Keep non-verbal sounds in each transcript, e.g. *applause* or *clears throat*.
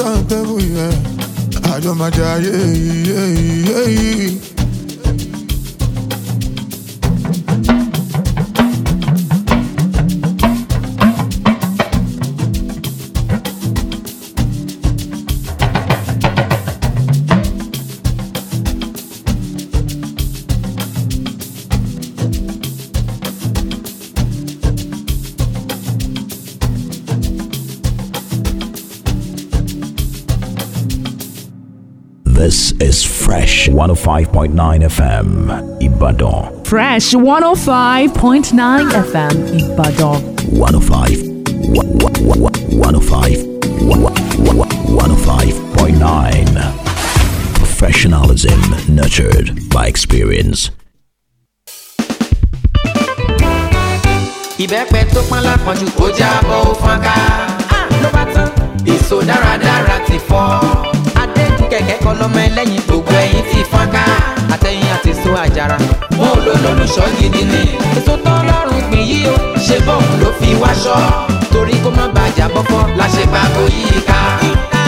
I don't matter, yeah, yeah, yeah. is Fresh 105.9 FM Ibadan. Fresh 105.9 FM Ibadan. 105 105 105.9 Professionalism nurtured by experience. ìbẹ́pẹ tó pọ́n lápọ̀jù kó jábọ́ ó fọ́nká ah, ló dáradára ti fọ́. kẹ̀kẹ́ kọ lọ́mọ ẹlẹ́yin gbogbo ẹ̀yin ti fọ́nká àtẹ̀yìn àti so àjàrà. mo lo lólùṣọ́ gidi ni. èso tán lọ́rùn gbìn yí o ṣe bọ́ọ̀mù ló fi wáṣọ. torí kó má bàjá bọ́kọ́ la ṣe bá bo yìí ká.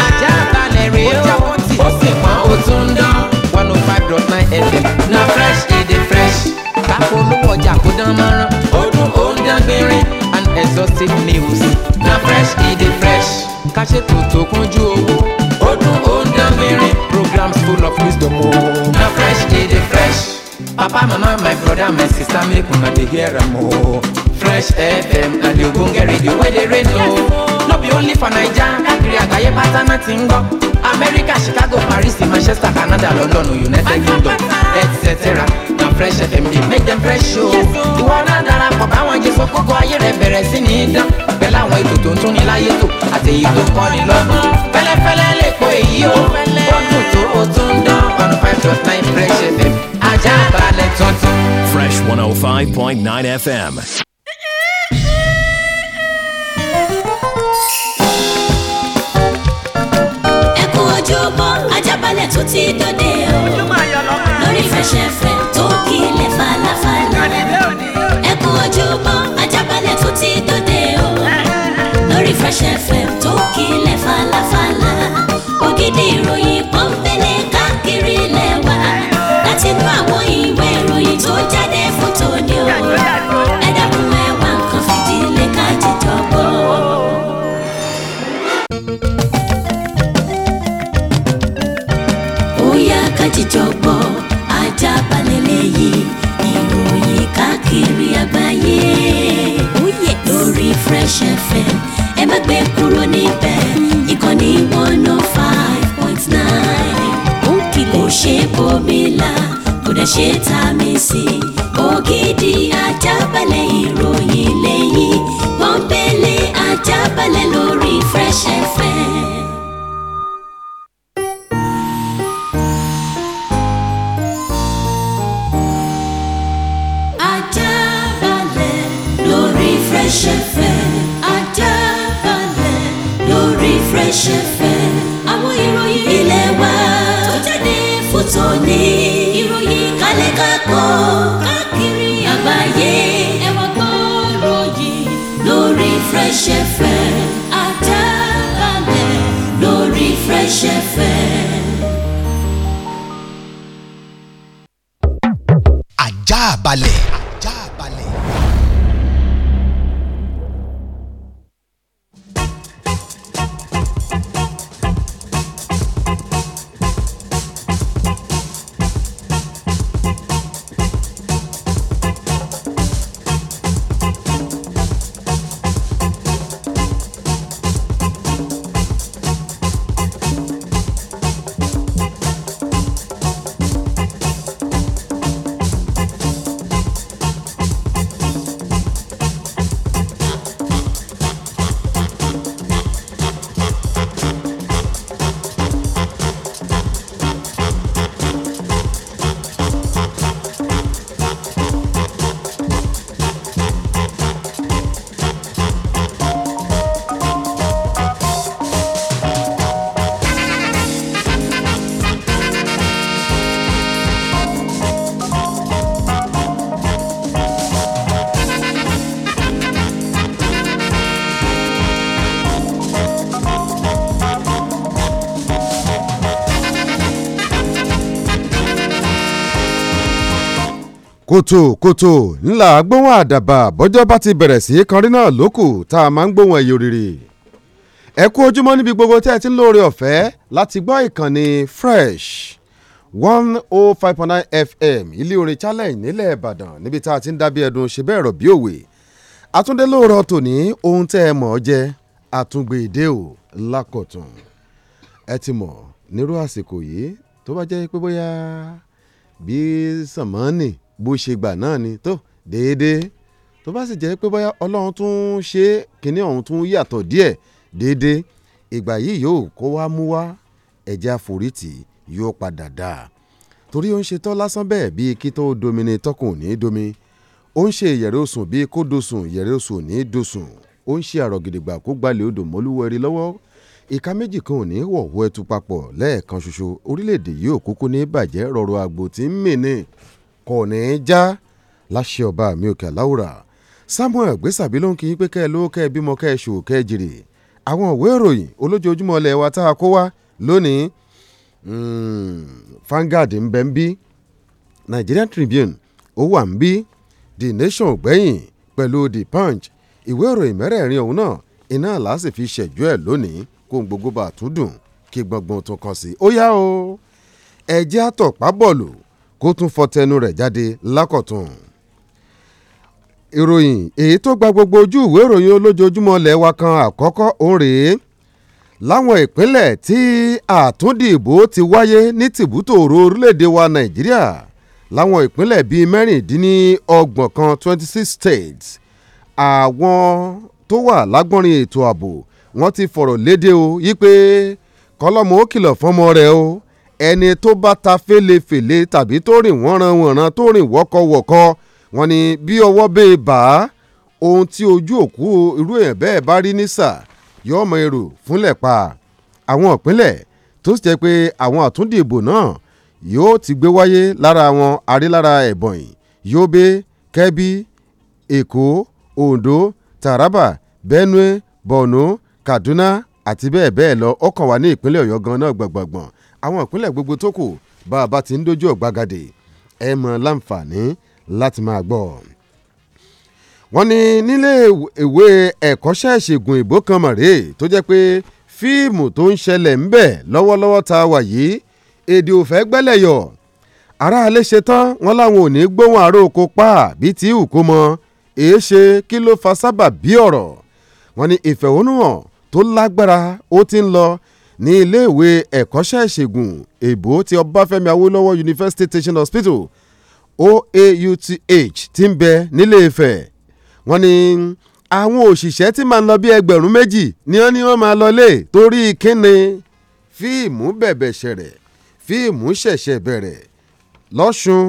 ajá balẹ̀ rèé o ó sì pọ́n o tún dán. one oh five dot nine fm na fresh e dey fresh. káfó olówó ọjà kó dán mọ́rán. ó dún òun dán gbinrin exhaustive news na fresh e dey fresh. ká ṣètò tó kúnjú owó odun odamiri programs full of wisdom o. Oh. na fresh dey dey fresh papa mama my brother my sister make una dey hear am o. Oh. fresh fm na the ogbonge radio wey dey rain o. Oh. no be only for naija kakiri àgbáyé pátá náà ti ń gbọ́. america chicago paris manchester canada london united kingdom etc na fresh fm dey make dem fresh o. ìwọ náà darapọ̀ báwọn jésù kókó ayé rẹ̀ bẹ̀rẹ̀ sí ní dán pẹ̀lú ètò tó ń tún ní láyé tò àtẹ̀yí tó kọ́ ni lọ́gbọ́n fẹ́lẹ́fẹ́lẹ́ lè kó èyí o bọ́dún tó o tún dán one oh five dot nine fresh fm ajá balẹ̀ tuntun. fresh one oh five point nine fm. ẹ kú ojúbọ Ajaabale tó ti dòde o lórí fresh fm tó kílẹ̀ falafala ẹ kú ojúbọ Ajaabale tó ti dòde. Fresh FM tó kílẹ̀ falafala ògidì ìròyìn pọ́npẹ́lẹ́ káàkiri lẹ́wà láti inú àwọn ìwé ìròyìn tó jáde fún. kùtùkùtù ńlá gbóhùn àdàbà bọ́jọ́ bá ti bẹ̀rẹ̀ sí í kanrí náà lókù tá a máa ń gbóhùn ẹ̀yọ́ rírì. ẹ kú ojúmọ́ níbi gbogbo tẹ́ ẹ ti ń lóore ọ̀fẹ́ láti gbọ́ ìkànnì fresh one oh five point nine fm ilé orin challenge nílẹ̀ ìbàdàn níbi tá a ti ń dábí ẹ̀dùn ṣe bẹ́ẹ̀ rọ̀ bí òwe àtúndé lóòrọ̀ tòní ohun tẹ́ ẹ mọ̀ ọ́ jẹ́ àtúngbè èdè ò lákọ̀tún ẹ ti mọ̀ nírú àsìkò yìí tó bá jẹ́ pé bóyá bí sànmọ́nì bó ṣe gbà náà ni tó déédéé tó bá sì jẹ́ pé bóyá ọlọ́run tún ṣe kinní ọ̀hún tún yàtọ̀ díẹ̀ déédéé ìgbà yìí yóò kó wá mú wá ẹ̀já forítì yóò padà dà torí ó ń ṣe tán lásán bẹ́ẹ̀ bíi kí tó domi ni tọkùn ní domi ó ń ṣe ìyẹ̀rẹ̀ osùn bíi kó dosùn ìyẹ̀rẹ̀ osùn ní dosùn ó ń ṣe àrògìdìgbà kó gbalẹ̀ odò mọ́lúwẹ̀rí lọ́wọ́ ìka méjì kan ò ní wọ̀wọ́ ẹtu papọ̀ lẹ́ẹ̀kan ṣoṣo orílẹ̀-èdè yìí kúkú ní bàjẹ́ rọrùn àgbò tí ń mì kò ní í láṣẹ ọba mi òkè samuel gbèsàbí ló ń kí yín pé kẹ́ ẹ lówó bímọ kẹ ẹ ṣòwò àwọn òwe ìròyìn ilẹ̀ wa tá lónìí hmm, ń bẹ bí Nigerian Tribune ó wà ń bí The Nation gbẹ̀yìn pẹ̀lú The Punch ìwé ìròyìn mẹ́rẹ̀ẹ̀rin ọ̀hún náà iná làásì fi ṣẹ̀jú ẹ̀ lónìí kó ń gbogbo bá tún dùn kí gbọ̀ngbọ̀n tún kàn sí ó yá kó tún fọtẹnu rẹ̀ jáde lákọ̀tún ìròyìn èyí tó gba gbogbo ojú ìwé ìròyìn olójoojúmọ́ ilẹ̀ wa kan àkọ́kọ́ òun rèé láwọn ìpínlẹ̀ tí àtúndìbò ti wáyé ní tìbútòrò orílẹ̀-èdè wa nàìjíríà láwọn ìpínlẹ̀ bíi mẹ́rìndínlọ́gbọ̀n kan twenty six states àwọn tó wà lágbọ́nrin ètò ààbò wọ́n ti fọ̀rọ̀ léde o yí pé kọ́lọ́mù ó kìlọ̀ fọ́mọ rẹ̀ o ẹni tó bá ta fẹ́lẹ́fẹ́lẹ́ tàbí tó rìn wọ́nranwọ̀nran tó rìn wọ́kọ̀wọ́kọ̀ wọ́n ní bí ọwọ́ bẹ́ẹ̀ e bá ohun tí ojú òkú irú èèyàn bẹ́ẹ̀ bá rí nísà yóò mọ èrò fúnlẹ̀ pa àwọn ìpínlẹ̀ tó sì jẹ́ pé àwọn àtúndìbò náà yóò ti gbé wáyé lára wọn arílára ẹ̀bọ̀nyì Yobe Kebbi Èkó Ondo Taraba Benue Borno Kaduna àti bẹ́ẹ̀ bẹ́ẹ̀ lọ ọkàn wà ní ìpínlẹ̀ Ọ̀yọ́ gan náà gbọ̀ngbọ̀ngbọ̀n àwọn ìpínlẹ̀ gbogbo tó kù bá a bá ti ń dojú ọ̀gbagadè ẹ mọ láǹfààní láti máa gbọ́. wọ́n ní nílé ìwé ẹ̀kọ́ṣẹ́ ìṣègùn ìbò kan mọ̀rẹ́ tó jẹ́ pé fíìmù tó ń ṣẹlẹ̀ ń bẹ̀ lọ́wọ́lọ́wọ́ tá wà yìí èdè òfẹ́ gbẹ́lẹ̀ yọ̀ aráalé ṣe tán wọn láwọn ò ní gbóhùn àárò oko pa bíi ti ìhùkó mọ èé ṣe kí ló fa sábà bí ọ̀rọ̀ wọn ni ìfẹ̀hónúhàn tó lágbára ó ti ń lọ ní iléèwé ẹ̀kọ́ṣẹ́ ìṣègùn èbó ti ọbáfẹ́mi awólọ́wọ̀ university teaching hospital oauth ti ń bẹ nílé Ifẹ̀ wọ́n ní àwọn òṣìṣẹ́ tí máa ń lọ bí ẹgbẹ̀rún méjì ni wọ́n ní wọ́n máa lọlé torí kíni fíìmù bẹ̀bẹ̀ ṣẹ̀rẹ̀ fíìmù ṣẹ̀ṣẹ̀ bẹ̀rẹ̀ lọ́sùn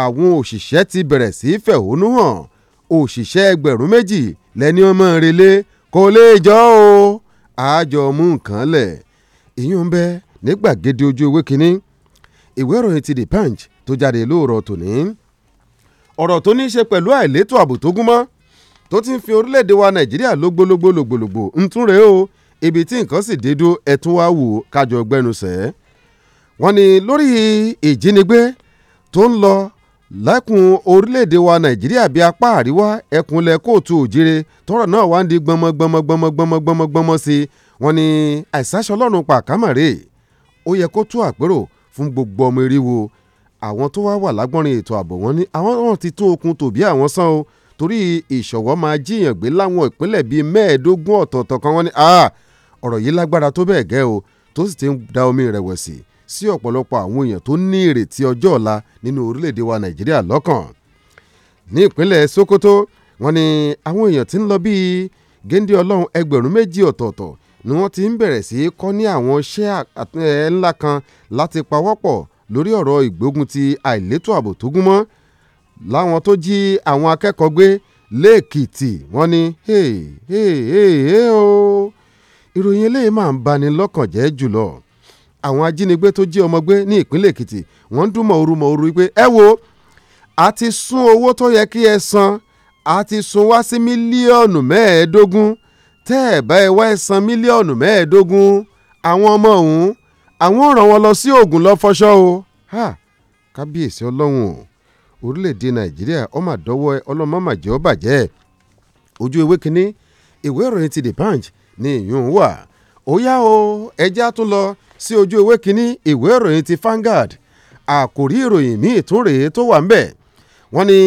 àwọn òṣìṣẹ́ ti bẹ̀rẹ̀ sí í fẹ̀hónú hàn òṣìṣẹ́ ẹgbẹ̀rún méjì lẹ́ni ọmọ relé kò lè jọ o àájọ mú nǹkan lẹ̀ ìyún ń bẹ ní gbàgede ojú ewé kínní ìwé ìròyìn ti the punch tó jáde lóòrọ̀ tòní ọ̀rọ̀ tó ní í ṣe pẹ̀lú àìlétò ààbò tó gúnmọ́ tó ti ń fi orílẹ̀-èdè wa nàìjíríà lógbólógbó lògbòlògbò ń tún rèé o ibi tí nǹkan sì dédú ẹ̀tún wá wò kájọ gbẹnusẹ̀ wọ́n ní lórí ìjínigbé tó ń lọ lẹ́kùn orílẹ̀-èdè wa nàìjíríà bíi apá àríwá ẹkùn ilẹ̀ kóòtù òjire tọ́rọ̀ náà wá ń di gbọmọgbọmọgbọmọgbọmọgbọmọ sí i wọ́n ní àìsàṣọlọ́run pàkámọ̀rè ó yẹ kó tú àpérò fún gbogbo ọmọ eriwo àwọn tó wá wà lágbọ́nrin ètò ààbò wọn ni àwọn náà ti tún okun tòbí àwọn sán o torí ìṣọ̀wọ́ máa jíyàn gbé láwọn ìpínlẹ̀ bíi mẹ́ẹ̀ẹ́dógún ọ̀tọ̀ọ̀tọ̀ kan wọ́n ní ọ̀rọ̀ yìí lágbára tó bẹ́ẹ̀ gẹ́ o tó sì ti ń da omi rẹ̀wẹ̀sì sí ọ̀pọ̀lọpọ̀ àwọn èèyàn tó ní ìrètí ọjọ́ ọ̀la nínú orílẹ̀-èdè wa nàìjíríà lọ́kàn ní ìpínlẹ̀ sokoto wọ́n ní àwọn èèyàn tí ń lọ bíi géńdé ọlọ́run ẹgbẹ̀rún méjì ọ̀tọ̀ọ̀tọ̀ ni wọ́n ti ń bẹ̀rẹ̀ sí í kọ́ ní àwọn iṣẹ́ ńlá kan láti pawọ́pọ̀ lórí ọ̀rọ̀ ìgbógun ti àìlétò ààbò tó gún mọ́ láwọn tó jí àwọn akẹ́kọ̀ọ́ gbé lẹ́ẹ̀kìtì wọ́n ní hey hey hey o oh! ìròyìn eléyìí máa ń bani lọ́kàn jẹ́ jùlọ àwọn ajínigbé tó jí ọmọ gbé ní ìpínlẹ̀ èkìtì wọ́n ń dún mọ̀ọ́rú mọ̀ọ́rú wípé ẹ wo a ti sún owó tó yẹ kí ẹ san a ti sún wá sí mílíọ̀nù mẹ́ẹ̀ẹ́dógún tẹ́ ẹ̀ bá ẹ wá ẹ san mílíọ̀nù mẹ́ẹ̀ẹ́dógún àwọn ọmọ ọ̀hún àwọn ràn wọ́n lọ sí ògùn lọ fọṣọ o ha kábíyèsí ọlọ́run o orílẹ̀-èdè nàìjíríà ọmọ àdọ́wọ́ ọlọ́mọ́màjẹ́ ọ bàjẹ́ ojú ewé kínní ìwé ìròyìn ti the punch ni ìyún wà ó yá o ẹja tún lọ sí ojú ewé kínní ìwé ìròyìn ti Vanguard àkòrí ìròyìn míì tún rèé tó wà ń bẹ̀ wọ́n ní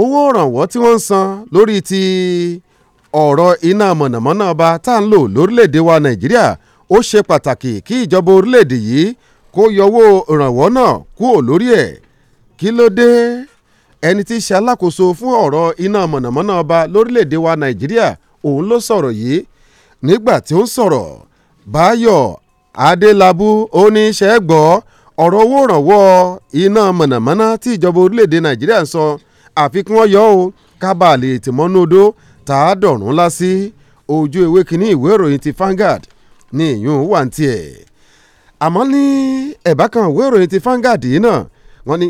owó òrànwọ́ tí wọ́n ń san lórí ti ọ̀rọ̀ iná mọ̀nàmọ́ná ọba tá à ń lò lórílẹ̀‐èdè wa Nàìjíríà ó ṣe pàtàkì kí ìjọba orílẹ̀‐èdè yìí kó yọwọ́ ìrànwọ́ náà kúò lórí ẹ̀ kí ló dé ẹni tí í ṣe alákòóso fún ọ̀rọ̀ iná mọ̀nàmọ́ná ọba lórílẹ̀‐èdè wa Nàìjíríà òun ló sọ̀rọ̀ yìí nígbà tí ó ń sọ̀rọ̀ Báyọ̀ adélábù ó ní ṣẹ́gbọ́ ọ̀rọ̀ owó ìrànwọ́ iná mọ̀nàmọ́ná tí ìjọba orílẹ̀‐èdè nàìjíríà ń sọ àfikún ọyọ́ o kábàá lè tìmọ́nú odó tá a dọ̀rùn ńlá sí ojú ewé kínní ìwé ìròyìn ti Vanguard ní ìyún wà ní tiẹ̀ àmọ́ ní ẹ̀bá kan ìwé ìròyìn ti Vanguard yìí náà wọ́n ní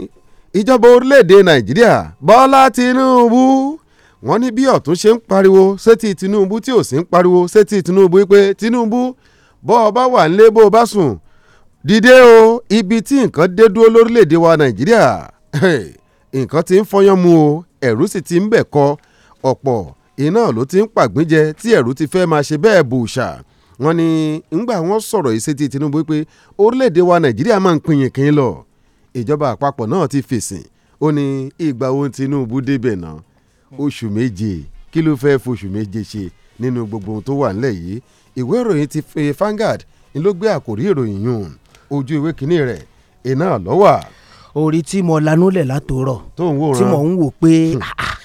ìjọba orílẹ̀‐èdè nàìjíríà bọ́lá tinubu wọ́n ní bí ọ̀tún ṣe ń pariwo sétí tinubu tí ò sí ń pariwo sétí tinubu pé tinubu bọ́ ọ bá wà nílé bó o bá sùn dìde o ibi tí nǹkan dé dúró lórílẹ̀‐èdè wa nàìjíríà *laughs* nǹkan ti ń fọyán mu o ẹ̀rú sì ti ń bẹ̀ kọ ọ̀pọ̀ iná ló ti ń pàgbínjẹ tí ẹ̀rú ti fẹ́ máa ṣe bẹ́ẹ̀ bùṣà wọ́n ní ńgbà wọ́n sọ̀rọ̀ yìí sétí Tinubu pé orílẹ̀‐èdè wa nàìjíríà máa ń pinyin kin lọ ìjọba àpapọ̀ náà ti fèsì ó ní ìgbà wo Tinubu débẹ̀ náà hmm. oṣù méje kí ló fẹ́ foṣù méje ṣe nínú gbogbo ohun tó wà nílẹ̀ yìí ìwé ìròyìn ti Vanguard ni ló gbé àkòrí ìròyìn yùn ojú ìwé kínní rẹ̀ iná lọ́wà. orí tí mo lanúlẹ̀ látòrọ̀ tí mo ń wò pé hmm. ah, ah,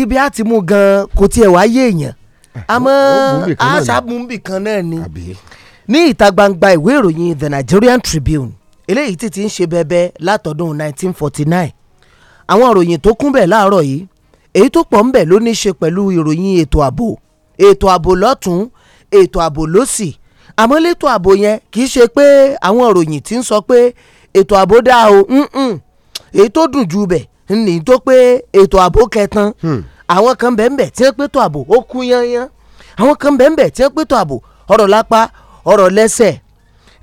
ibi á ti mú gan kò tiẹ̀ wá èèyàn ah, àmọ́ àṣàbùnbì kan náà ni ní ìta gbangba ìwé ìròyìn The Nigerian Tribune eléyìí ti ti ń ṣe bẹbẹ látọdún 1949 àwọn ìròyìn tó kún bẹ̀ láàárọ̀ yìí èyí tó pọ̀ ń bẹ̀ ló ní í ṣe pẹ̀lú ìròyìn ètò ààbò ètò ààbò lọ́tún ètò ààbò lọ́sì àmọ́ lẹ́tọ̀ ààbò yẹn kì í ṣe pé àwọn ìròyìn ti ń sọ pé ètò ààbò dá o èyí tó dùn jù bẹ̀ ní tó pé ètò ààbò kẹtàn hmm. àwọn kan bẹ́ẹ̀nbẹ́ẹ̀ tí wọ́n pètò ààbò ó kú yányán àwọn kan bẹ́ẹ̀nbẹ́ẹ̀ tí wọ́n pètò ààbò ọ̀rọ̀ lápá ọ̀rọ̀ lẹ́sẹ̀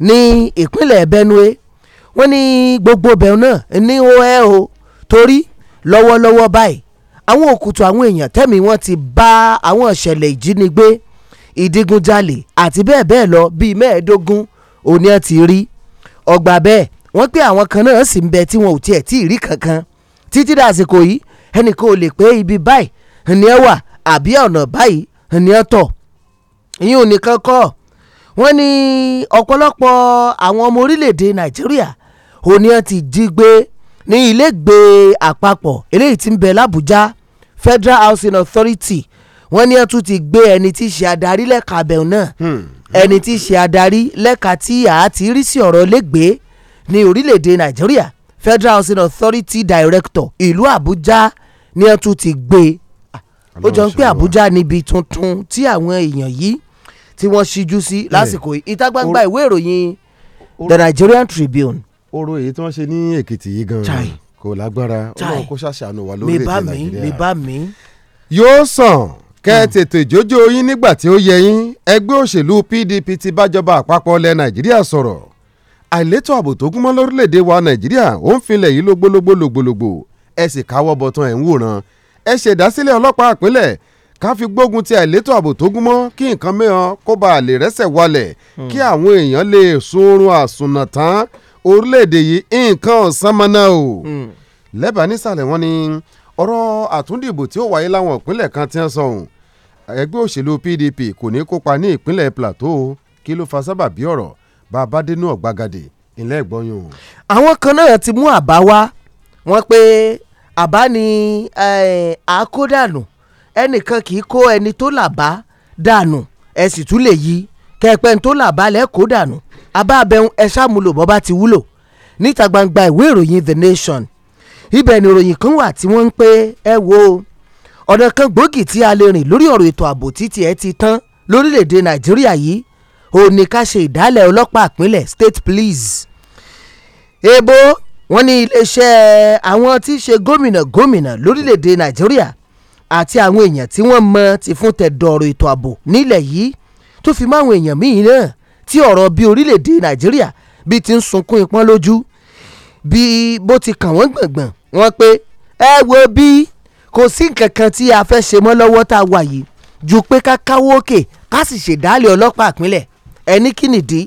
ní ìpínlẹ̀ Benue wọ́n ní gbogbo bẹ̀rù ní ó o torí lọ́wọ́lọ́wọ́ báyìí àwọn òkùtù àwọn èèyàn tẹ́mi wọn ti bá àwọn ìṣẹ̀lẹ̀ ìjínigbé ìdigunjalè àti bẹ́ẹ̀ bẹ́ẹ̀ lọ bíi mẹ́ẹ̀ẹ́dógún òní ẹ̀ ti rí ọgbà bẹ́ẹ̀ wọ́n pé àwọn kan náà sì ń bẹ tí wọn ò tiẹ̀ tí ì rí kankan títí dàsìkò yìí ẹnì kan ò lè pé ibi báyìí ni ẹ wà àbí ọ̀nà báyìí ni ẹ tọ̀ ìyẹn ò nìkan kọ́ wọ́n ní ọ̀pọ̀lọpọ̀ àwọn ọmọ orílẹ̀-èdè nàìjíríà òní ẹ ti jí gbé ní ilégbèé àpapọ̀ eléyìí tí ń bẹ lábújá Federal Housing Authority wọ́n ní ẹ̀ tún ti gbé ẹni tí í ṣe adarí lẹ́ka abẹ́hùn náà hmm. ẹni tí í ṣe adarí lẹ́ka tí a ti rí sí ọ̀rọ̀ lẹ́gbẹ̀ẹ́ ní orílẹ̀-èdè Nàìjíríà Federal Housing Authority Director ìlú Àbújá ní ẹ̀ tún ti gbé ah, ó jọ ń pé Àbújá níbi tuntun tí àwọn èèyàn yìí tí wọ́n ṣíjú sí hmm. lásìkò ìta gbangba ìwé ìròyìn The Nigerian Tribune. oró èyí tí wọ́n ṣe ní Èkìtì yìí gan-an kò lágbára ọlọ́run kó ṣàṣàánú wa lórílẹ̀‐èdè nàìjíríà mi bá mi. yóò sàn kẹ́ ẹ hmm. tètè jójó yín nígbà tí ó yẹ yín ẹgbẹ́ òṣèlú PDP ti bájọba àpapọ̀ ilẹ̀ nàìjíríà sọ̀rọ̀ àìlétò ààbò tó gúnmọ́ lórílẹ̀‐èdè wa nàìjíríà ó ń filẹ̀ yìí lógbólógbó lògbòlògbò ẹ sì káwọ́ bọ̀tán ẹ̀ ń wòran ẹ ṣèdásílẹ̀ ọlọ́pàá àpilẹ̀ ká fi gbógun ti àìlétò ààbò tó gúnmọ́ kí nǹkan mìíràn kó ba àlè rẹ́sẹ̀ walẹ̀ hmm. kí àwọn èèyàn lè sunrun àsùnà tán orílẹ̀-èdè yìí nǹkan ọ̀sán mọ́ná o hmm. lẹ́bàá nísàlẹ̀ wọn ni ọ̀rọ̀ àtúndìbò tí ó wáyé láwọn ìpínlẹ̀ kan ti ń sọ ohun ẹgbẹ́ òṣèlú PDP kò ní kópa ní ìpínlẹ̀ Plateau kí ló fa sábàbí ọ̀rọ̀ bá a bá dénú ọ̀gbagadè ilẹ̀ ìgbọ́yún o. àwọn kan náà ti mú àbá wá wọn pé àbá ni àkódànù eh, ẹnìkan kì í kó ẹni tó làbá dànù ẹ sì tún lè yí kẹpẹ́ ń tó làbá lẹ́kọ̀ọ́ dànù abáàbẹ̀hún ẹ ṣàmúlò bọ́ bá ti wúlò níta gbangba ìwé ìròyìn The Nation ibẹ̀ ni ìròyìn kan wà tí wọ́n ń pé ẹ wo ọ̀nà kan gbòógì tí a lè rìn lórí ọ̀rọ̀ ètò ààbò títí ẹ ti tán lórílẹ̀‐èdè Nàìjíríà yìí ò ní ká ṣe ìdálẹ̀ ọlọ́pàá àpínlẹ̀ state police ebo wọ́n ní iléeṣẹ́ àwọn tí í ṣe gómìnà gómìnà lórílẹ̀‐èdè Nàìjíríà àti àwọn èèyàn tí wọ́n mọ̀ ti fún tẹ̀dọ̀ ọ̀rọ̀ ètò ààbò nílẹ̀ yìí tó fi máwọn èèyàn míì náà tí ọ̀rọ̀ bí orílẹ̀-èdè nàìjíríà bí ti ń sunkún ipọ́n lójú bí bó ti kàn wọ́n gbọ̀ngbọ̀n wọ́n pé ẹ wo bí kò sí nǹkan kan tí a fẹ́ ṣe mọ́ lọ́wọ́ tá a wà yìí ju pé ká káwó òkè ká sì ṣèdálẹ̀ ọlọ́pàá ìpínlẹ̀ ẹni kí nìdí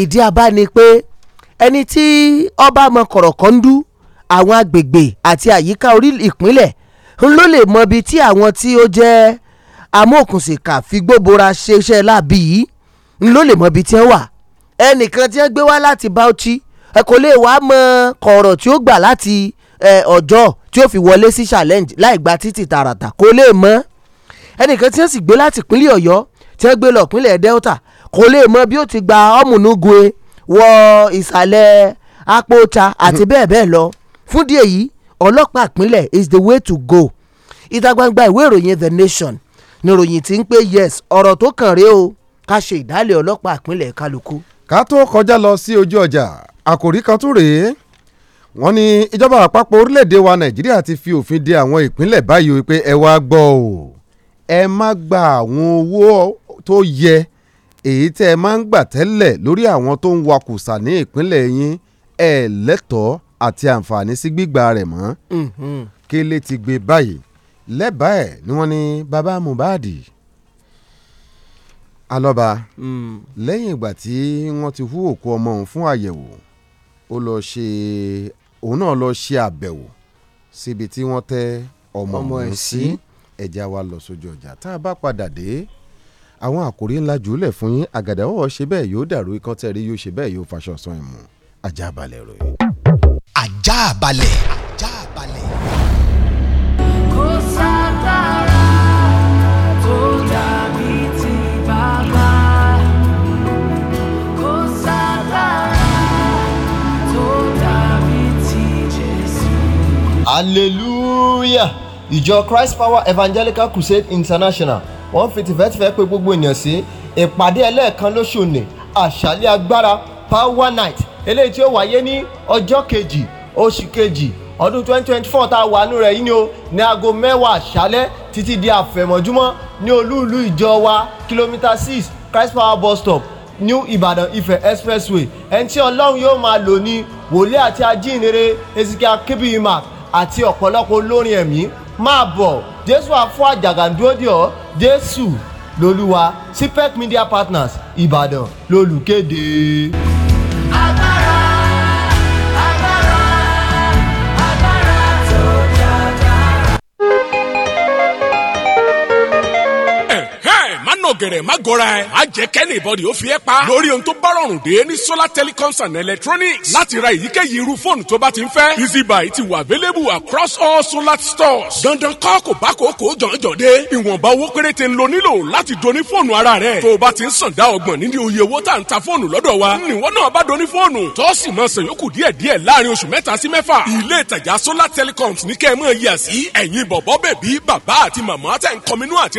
ìdí abá ni pé ẹni tí ọba mọ kọ̀rọ̀kọ́ ń dú àwọn agbègbè àti àyíká orí ìpínlẹ̀ ló lè mọ ibi tí àwọn tí ó jẹ́ amóòkùnsìkà figbóbora ṣeṣẹ́ láàbí yìí n ló lè mọ ibi tí wọ́n wà ẹnìkan tí wọ́n gbé wá láti Bauchi ẹ kò lè wá mọ kọ̀ọ̀rọ̀ tí ó gbà láti ọjọ́ tí ó fi wọlé sí challenge láì gba títì tààràtà kò lè mọ ẹnìkan tí wọ́n sì gbé láti ìpínlẹ̀ Ọ̀yọ́ tí wọ́n gbé lọ ìpínlẹ̀ Delta kò lè mọ bí ó ti gba ọ̀mùnúgue wọ ìsàlẹ̀ apóta àti bẹ́ẹ̀ bẹ́ẹ̀ lọ fún díẹ̀ yìí ọlọ́pàá ìpínlẹ̀ is the way to go ìta gbangba ìwé ìròyìn The Nation níròyìn tí ń pé yes ọ̀rọ̀ tó kàn rèé o ká ṣe ìdálẹ̀ ọlọ́pàá ìpínlẹ̀ kálukú. ká tó kọjá lọ sí ojú ọjà àkòrí kan tún rèé wọ́n ní ìjọba àpapọ̀ orílẹ̀-èdè wa nàìjíríà ti fi òfin de àwọn ìpínlẹ̀ báyìí wípé ẹ wá gbọ́ o ẹ má gba àwọn owó tó yẹ èyí tẹ́ ẹ máa ń gbà tẹ́lẹ̀ lórí àwọn tó ń wakùsà ní ìpínlẹ̀ yín ẹ lẹ́tọ̀ọ́ àti àǹfààní sí gbígbà rẹ̀ mọ́ mhm. kélé ti gbé báyìí lẹ́bàá ẹ̀ ni wọ́n ní baba Mohbad alọ́ba hmm. lẹ́yìn ìgbà tí wọ́n ti hu òkú ọmọ òun fún àyẹ̀wò ó lọ ṣe òun náà lọ ṣe àbẹ̀wò síbi tí wọ́n tẹ́ ọmọ òun sí ẹ̀já wa lọ sójú ọjà tá a bá padà dé àwọn àkòrí ńlá jùlẹ̀ fún yín àgàdà ṣe bẹ́ẹ̀ yóò dàrú ikán tẹ̀rí yóò ṣe bẹ́ẹ̀ yóò faṣọ san ìmú ajá balẹ̀ rẹ̀. ajá balẹ̀ ajá balẹ̀. hallelujah ìjọ christ power evangelical crusade international wọ́n fi tìfẹ́tìfẹ́ pè gbogbo ènìyàn sí ìpàdé ẹlẹ́ẹ̀kan lóṣù ní àṣálẹ́ agbára power night eléyìí tí ó wáyé ní ọjọ́ kejì oṣù kejì ọdún 2024 tá a wà nù rẹ̀ yìí ni o ní aago mẹ́wàá àṣálẹ́ títí di àfẹ̀mọ́júmọ́ ní olúùlú ìjọ wa kìlómítà 6 christ power bus stop new ibadan ife expressway ẹni tí ọlọ́run yóò máa lò ní wòlíì àti ajínrere ezekiel kébìyìmá àti ọ̀pọ̀lọpọ̀ olórin ẹ̀mí máa bọ̀ jésù àfọ́ àjàgàndúródì ọ́ jésù lolúwa cpec media partners ìbàdàn lolùkéde. gẹ̀rẹ̀ má gọra ẹ̀ má jẹ́ kẹ́ni ìbọ̀dì ó pa lórí ohun tó bá rọrùn dé ní solar telecoms and electronics láti ra èyíkéyìí irú fóònù tó bá ti ń fẹ́ easy ti wà available across all solar stores dandan kọ́ kò bá kò kò jọ̀njọ̀ dé ìwọ̀nba owó péréte ń lo nílò láti doni fóònù ara rẹ̀ tó o bá ti ń sàn dá ọgbọ̀n nínú iye owó tá à ń ta fóònù lọ́dọ̀ wa níwọ̀n náà bá doni fóònù tó sì máa san yòókù díẹ̀díẹ̀ láàrin oṣù mẹ́ta sí mẹ́fà ilé ìtajà solar telecoms ní kẹ́ ẹ máa yà sí ẹ̀yin bọ̀bọ́ bèbí bàbá àti màmá tẹ̀ ń kọminú àti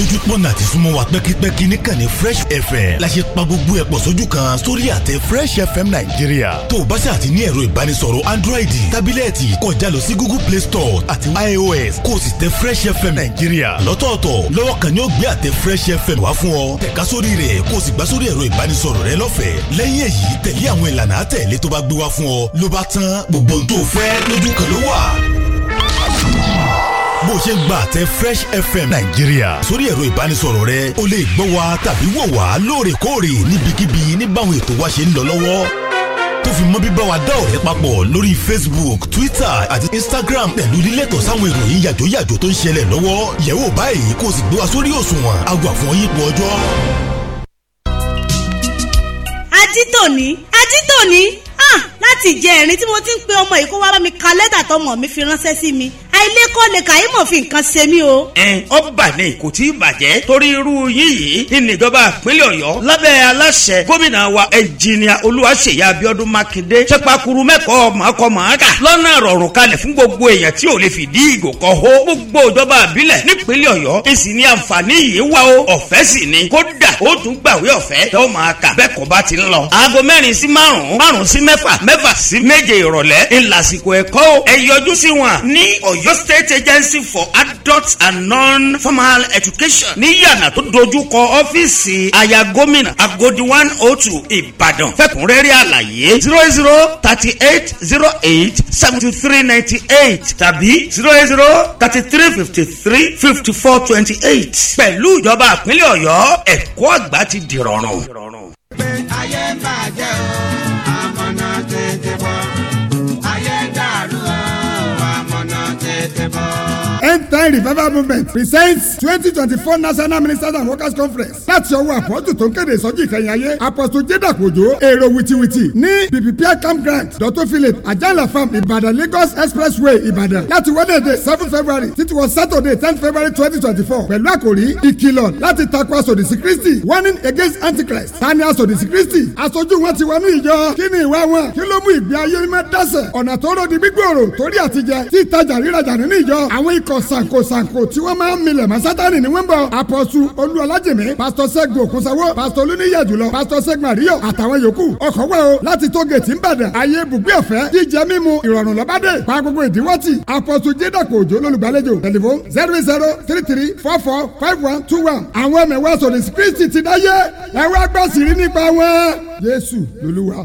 lójú pọ́nà àti súnmọ́ wa pẹ́kípẹ́kí níkànnì fresh fm la ṣe pa gbogbo ẹ̀pọ̀ sójú kan sórí àtẹ fresh fm nàìjíríà tó o bá ṣe àti ní ẹ̀rọ ìbánisọ̀rọ̀ android tábílẹ̀tì kọjá lọ sí google play store àti ios kó o sì tẹ fresh fm nàìjíríà lọ́tọ̀ọ̀tọ̀ lọ́wọ́ kan ni ó gbé àtẹ fresh fm wá fún ọ tẹ̀ka sórí rẹ̀ kó o sì gbà sórí ẹ̀rọ ìbánisọ̀rọ̀ rẹ lọ́fẹ̀ẹ́ lẹ́yìn èyí tẹ̀lé àwọn ìlànà àtẹ̀lé tó bá gbé bó ṣe ń gba àtẹ fresh fm nàìjíríà sórí ẹ̀rọ ìbánisọ̀rọ̀ rẹ o lè gbọ́ wa tàbí wò wá lóòrèkóòrè níbikíbi níbàwọn ètò wa ṣe ń lọ lọ́wọ́ tó fi mọ́ bíbá wa dá ọ̀rẹ́ papọ̀ lórí facebook twitter àti instagram pẹ̀lú lílẹ̀tọ̀ sáwọn ìròyìn yàjóyàjó tó ń ṣẹlẹ̀ lọ́wọ́ yẹ̀wò báyìí kó o sì gbé wa sórí òṣùwọ̀n agbàfọ̀ yípo ọjọ́. ajítòní ajítòní ah, láti jẹ ẹ̀rín tí mo ti ń pe ọmọ yìí kó wá bá mi ka lẹ́tà tọmọ mi fi ránṣẹ́ sí mi àìlẹ́kọ́ lè kàí mọ̀ fi nǹkan ṣe mí o. ẹ ọba ni kò tí ì bàjẹ́ torí irú yín yìí ìníjọba ìpínlẹ̀ ọ̀yọ́ lábẹ́ aláṣẹ gómìnà wa ẹnjìnìà olúwaṣeyà abiodun makinde ṣẹpakuru mẹ́kọ̀ọ́ màákọ́ màákà lọ́nà rọrùn kalẹ̀ fún gbogbo èèyàn tí ò lè fìdí ìgò kan hó gbogbo ìjọba ìbílẹ̀ nípínlẹ̀ ọ̀yọ́ èsì ni àǹfààní yìí wà o ọ̀fẹ́ sì ni kódà ó tún gbàwé ọ̀fẹ́ tó máa kà bẹ́ẹ̀ kọ́ bá ti ń lọ. aago mẹ́rin sí márùn-ún márùn-ún sí mẹ́fà mẹ́fà sí méje ìrọ̀lẹ́ ńlásìkò ẹ̀kọ́ ẹ yọjú sí wọn ní ọ̀y Ọ̀yọ́ State Agency for Adult and Non-Formal Education ní yàrá tó dojú kọ ọ́fíìsì aya gómìnà Agodi one oh two Ìbàdàn fẹ́kùnrẹ́rẹ́ àlàyé zero zero thirty eight zero eight seventy three ninety eight tàbí zero zero thirty three fifty three fifty four twenty eight pẹ̀lú ìjọba ìpínlẹ̀ Ọ̀yọ́ ẹ̀kọ́ àgbà ti dìrọ̀rùn. Revival Movement presents twenty twenty four National Ministers and Workers Conference láti ọwọ́ àpọ́tù tó ń kéde ìsọjí ìkẹyìn ayé àpọ́tù jẹ́dàkòjò èrò wìtìwìtì ní Camp Grant, Dr Philip Ajala farm Ibadan Lagos expressway Ibadan. láti Wednesday seven February títí wọ Saturday ten February twenty twenty four pẹ̀lú àkòrí ìkìlọ̀ láti takò asòdìsí Kristi warning against antichrist tani asòdìsí Kristi aṣojú wọn ti wọnú ìjọ kí ni ìwà wọn kí ló mú ìgbé ayé mẹ́dásẹ̀ ọ̀nà tó ròdì gbígbòòrò torí àtijẹ tí ìtajà rírajà nínú ìjọ àwọn ikọ̀ sàǹkó sànkò tí wọ́n máa ń milẹ̀ mọ́ sátani ni wọ́n bọ̀ apọ̀sù olúọlájèmí pásítọ̀ sẹ́gun òkúnsáwó pásítọ̀ olúníyà jùlọ pásítọ̀ sẹ́gun àríyọ̀ àtàwọn yòókù ọkọ̀ wẹ̀ o láti tó gètì ńbàdàn ayé ibùgbé ọ̀fẹ́ jíjẹ mímu ìrọ̀rùn lọ́bàdé pa gbogbo ìdíwọ́ tì apọ̀sù jédàkọ̀ òjò lólùgbàlejò tẹlifon zero zero three three four four five one two one àwọn ẹ̀mẹ̀wá sọ̀rọ̀ kristi ti dáyé ẹ̀wọ́ agbásìrí nípa wọn jésù lolúwa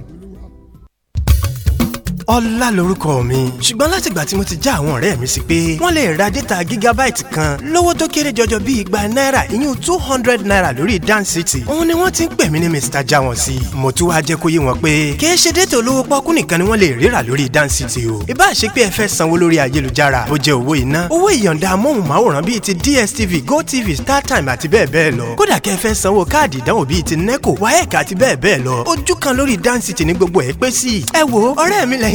ọlá lorúkọ mi. ṣùgbọ́n látìgbà tí mo ti já àwọn ọ̀rẹ́ mi sí pé wọ́n lè ra dẹ́ta gígábáìtì kan lówó tó kéré jọjọ bíi igba náírà ìyún two hundred naira lórí dan city. òun ni wọ́n ti ń pè mí ní mr jawon sí. mo tún wá jẹ́ kó yé wọn pé kì í ṣe dẹ́tà olówó pọ́kú nìkan ni wọ́n lè ríra lórí dan city o. ìbá ṣe pé ẹ fẹ́ sanwó lórí ayélujára ó jẹ́ owó iná owó ìyọ̀ǹda amóhùnmáwòrán bíi ti dstv gotv startime àti bẹ́ẹ̀ bẹ́ẹ̀ lọ kódà kẹ́ ẹ fẹ́ sanwó káàdì ìdánwò bíi ti neco waec àti bẹ́ẹ̀ bẹ́ẹ̀ lọ ojú kan lórí dan city ní gbogbo ẹ̀ pé sí. ẹ wo ọ̀rẹ́ mi lẹ́yìn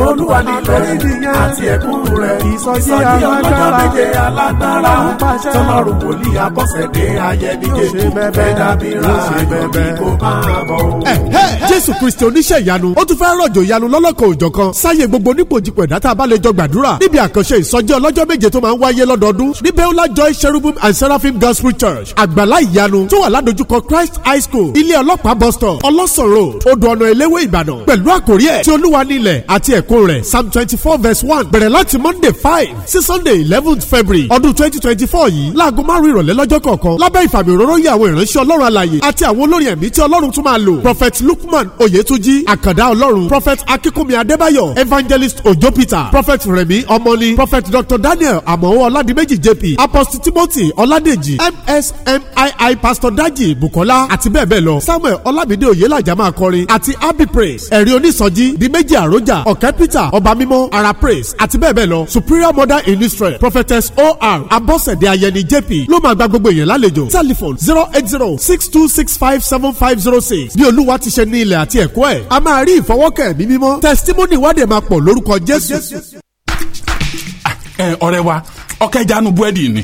olúwa ni lórí nìyẹn àti ẹ̀kún rẹ̀ ìsọjí alágbára méje alágbára tọ́lọ́run wòlíì abọ́sẹ̀dé ayẹnigejì bẹ́ẹ̀ dàbí ra ayọ̀bí kò máa bọ̀. jésù kristi oníṣẹ́ ìyanu ó tún fẹ́ rọ̀jò ìyanu lọ́lọ́kan òjọ̀kan sáyé gbogbo onípojìpọ̀ ẹ̀dá tá a jọ gbàdúrà níbi àkànṣe ìsọjí ọlọ́jọ́ méje tó máa ń wáyé lọ́dọọdún ní beulah joy cherubim and seraphim gospel church àgbàlá ìyanu tó wà ládojúkọ christ high school ilé ọlọ́pàá bus stop ọlọ́sàn road odò ọ̀nà eléwé ìbàdàn pẹ̀lú àkórí ẹ̀ tí olúwa nílẹ̀ àti ẹ̀ ẹ̀kọ́ rẹ̀ psalm twenty four verse one bẹ̀rẹ̀ láti monday five sí sunday eleventh february ọdún twenty twenty four yìí láago márùn ìrọ̀lẹ́ lọ́jọ́ kọ̀ọ̀kan lábẹ́ ìfàmì òróró yìí àwọn ìránṣẹ́ ọlọ́run alààyè àti àwọn olórin ẹ̀mí tí ọlọ́run tún máa lò prophet lukman oyetunji àkàndá ọlọ́run prophet akínkúnmi adébáyọ̀ evangelist ojo peter prophet remi ọmọni prophet dr daniel àmọ́wọ́ ọládìméjì jp apostle timothy ọládèjì msmii pastor daji bukola àti bẹ́ẹ̀ bẹ́ẹ̀ lọ samuel ọlámídé oyèlàjà máa kọrin àti praise ẹ̀rí onísọjí di méjì àròjà ọ̀rẹ́ peter ọba mímọ́ ara praise àti bẹ́ẹ̀ bẹ́ẹ̀ lọ superior mother in israel prophetess or abọ́sẹ̀dé ayẹni jp ló máa gba gbogbo èèyàn lálejò telephone zero eight zero six two six five seven five zero six bí olúwa ti ṣe ní ilẹ̀ àti ẹ̀kọ́ ẹ̀ a máa rí ìfọwọ́kẹ́ mi mímọ́ testimony wádìí máa pọ̀ lórúkọ jésù. Ah, ọ̀rẹ́ wa ọkẹ́ ìjánu búrẹ́dì ni.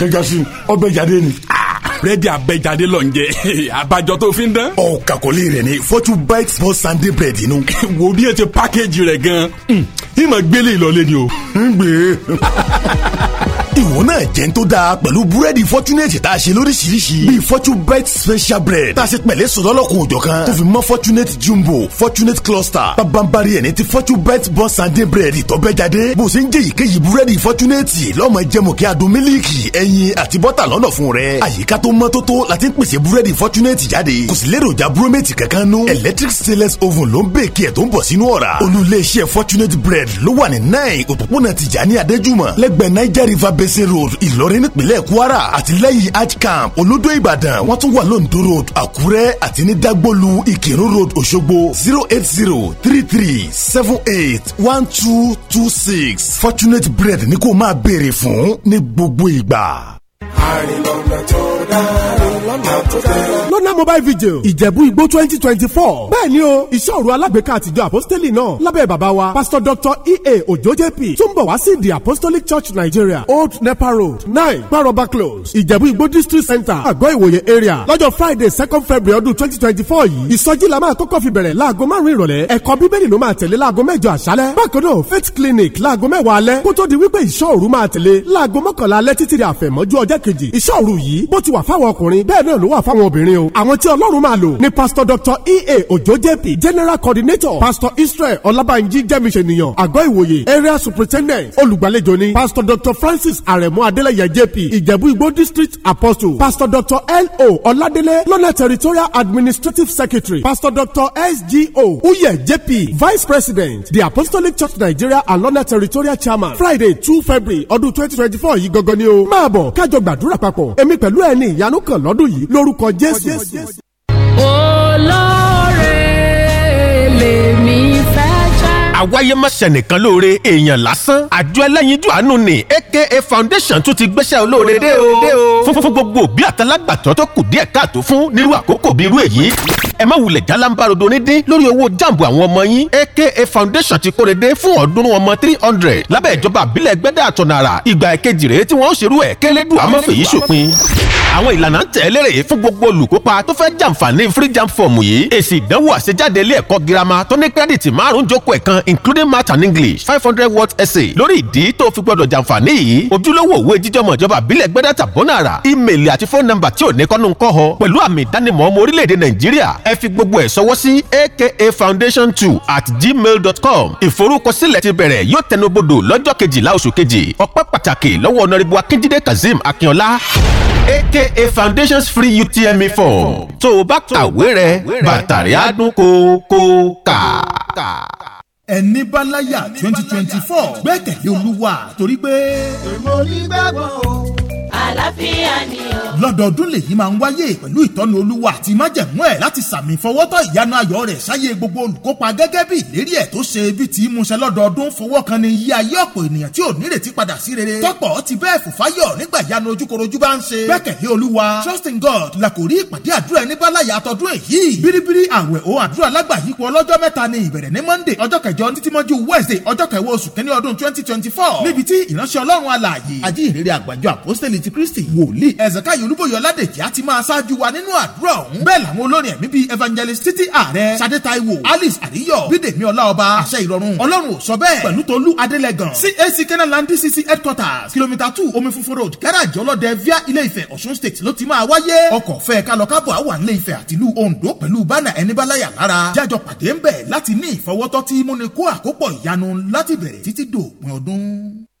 kẹjá sí ọbẹ̀ jáde ni ah, búrẹ́dì abẹ́jáde lọ ń jẹ *laughs* abajọ tó fi ń dán. ọ kàkọ́lé rẹ ni fortune bites for sunday bread inú. *laughs* wo bí ẹ ti pákéjì rẹ gan-an hmm, ìmọ̀ gbélé ìlọlẹ́ ni o. ń gbé. *laughs* ìwọ náà jẹ́ ń tó dáa pẹ̀lú búrẹ́dì fọ́túnẹ̀tì tá a ṣe lóríṣiríṣi bíi fortunebite special bread tá a ṣe pẹ̀lẹ́ sọ̀dọ́lọ́kùn òjọ̀ kan tó fi mọ́ fortunate jumbo fortunate cluster pabambari ẹni tí fortunebite bọ́ sàndé búrẹ́dì tó bẹ́ jáde bó ṣe ń jẹ́ èyíkéyìí búrẹ́dì fortunate lọ́mọ jẹ́mu kí adùn mílíìkì ẹyin àti bọ́tà lọ́nà fún rẹ àyíká tó mọ́ tótó la ti ń pèsè búrẹ́dì fortunate jáde kò sì lérò electric stainless oven ló ń bèèkì ẹ̀ tó ń bọ̀ sínú fortunate bread ló wà nine òpópónà tìjà ní adéjúmọ̀ lẹ́gbẹ̀ẹ́ niger river racing road ìlọrin nípínlẹ̀ kwara àti lẹ́yìn hajj camp olódó ìbàdàn wọ́n tún wà lóńdó road àkúrẹ́ àti ní dagbolu ìkírun road òṣogbo zero eight zero three three seven eight one two two six fortunate bread ní kó máa béèrè fún ní gbogbo ìgbà. àrìnlọ́nà tó dára lọ́nà mobile vigil ìjẹ̀bú igbó twenty twenty four bẹ́ẹ̀ ni o iṣẹ́ òru alágbèéká àtijọ́ apostoli náà lábẹ́ bàbá wa pastor doctor ea ojo jp tún bọ̀ wá sí the apostolic church nigeria old nepa road nine gbàrọ̀bà close ìjẹ̀bú igbó district center àgọ́ ìwòye area lọ́jọ́ friday second february ọdún twenty twenty four yìí ìsọjí la máa kọ́kọ́ fi bẹ̀rẹ̀ láago márùn-ún ìrọ̀lẹ́ ẹ̀kọ́ bíbélì ló máa tẹ̀lé láago mẹ́jọ àṣálẹ́ bákan náà faith clinic láago mẹ́wàá alẹ́ kó tó di wípé ìṣọ́ òru máa tẹ̀lé láago mọ́kànlá alẹ́ títí di àfẹ̀mọ́jú ọjọ́ kejì ìṣọ́ òru náà ló wà fáwọn obìnrin o àwọn tí ọlọ́run máa lò ni pastor dr ea ojo jp general coordinator pastor israel ọlábànjí jẹ́misẹ̀nìyàn àgọ́ ìwòye area superintendent olùgbàlejò ni pastor dr francis aremu adeleye jp ìjẹ̀bú igbó district apostle pastor dr lo ọládélé lọ́nà territorial administrative secretary pastor dr sgo uye jp vice president the apostolic church nigeria and lọ́nà territorial chairman friday two february ọdún twenty twenty four yìí gangan ni o máa bọ̀ kájọ gbàdúrà papọ̀ èmi pẹ̀lú ẹni ìyanu kan lọ́dún yìí yìí lórúkọ Jésù. olóore lèmi fẹ́ àwáyé má ṣẹnìkan lóore èèyàn lásán àjọ ẹlẹ́yinjú àánú ni aka foundation tún ti gbéṣẹ́ olóore dé o fún fún gbogbo òbí àtàlágbàtọ́ tó kù díẹ̀ káàtó fún nírú àkókò bíi irú èyí ẹ má wulẹ̀ jálámbárodo ní dín lórí owó jàǹbù àwọn ọmọ yín aka foundation ti kórede fún ọ̀ọ́dúnrún ọmọ three hundred lábẹ́ ìjọba àbílẹ̀ gbẹ́dẹ́ àtọ̀nàrà ìgbà ẹ̀kejì rèé tí wọ́n ó ṣerú ẹ̀ kẹ́lẹ́dùn àmọ́fẹ̀yì ṣòpin àwọn ìlànà ń tẹ̀lé rèé fún gbogbo olùkópa tó fẹ́ jàǹfààní free jam form yìí èsì ìdánwò àṣejáde ilé ẹ̀kọ́ girama tó ní kírẹ́dìtì márùn-ún jókòó ẹ̀kan including math and english five hundred word essay lórí ìdí tó fi gbọdọ̀ jàǹfààní yìí ojúlówó òwe jíjọmọ̀ ìjọba àbílẹ̀ gbẹ́dẹ́ tàbọ̀nàrà ímeèlì àti fóònù nọ́mbà tí ò ní kọ́nu ń kọ́ ọ pẹ̀lú àmì ìdánimọ̀ ọmọ orílẹ̀-èdè nàìjíríà ẹ fi gbogbo ẹ̀ sọwọ́ sí akafoundation2 at gmail dot com ìforúkọsílẹ̀ ti bẹ̀rẹ̀ yóò tẹnubodò lọ́jọ́ kejìlá oṣù kejì ọpẹ́ pàtàkì lọ́wọ́ ọ̀nàrẹ́bù akíndídé kazeem akínọlá aka foundations free utme form tó o bá kàwé rẹ bàtàrí àdún kó kó kà. ẹni bá láyà twenty twenty four gbẹ́kẹ̀lé olúwa torí pé. èmo ní gbàgbọ́ o àlàáfíà ni o. lọ́dọọdún lèyí máa ń wáyé pẹ̀lú ìtọ́nu olúwa àti májẹ̀mú ẹ̀ láti sàmì fọwọ́tọ̀ ìyanu ayọ̀ rẹ̀ sáyé gbogbo olùkópa gẹ́gẹ́ bí ìlérí ẹ̀ tó ṣe bí ti múṣẹ lọ́dọọdún fọwọ́ kan ni yí ayé ọ̀pọ̀ ènìyàn tí ò nírètí padà sí rere tọ́pọ̀ ti bẹ́ẹ̀ fòfáyọ̀ nígbà ìyanu ojúkorojú bá ń ṣe gbẹ́kẹ̀lé olúwa trust in God làkòrí ìpàdé àdúrà ẹni bá láyà àtọ́dún èyí bíríbírí àwẹ̀ o àdúrà lágbàyípo ọlọ́jọ́ mẹ́ta ni ìbẹ̀rẹ̀ ní Monday ọjọ́ kẹjọ títí mọ́jú Wednesday ọjọ́ kẹwàá oṣù kẹ́ni ọdún twenty twenty four níbi tí ìránṣẹ́ ọlọ́run alààyè àjíhìnrere àgbàjọ àpọ́stẹ́lì ti kristi wòlíì ẹ̀sẹ̀káyọ̀ olúbọ̀yọ̀ ládèjì á máa ṣáájú wa nínú àdúrà ọ̀hún bẹ́ẹ̀ làwọn olórin ẹ̀mí bíi evangelist títí ààrẹ sadé taiwo alice àríyọ̀ bídèmí ọláọba àṣẹ ìrọ̀rùn ọlọ́run ò sọ bẹ́ẹ̀ pẹ̀lú tolú adélẹ́gàn cac kenaland dcc headquarters kilomita two omi funfun road garage ọlọ́dẹ via ilé ìfẹ́ ọ̀ṣun state ló ti máa wáyé ọkọ̀ fẹ́ kálọ kábọ̀ àwa ilé ìfẹ́ àtìlú ondo pẹ̀lú bánà ẹni báláyà lára jájọ pàdé ń bẹ̀ láti ní ìfọwọ́tọ́ tí múni kó àkópọ̀ ìyanu láti bẹ̀rẹ̀ títí dòpin ọdún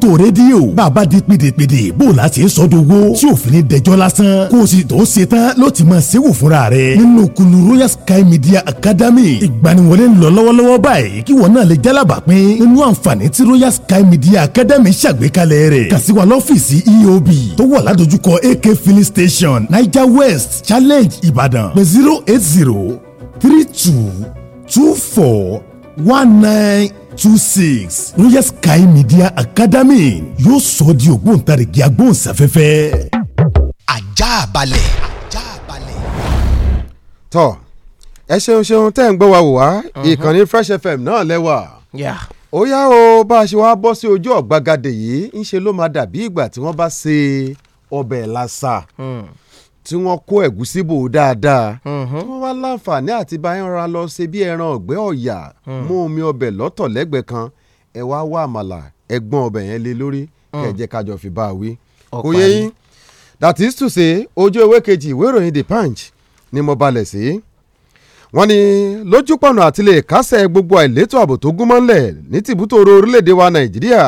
tó rédíò bàbá di pèdèpèdè bó o la ṣe sọ dogo tí o fini dẹjọ́ lásán kó o sì tó ṣe tán ló ti máa ṣẹ́wò fúnra rẹ̀ nínú kunu royal sky media academy ìgbaniwọlé ń lọ lọ́wọ́lọ́wọ́ báyìí kí wọ́n náà lè jálábà pín nínú àǹfààní tí royal sky media academy ṣàgbékalẹ̀ rẹ̀ kàn sí lọ́fíìsì eob tó wà ládojúkọ ak filling station niger west challenge Ibadan. pé zero eight zero three two two four one nine two six royal sky media academy yóò sọ ọ́ di ògbóǹtarìgì agbóhùnsáfẹ́fẹ́. ajá balẹ̀. tọ́ ẹ ṣeun ṣeun tẹ́ ń gbọ́ wa wò wá mhm. ìkànnì fresh fm náà lẹ́wà. Yeah ó yá o bá a ṣe wá bọ́ sí ojú ọ̀gbagadè yìí ńṣe ló máa dàbí ìgbà tí wọ́n bá ṣe ọbẹ̀ lásà. Hmm tí wọ́n kó ẹ̀gúsí bò dáadáa tí mhm. wọ́n wá láǹfààní àti bá lọ ṣe bí ẹran ọ̀gbẹ́ ọ̀yà mhm. mú omi ọbẹ̀ lọ́tọ̀ lẹ́gbẹ̀ẹ́ kan ẹ wá wá àmàlà ẹ̀gbọ́n ọbẹ̀ yẹn lé lórí kẹ̀jẹ̀ mm. kájọ fi bá a wí. kò yẹ yín that is to say ojú ewé kejì ìwé ìròyìn the punch ni mo balẹ̀ sí. wọ́n ní lójúpọ̀nà àti lè kásẹ̀ gbogbo àìlétò ààbò tó gúnmọ́ ńlẹ̀ ní tìbútòrò orílẹ̀-èdè wa nàìjíríà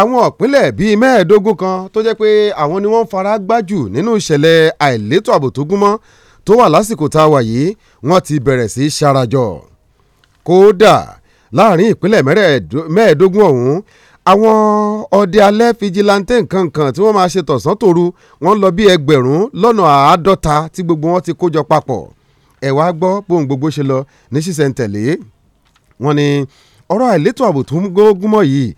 àwọn ìpínlẹ̀ bíi mẹ́ẹ̀ẹ́dógún kan tó jẹ́ pé àwọn ni wọ́n ń fara gbájù nínú ìṣẹ̀lẹ̀ àìlétò ààbò tó gúnmọ́ tó wà lásìkò tá a wà yìí wọ́n ti bẹ̀rẹ̀ sí í ṣarajọ. kódà láàrin ìpínlẹ̀ mẹ́ẹ̀ẹ́dógún ọ̀hún àwọn ọdẹ alẹ́ fijilantẹ nkankan tí wọ́n máa ṣe tọ̀sán tòru wọ́n lọ bí ẹgbẹ̀rún lọ́nà àádọ́ta tí gbogbo wọn ti kójọ papọ̀ ẹ̀ wá gbọ́ bóun gbogbo ṣe lọ ní ṣísẹ̀ntẹ̀lé wọ́n ní ọ̀rọ̀ àìlétò ààbò tó ń gógúnmọ́ yìí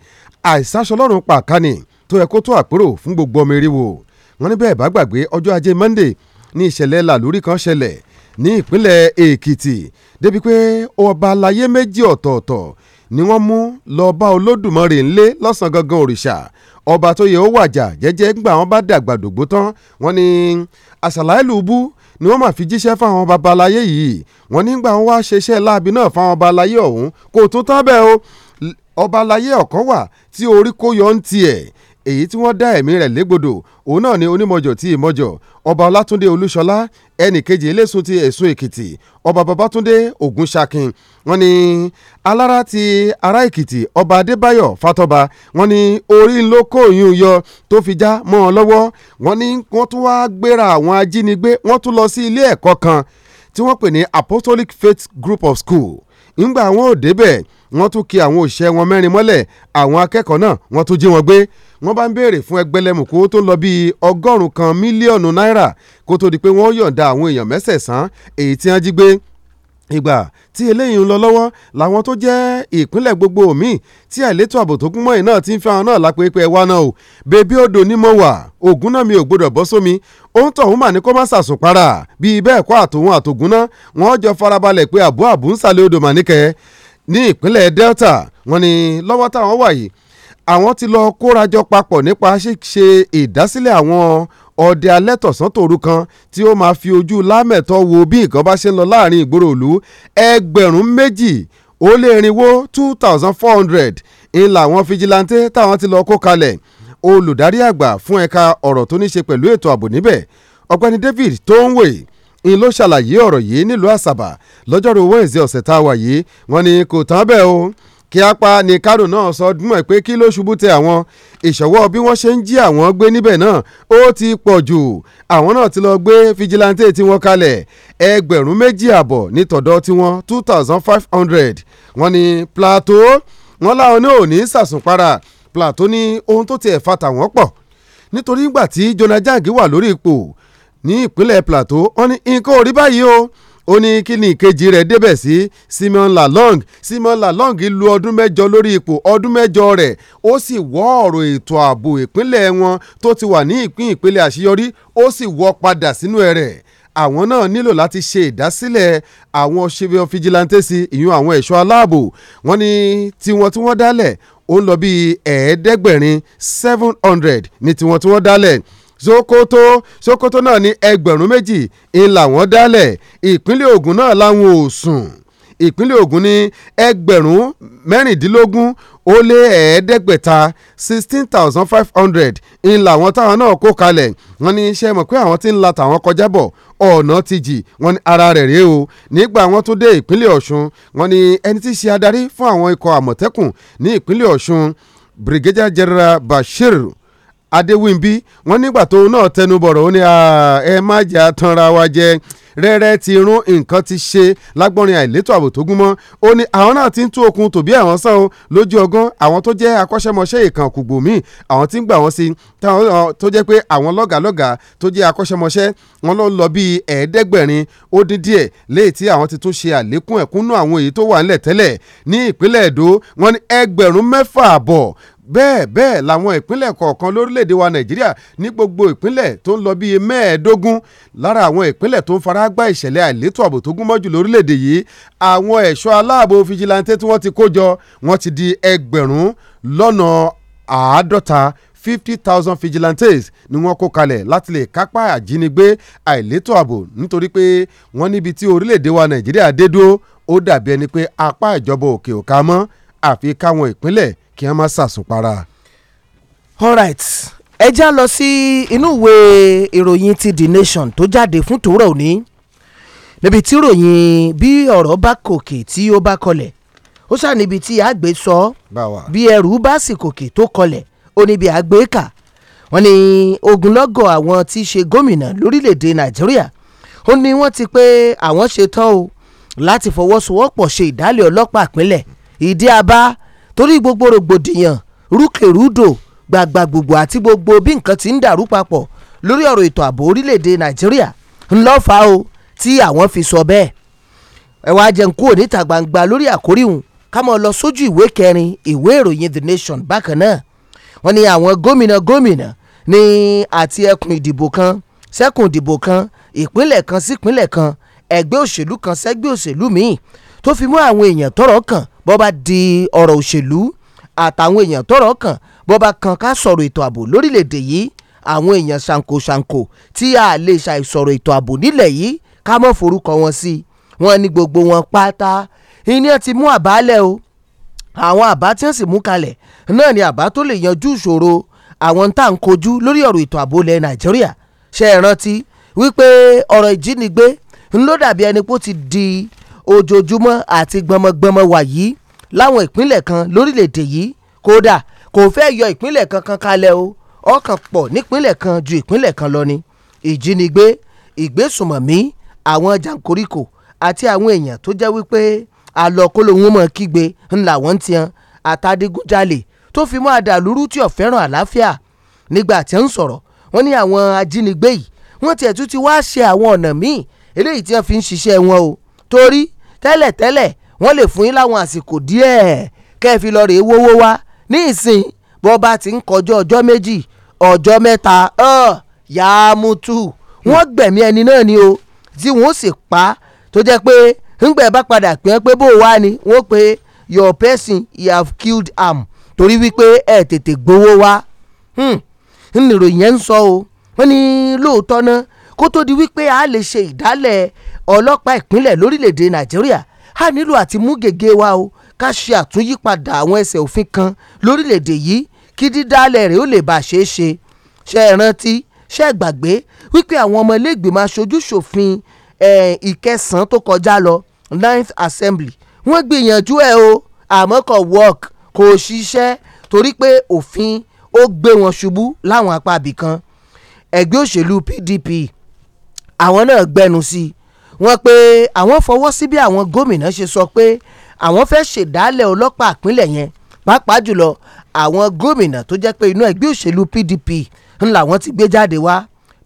àìsàṣọlọ́run pàkánì tó yẹ kó tó àpérò fún gbogbo ọmọ eré wò wọ́n ní bẹ́ẹ̀ bá gbàgbé ọjọ́ ajé Monday ní ìṣẹ̀lẹ̀ làlórí kan ṣẹlẹ̀ ní ìpínlẹ̀ Èkìtì débi pé ọba aláyé méjì ọ̀tọ̀ọ̀tọ̀ ni wọ́n mú lọ bá Olódùmarè ńlé lọ́sàn gangan òrìṣà ọba tó yẹ ó wàjà jẹ́jẹ́ gbà wọ́n bá dàgbà dògbò tán wọ́n ní àṣàláìlúbú ni wọ́n máa fi jíṣẹ́ fáwọn babaláyé yìí wọ́n nígbà wọn wá ṣeṣẹ́ láabi náà fáwọn babaláyé ọ̀hún kò tún tán bẹ́ẹ̀ o ọba alayé ọ̀kan wà tí orí kó yọ ń tiẹ̀ èyí tí wọ́n dá ẹ̀mí rẹ̀ légbodò òun náà ni onímọ̀jọ̀ tí ìmọ̀jọ̀ ọba ọlátúndé olúṣọlá ẹnìkejì eléṣun ti ẹ̀sùn èkìtì ọba babatúndé ògúnṣakin wọ́n ní alára ti ará èkìtì ọba adébáyọ̀ fatọ́ba wọ́n ní orí ló kóyún yọ tó fi já mọ́ ọ lọ́wọ́ wọ́n ní wọ́n tún wá gbéra àwọn ajínigbé wọ́n tún lọ sí ilé ẹ̀kọ́ kan tí wọ́n pè ní apostolic faith group of school ńgbà àwọn ò débẹ̀ wọ́n tún ki àwọn òṣìṣẹ́ wọn mẹ́rin mọ́lẹ̀ àwọn akẹ́kọ̀ọ́ náà wọ́n tún jí wọn gbé wọ́n bá ń béèrè fún ẹgbẹ̀lẹ́mùkú tó ń lọ bíi ọgọ́rùn-ún kan mílíọ̀nù náírà kó tó di pé wọ́n yọ̀ǹda àwọn èèyàn mẹ́sẹ̀sán èyí tí wọ́n jí gbé ìgbà tí eléyìí ń lọ lọ́wọ́ làwọn tó jẹ́ ìpínlẹ̀ gbogbo míì tí àìlétò ààbò tó kún mọ́yìn náà ti ń fi àwọn náà lápò pé ẹ wá náà o bèbí odò ni mo wà ògùn náà mi ò gbọdọ̀ bọ́ sómi òun tọ̀hún mà ní kó má sàsùn para bíi bẹ́ẹ̀ kọ́ àtòhun àtògùn náà wọ́n jọ farabalẹ̀ pé àbú àbú ń sàlẹ̀ odò màníkẹ́ ní ìpínlẹ̀ Delta wọn ni lọ́wọ́ táwọn wà yìí àwọn ti lọ kórajọ papọ̀ nípa ṣíṣe ìdásílẹ̀ àwọn ọdẹ alẹ́ tọ̀sán tòru kan tí ó máa fi ojú lámẹ̀tọ́ wo bí nǹkan bá ṣe ń lọ láàrin ìgboro òlu ẹgbẹ̀rún méjì ó lé irinwó two thousand four hundred ń làwọn fijilanté táwọn ti lọ kó kalẹ̀ olùdarí àgbà fún ẹ̀ka ọ̀rọ̀ tó ní ṣe pẹ̀lú ètò ààbò níbẹ̀ ọ̀gbẹ́ni David Tonwe n ló ṣàlàyé ọ̀rọ̀ yìí nílùú Àṣàbà lọ́jọ́rú Wednesday ọ̀sẹ̀ tá a wà yìí wọ́n ní kò tán bẹ́ẹ̀ o kíápá ni kánò náà sọ dúnmọ̀ pé kí ló ṣubú tẹ àwọn ìṣọwọ́ bí wọ́n ṣe ń jí àwọn gbé níbẹ̀ náà ó ti pọ̀ jù àwọn náà ti lọ gbé fijilantè tí wọ́n kalẹ̀ ẹgbẹ̀rún méjì àbọ̀ ní tọ̀dọ̀ tiwọn two thousand five hundred wọ́n ní plateau wọ́n láwọn náà ò ní sàsùnpara plateau ní ohun tó tiẹ̀ fa tàwọn pọ̀ nítorí ìgbà tí jonah jang wà lórí ipò ní ìpínlẹ̀ plateau wọ́n ní nǹkan ò rí báyìí o ó ní kí ni ìkejì rẹ̀ débẹ̀ sí Simon Lalong Simon Lalong lu ọdún mẹ́jọ lórí ipò ọdún mẹ́jọ rẹ̀ ó sì wọ́ ọ̀rọ̀ ètò ààbò ìpínlẹ̀ wọn tó ti wà ní ìpín ìpele àṣeyọrí ó sì wọ́ padà sínú ẹ̀rẹ̀ àwọn náà nílò láti ṣe ìdásílẹ̀ àwọn civil vigilante sí ìyún àwọn ẹ̀ṣọ́ aláàbò wọ́n ní tiwọn tí wọ́n dálẹ̀ ó ń lọ bíi ẹ̀ẹ́dẹ́gbẹ̀rin seven hundred ní tiwọn tí wọ́n dálẹ̀ Sokoto Sokoto náà ní ẹgbẹ̀rún méjì ń làwọn dálẹ̀ ìpínlẹ̀ Ògùn náà làwọn ò sùn ìpínlẹ̀ Ògùn ní ẹgbẹ̀rún mẹ́rìndínlógún ó lé ẹ̀ẹ́dẹ́gbẹ̀ta sixteen thousand five hundred ń làwọn táwọn náà kó kalẹ̀ wọ́n ní iṣẹ́ mọ̀ pé àwọn tí ń la tàwọn kọjá bọ̀ ọ̀nà ti jì wọ́n ní ara rẹ̀ rèé o nígbà wọ́n tó dé ìpínlẹ̀ Ọ̀ṣun wọ́n ní ẹni tí í ṣe adarí fún àwọn ikọ̀ àmọ̀tẹ́kùn ní ìpínlẹ̀ Ọ̀ṣun Brigadier General Bashir adéwìnbí wọ́n nígbà tóun náà tẹnubọ̀rọ̀ ó ní ẹ má jẹ́ àtànra wa jẹ rẹ́rẹ́ ti rún nǹkan ti ṣe lágbọ́nrin àìlétò ààbò tó gúnmọ́ ó ní àwọn náà ti ń tú okun tòbí àwọn sàn ó lójú ọgán àwọn tó jẹ́ akọ́ṣẹ́mọṣẹ́ ìkàn kùgbò míì àwọn tí ń gbà wọ́n sí táwọn tó jẹ́ pé àwọn lọ́gàlọ́gà tó jẹ́ akọ́ṣẹ́mọṣẹ́ wọn ló lọ bíi ẹ̀ẹ́dẹ́gbẹ̀rin ó dín díẹ̀ léyìí tí àwọn ti tún ṣe àlékún ẹ̀kúnnú àwọn èyí tó wà ńlẹ̀ tẹ́lẹ̀ ní ìpínlẹ̀ Èdó wọn ní ẹgbẹ̀rún mẹ́fà àbọ̀ bẹ́ẹ̀ bẹ́ẹ̀ làwọn ìpínlẹ̀ kọ̀ọ̀kan lórílẹ̀‐èdè wa nàìjíríà ní gbogbo ìpínlẹ̀ tó ń lọ bíi mẹ́ẹ̀ẹ́dógún lára àwọn ìpínlẹ̀ tó ń fara gbá ìṣẹ̀lẹ̀ àìlétò ààbò tó gún mọ́jú lórílẹ̀‐èdè yìí àwọn ẹ̀ṣọ́ aláàbò fijilantẹ́ tí wọ́n ti kó jọ wọ́n ti di ẹgbẹ̀rún lọ́nà àádọ́ta fifty thousand vigilantes ni wọ́n kó kalẹ̀ láti lè kápá àjínigbé àìlétò ààbò nítorí pé wọ́n níbi tí orílẹ̀-èdè wa nàìjíríà dé ó dàbí ẹni pé apá ìjọba òkè òka mọ́ àfi káwọn ìpínlẹ̀ kí wọ́n má ṣàṣùpara. alright ẹ já lọ sí inú ìwé ìròyìn ti The Nation tó jáde fún tòórọ̀ òní níbi tí ròyìn bí ọ̀rọ̀ bá kòkè tí ó bá kọlẹ̀ ó ṣáà níbi tí àgbè sọ bí ẹrù bá sì kòkè tó kọlẹ̀ ó níbi àgbè kà wọ́n ní ogunlọ́gọ̀ àwọn tí í ṣe gómìnà lórílẹ̀‐èdè Nàìjíríà ó ní wọ́n ti pé àwọn ṣetán o láti fọwọ́sowọ́pọ̀ ṣe ìdálẹ̀ ọlọ́pàá ìpínlẹ̀ ìdí abá torí gbogbo rògbòdìyàn rúkèrúdò gbàgbà gbogbo àti gbogbo bí nǹkan ti ń dàrú papọ̀ lórí ọ̀rọ̀ ètò ààbò orílẹ̀-èdè nàìjíríà ńlọ́fà o tí àwọn fi sọ bẹ́ẹ̀ ẹ wá jẹun kúrò níta gbangba lórí àkórí hùn ká lọ sójú ìwé kẹrin ìwé ìròyìn the nation bákan náà wọ́n ní àwọn gómìnà gómìnà ní àti ẹkùn ìdìbò kan sẹ́kùn ìdìbò kan ìpínlẹ̀ kan sípínlẹ̀ kan ẹgbẹ́ òṣèlú kan sẹ́gbẹ́ òṣèlú míì tó fi mú àwọn èèyàn tọ́rọ̀ kàn bó bá di ọ̀rọ̀ òṣèlú àtàwọn èèyàn tọ́rọ̀ kàn bó bá kan ká sọ̀rọ̀ ètò ààbò lórílẹ̀‐èdè yìí àwọn èèyàn ṣàǹkóṣàǹkó tí a lè ṣàìsọ̀rọ̀ ètò ààbò nílẹ̀ yìí ká mọ̀ forúkọ wọn sí wọn ní gbogbo wọn pátá ìní ẹ ti mú àbálẹ̀ o àwọn àbá tí wọ́n sì mú kalẹ̀ náà ni àbá tó lè yanjú ìṣòro àwọn tá à ń kojú lórí ọ̀rọ̀ ètò ààbò ilẹ̀ Nàìjíríà ṣe é rántí wípé ọ̀rọ̀ ìjínigbé ńlọ dàbí ẹni pé ti di ojoojúmọ́ àti gbọmọgbọmọ wàyí láwọn ìpínlẹ̀ kan lórílẹ̀‐èdè yìí kódà kò fẹ́ yọ ìpínlẹ̀ kankan kalẹ̀ o ọkàn pọ̀ nípínlẹ̀ kan ju ìpínlẹ̀ kan lọ ni ìjínigbé ìgbésùmọ̀mí àwọn jàǹkóríkò àti àwọn èèyàn tó jẹ́ wípé àlọ́kóló wọn mọ̀ kígbe ńlá wọn ti hàn àtàdégúnjalè tó fi mọ́ àdàlúrú tí ò fẹ́ràn àlàáfíà nígbà tí ń sọ̀rọ̀ wọ́n ní àwọn ajínigbé yìí wọ́n tiẹ̀ tún ti wá ṣe àwọn ọ̀nà míì eléyìí tí wọ́n fi ń ṣiṣẹ́ wọn o torí tẹ́lẹ̀tẹ́lẹ̀ wọ́n lè fún yín láwọn àsìkò díẹ̀ kẹ́ ẹ fi lọ rèé wówó wá ní ìsìn bó bá ti ń kọjọ́ ọjọ́ méjì ọjọ́ mẹ́ta yàámútù wọ́n gbẹ̀mí ẹni náà ni o tí wọ́n sì pa tó jẹ́ pé ńgbẹ́ bá padà pín pé bó wá ni wọ́n pe your person you have killed am torí wípé ẹ tètè gbowó wá hmm, ńlẹ̀ròyìn yẹn ń sọ o wọ́n ní lóòótọ́ náà kó tó di wípé a lè ṣe ìdálẹ̀ ọlọ́pàá ìpínlẹ̀ lórílẹ̀‐èdè nàìjíríà a nílò àti mú gègé wa o ká ṣe àtúnyípadà àwọn ẹsẹ̀ òfin kan lórílẹ̀‐èdè yìí kí dídálẹ̀ rẹ̀ ó lè bá ṣeé ṣe ṣe é rántí ṣe é gbàgbé wípé àwọn ọmọ ilé ìgbìmọ̀ aṣojúṣòfin ìkẹsàn-án tó kọjá lọ ninth assembly wọ́n gbìyànjú ẹ̀ o àmọ́ kò work kò ṣiṣẹ́ torí pé òfin ó gbé wọn ṣubú láwọn apá ibìkan ẹgbẹ́ òṣèlú PDP àwọn náà gbẹnu sí i wọ́n pé àwọn fọwọ́ sí bí àwọn gómìnà ṣe sọ pé àwọn fẹ́ ṣèdálẹ̀ ọlọ́pàá ìpínlẹ̀ yẹn pàápàá jùlọ àwọn gómìnà tó jẹ́ pé inú ẹgbẹ́ òṣèlú PDP ńlá wọn ti gbé jáde wá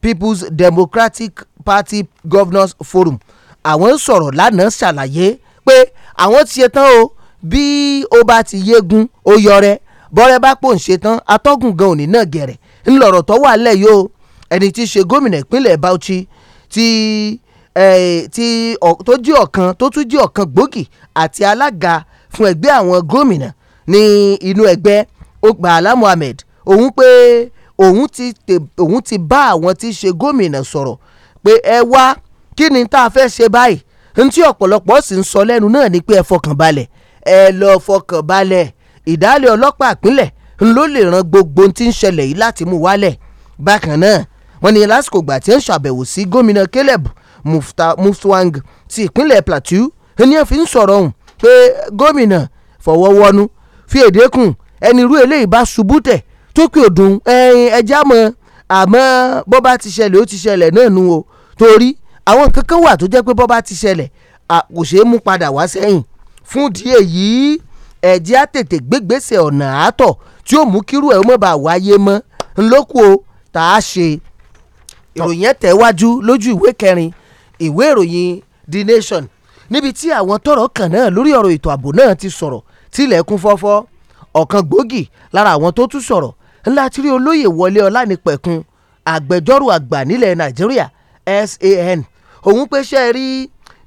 People's Democratic Party Governors Forum àwọn sọ̀rọ̀ lánàá ṣàlàyé pé àwọn ti ṣe tán o bí ó bá ti yégun ó yọrẹ bọ́rẹ́ bá pò ń ṣe tán atọ́gùn gan òní náà gẹ̀rẹ̀ ńlọrọ̀ tó wà lẹ̀ yóò ẹni tí í ṣe gómìnà ìpínlẹ̀ Bauchi ti Eh, tí tó jẹ́ ọ̀kan tó tún jẹ́ ọ̀kan gbòógì àti alága fún ẹgbẹ́ àwọn gómìnà ní inú ẹgbẹ́ ogba ala muhammed òun pé òun ti tẹ òun ti bá àwọn tí í ṣe gómìnà sọ̀rọ̀ pé ẹ wá kí ni tá a fẹ́ ṣe báyìí n tí ọ̀pọ̀lọpọ̀ sì ń sọ lẹ́nu náà ni pé ẹ fọkàn balẹ̀ ẹ lọ fọkàn balẹ̀ ìdálẹ̀ ọlọ́pàá ìpínlẹ̀ n ló lè ran gbogbo tí ń ṣẹlẹ̀ yìí láti mú wálẹ̀ bákan náà wọ́n ní lásìkò ìgbà tí ń ṣàbẹ̀wò sí gómìnà caleb mufwang ti ìpínlẹ̀ plateau ènìyàn fi ń sọ̀rọ̀ ọ̀hún pé gómìnà fọwọ́wọ́nú fi èdè kùn ẹni irú eléyìí bá ṣubú tẹ̀ tó kí òdùn ẹja mọ́ àmọ́ bó bá ti ṣẹlẹ̀ ó ti ṣẹlẹ̀ náà nu o torí àwọn kankan wà tó jẹ́ pé bó bá ti ṣẹlẹ̀ kò ṣeé mú padà wá sẹ́yìn fún díẹ̀ yìí ẹ̀jẹ̀ á tètè gbégbèsè ọ̀nà àátọ̀ tí ó mú kírú ẹ̀ ó mọ̀ bá wáyé mọ́ ńlọ́kù o tá a ṣe ìròyìn ẹ̀ tẹ̀wájú lójú ìwé kẹrin ìwé ìròyìn The Nation níbi tí àwọn tọ́rọ̀ kàn náà lórí ọ̀rọ̀ ètò ààbò náà ti sọ̀rọ̀ tilẹ̀kùn fọ́fọ́ ọ̀kan gbòógì lára àwọn tó tún sọ̀rọ̀ ńlá tí rí olóyè wọlé ọlánipẹ̀kun agbẹjọ́rò àgbà nílẹ̀ nàìjíríà SAN òun pé ṣe rí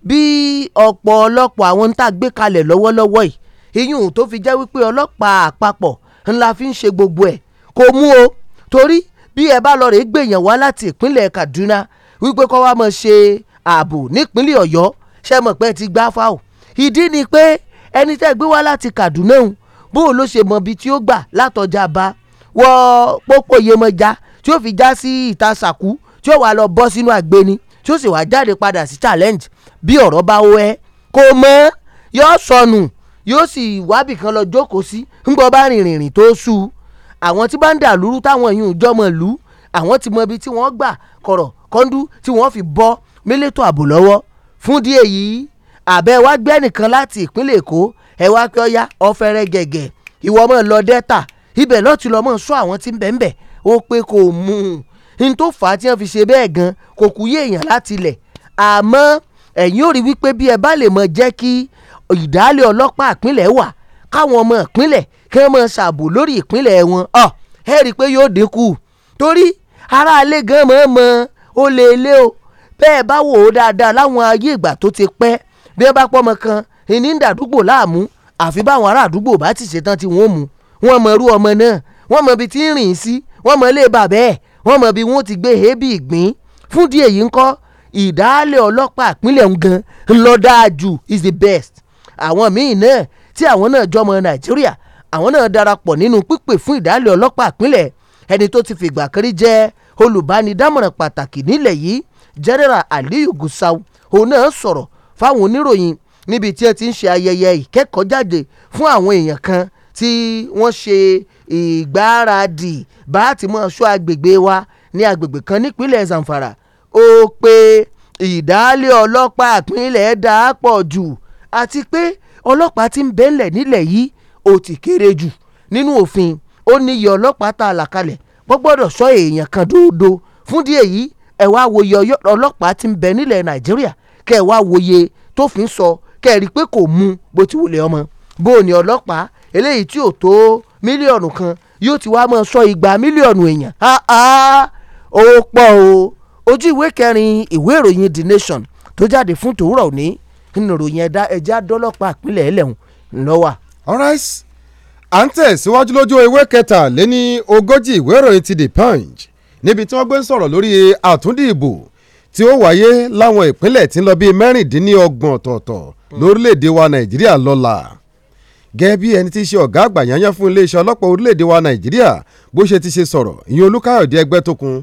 bí ọ̀pọ̀ ọlọ́pọ̀ àwọn ń tà gbé kalẹ̀ lọ́wọ́lọ́wọ́ yìí iyún tó fi jẹ́ wípé ọlọ́pàá àpapọ̀ ńlá fi ń ṣe gbogbo ẹ̀ kò mú o torí bí ẹ bá lọ rèé gbèyàn wá láti ìpínlẹ̀ Kaduna wípé kọ́ wa mọ̀ ṣe ààbò nípínlẹ̀ ọ̀yọ́ ṣe mọ̀ pé ti gbá fáwọ̀ ìdí ni pé ẹni tẹ́ gbé wá láti kaduna òun bóun ló ṣe mọ ibi tí ó gbà látọjà bá wọ pópó Yemọja tí ó fi já sí ìta sàkú tí ó wàá lọ bọ́ sínú àgbéni tí ó sì wàá jáde padà sí challenge bí ọ̀rọ̀ bá wọ ẹ́ kò mọ́ yóò sọnù yóò sì wábì kan lọ jókòó sí ńgbọ́ bá rìnrìn rìn tó sú àwọn tí bá ń dà lúrú táwọn yìí ń jọmọ lù àwọn ti mọ ibi tí wọ́n gbà kọ̀rọ̀ kọ́ńdú tí wọ́n fi bọ́ mílẹ̀tọ̀ ààbò lọ́wọ́ fún díẹ̀ yìí àbẹ́ wá gbẹ́ nìkan láti ìpínlẹ̀ èkó ẹ wá pé ọyá ọ̀fẹ́rẹ́ gẹ̀gẹ̀ ìwọ ọmọ lọ dẹ́ta ibẹ̀ lọ́ọ́ ti lọ́ọ́ mọ̀ sọ àwọn tí ń bẹ̀ ń bẹ̀ ó pé kò mú un n tó fà á tí wọ́n fi ṣe bẹ́ẹ̀ gan kò kú yé èèyàn láti ilẹ̀ àmọ́ ẹ̀yin ò rí wípé bí ẹ bá lè mọ jẹ́ kí ìdálé ọlọ́pàá ìpínlẹ̀ wà káwọn ọmọ ìpínlẹ̀ kí wọ́n mọ ṣàbò lórí ìpínlẹ̀ wọn ọ ẹ rí i pé yóò dínkù torí aráalé gan mọ̀ mọ̀ ó lè e lé o bẹ́ẹ̀ bá wò ó dáadáa láwọn ayé ìgbà tó ti pẹ́ bí wọ́n bá pọ́mọ kan ìní ń dàdúgbò láàmú àfi báwọn ará àdúgbò bá ti ṣetán tí wọ́n mú wọ́n mọ irú ọmọ náà wọ́n mọ ibi tí ń rìn sí wọ́n mọ ilé bàbẹ́ ẹ̀ wọ́n mọ ibi wọ́n ti gbé èébì ìgbín fún díẹ̀ yìí ń kọ́ ìdálẹ̀ ọlọ́pàá ìpínlẹ̀ ń gan ńlọ́dáa jù is the best àwọn míì náà tí àwọn náà jọmọ nàìjíríà àwọn náà darapọ̀ nínú pípè fún ìdálẹ̀ ọlọ́pàá ìpínlẹ̀ ẹni tó ti fìgbà kan jẹ́ olùbánidámọ̀ràn pàtàkì nílẹ̀ yìí general aliyu gusau òun náà sọ̀rọ̀ fáwọn oníròyìn níbi tí ẹ ti ń ṣe ayẹyẹ ìkẹ́kọ̀ọ́jáde fún àwọn èèyàn kan tí wọ́n ṣe ìgbáradì bá a ti mọ aṣọ agbègbè wa ní agbègbè kan nípínlẹ̀ zamfara ó pé ìdálé ọlọ́pàá àpínlẹ̀ dá pọ̀ jù àti pé ọlọ́pàá ti ń bẹ́ńlẹ̀ nílẹ̀ yìí ó ti kéré jù nínú òfin ó níye ọlọ́pàá tá a là kalẹ̀ wọ́n gbọ́dọ̀ sọ èèyàn kan dòdò fúndí èyí ẹ wá wòye ọlọ́pàá tí ń bẹ nílẹ̀ nàìjíríà kẹ ẹ wá wòye tó fi ń sọ kẹ ẹ rí i pé kò mú bó ti wùlẹ̀ ọmọ bó ní ọlọ́pàá eléyìí tí ò tó mílíọ̀nù kan yóò ti wá máa sọ igba mílíọ̀nù èèyàn ó pọ̀ o ojú ìwé kẹrin ìwé ìròyìn the nation tó jáde fún tòwúrọ̀ òní nínú ìròyìn ẹ̀dá ẹja dọ́lọ́pàá àpilẹ̀ ẹlẹ́hùn ńlọ́wà. alright à ń tẹ̀síwájú lójú ewé kẹta lé ogójì ìwé ìròyìn ti the punch níbi tí wọ́n gbé ń sọ̀rọ̀ lórí àtúndìbò tí ó wáyé láwọn ìpínlẹ̀ tí ń lọ bíi mẹ́rìndínlọ́gbọ̀n ọ̀tọ̀ọ̀tọ̀ hmm. lórílẹ̀‐èdè wa nàìjíríà lọ́la gẹ́gẹ́ bí ẹni tí í ṣe ọ̀gá àgbà yanyan fún iléeṣẹ́ ọlọ́pàá orílẹ̀‐èdè wa nàìjíríà bó ṣe ti ṣe sọ̀rọ̀ ìyẹn olúkáyọ̀dé ẹgbẹ́tókun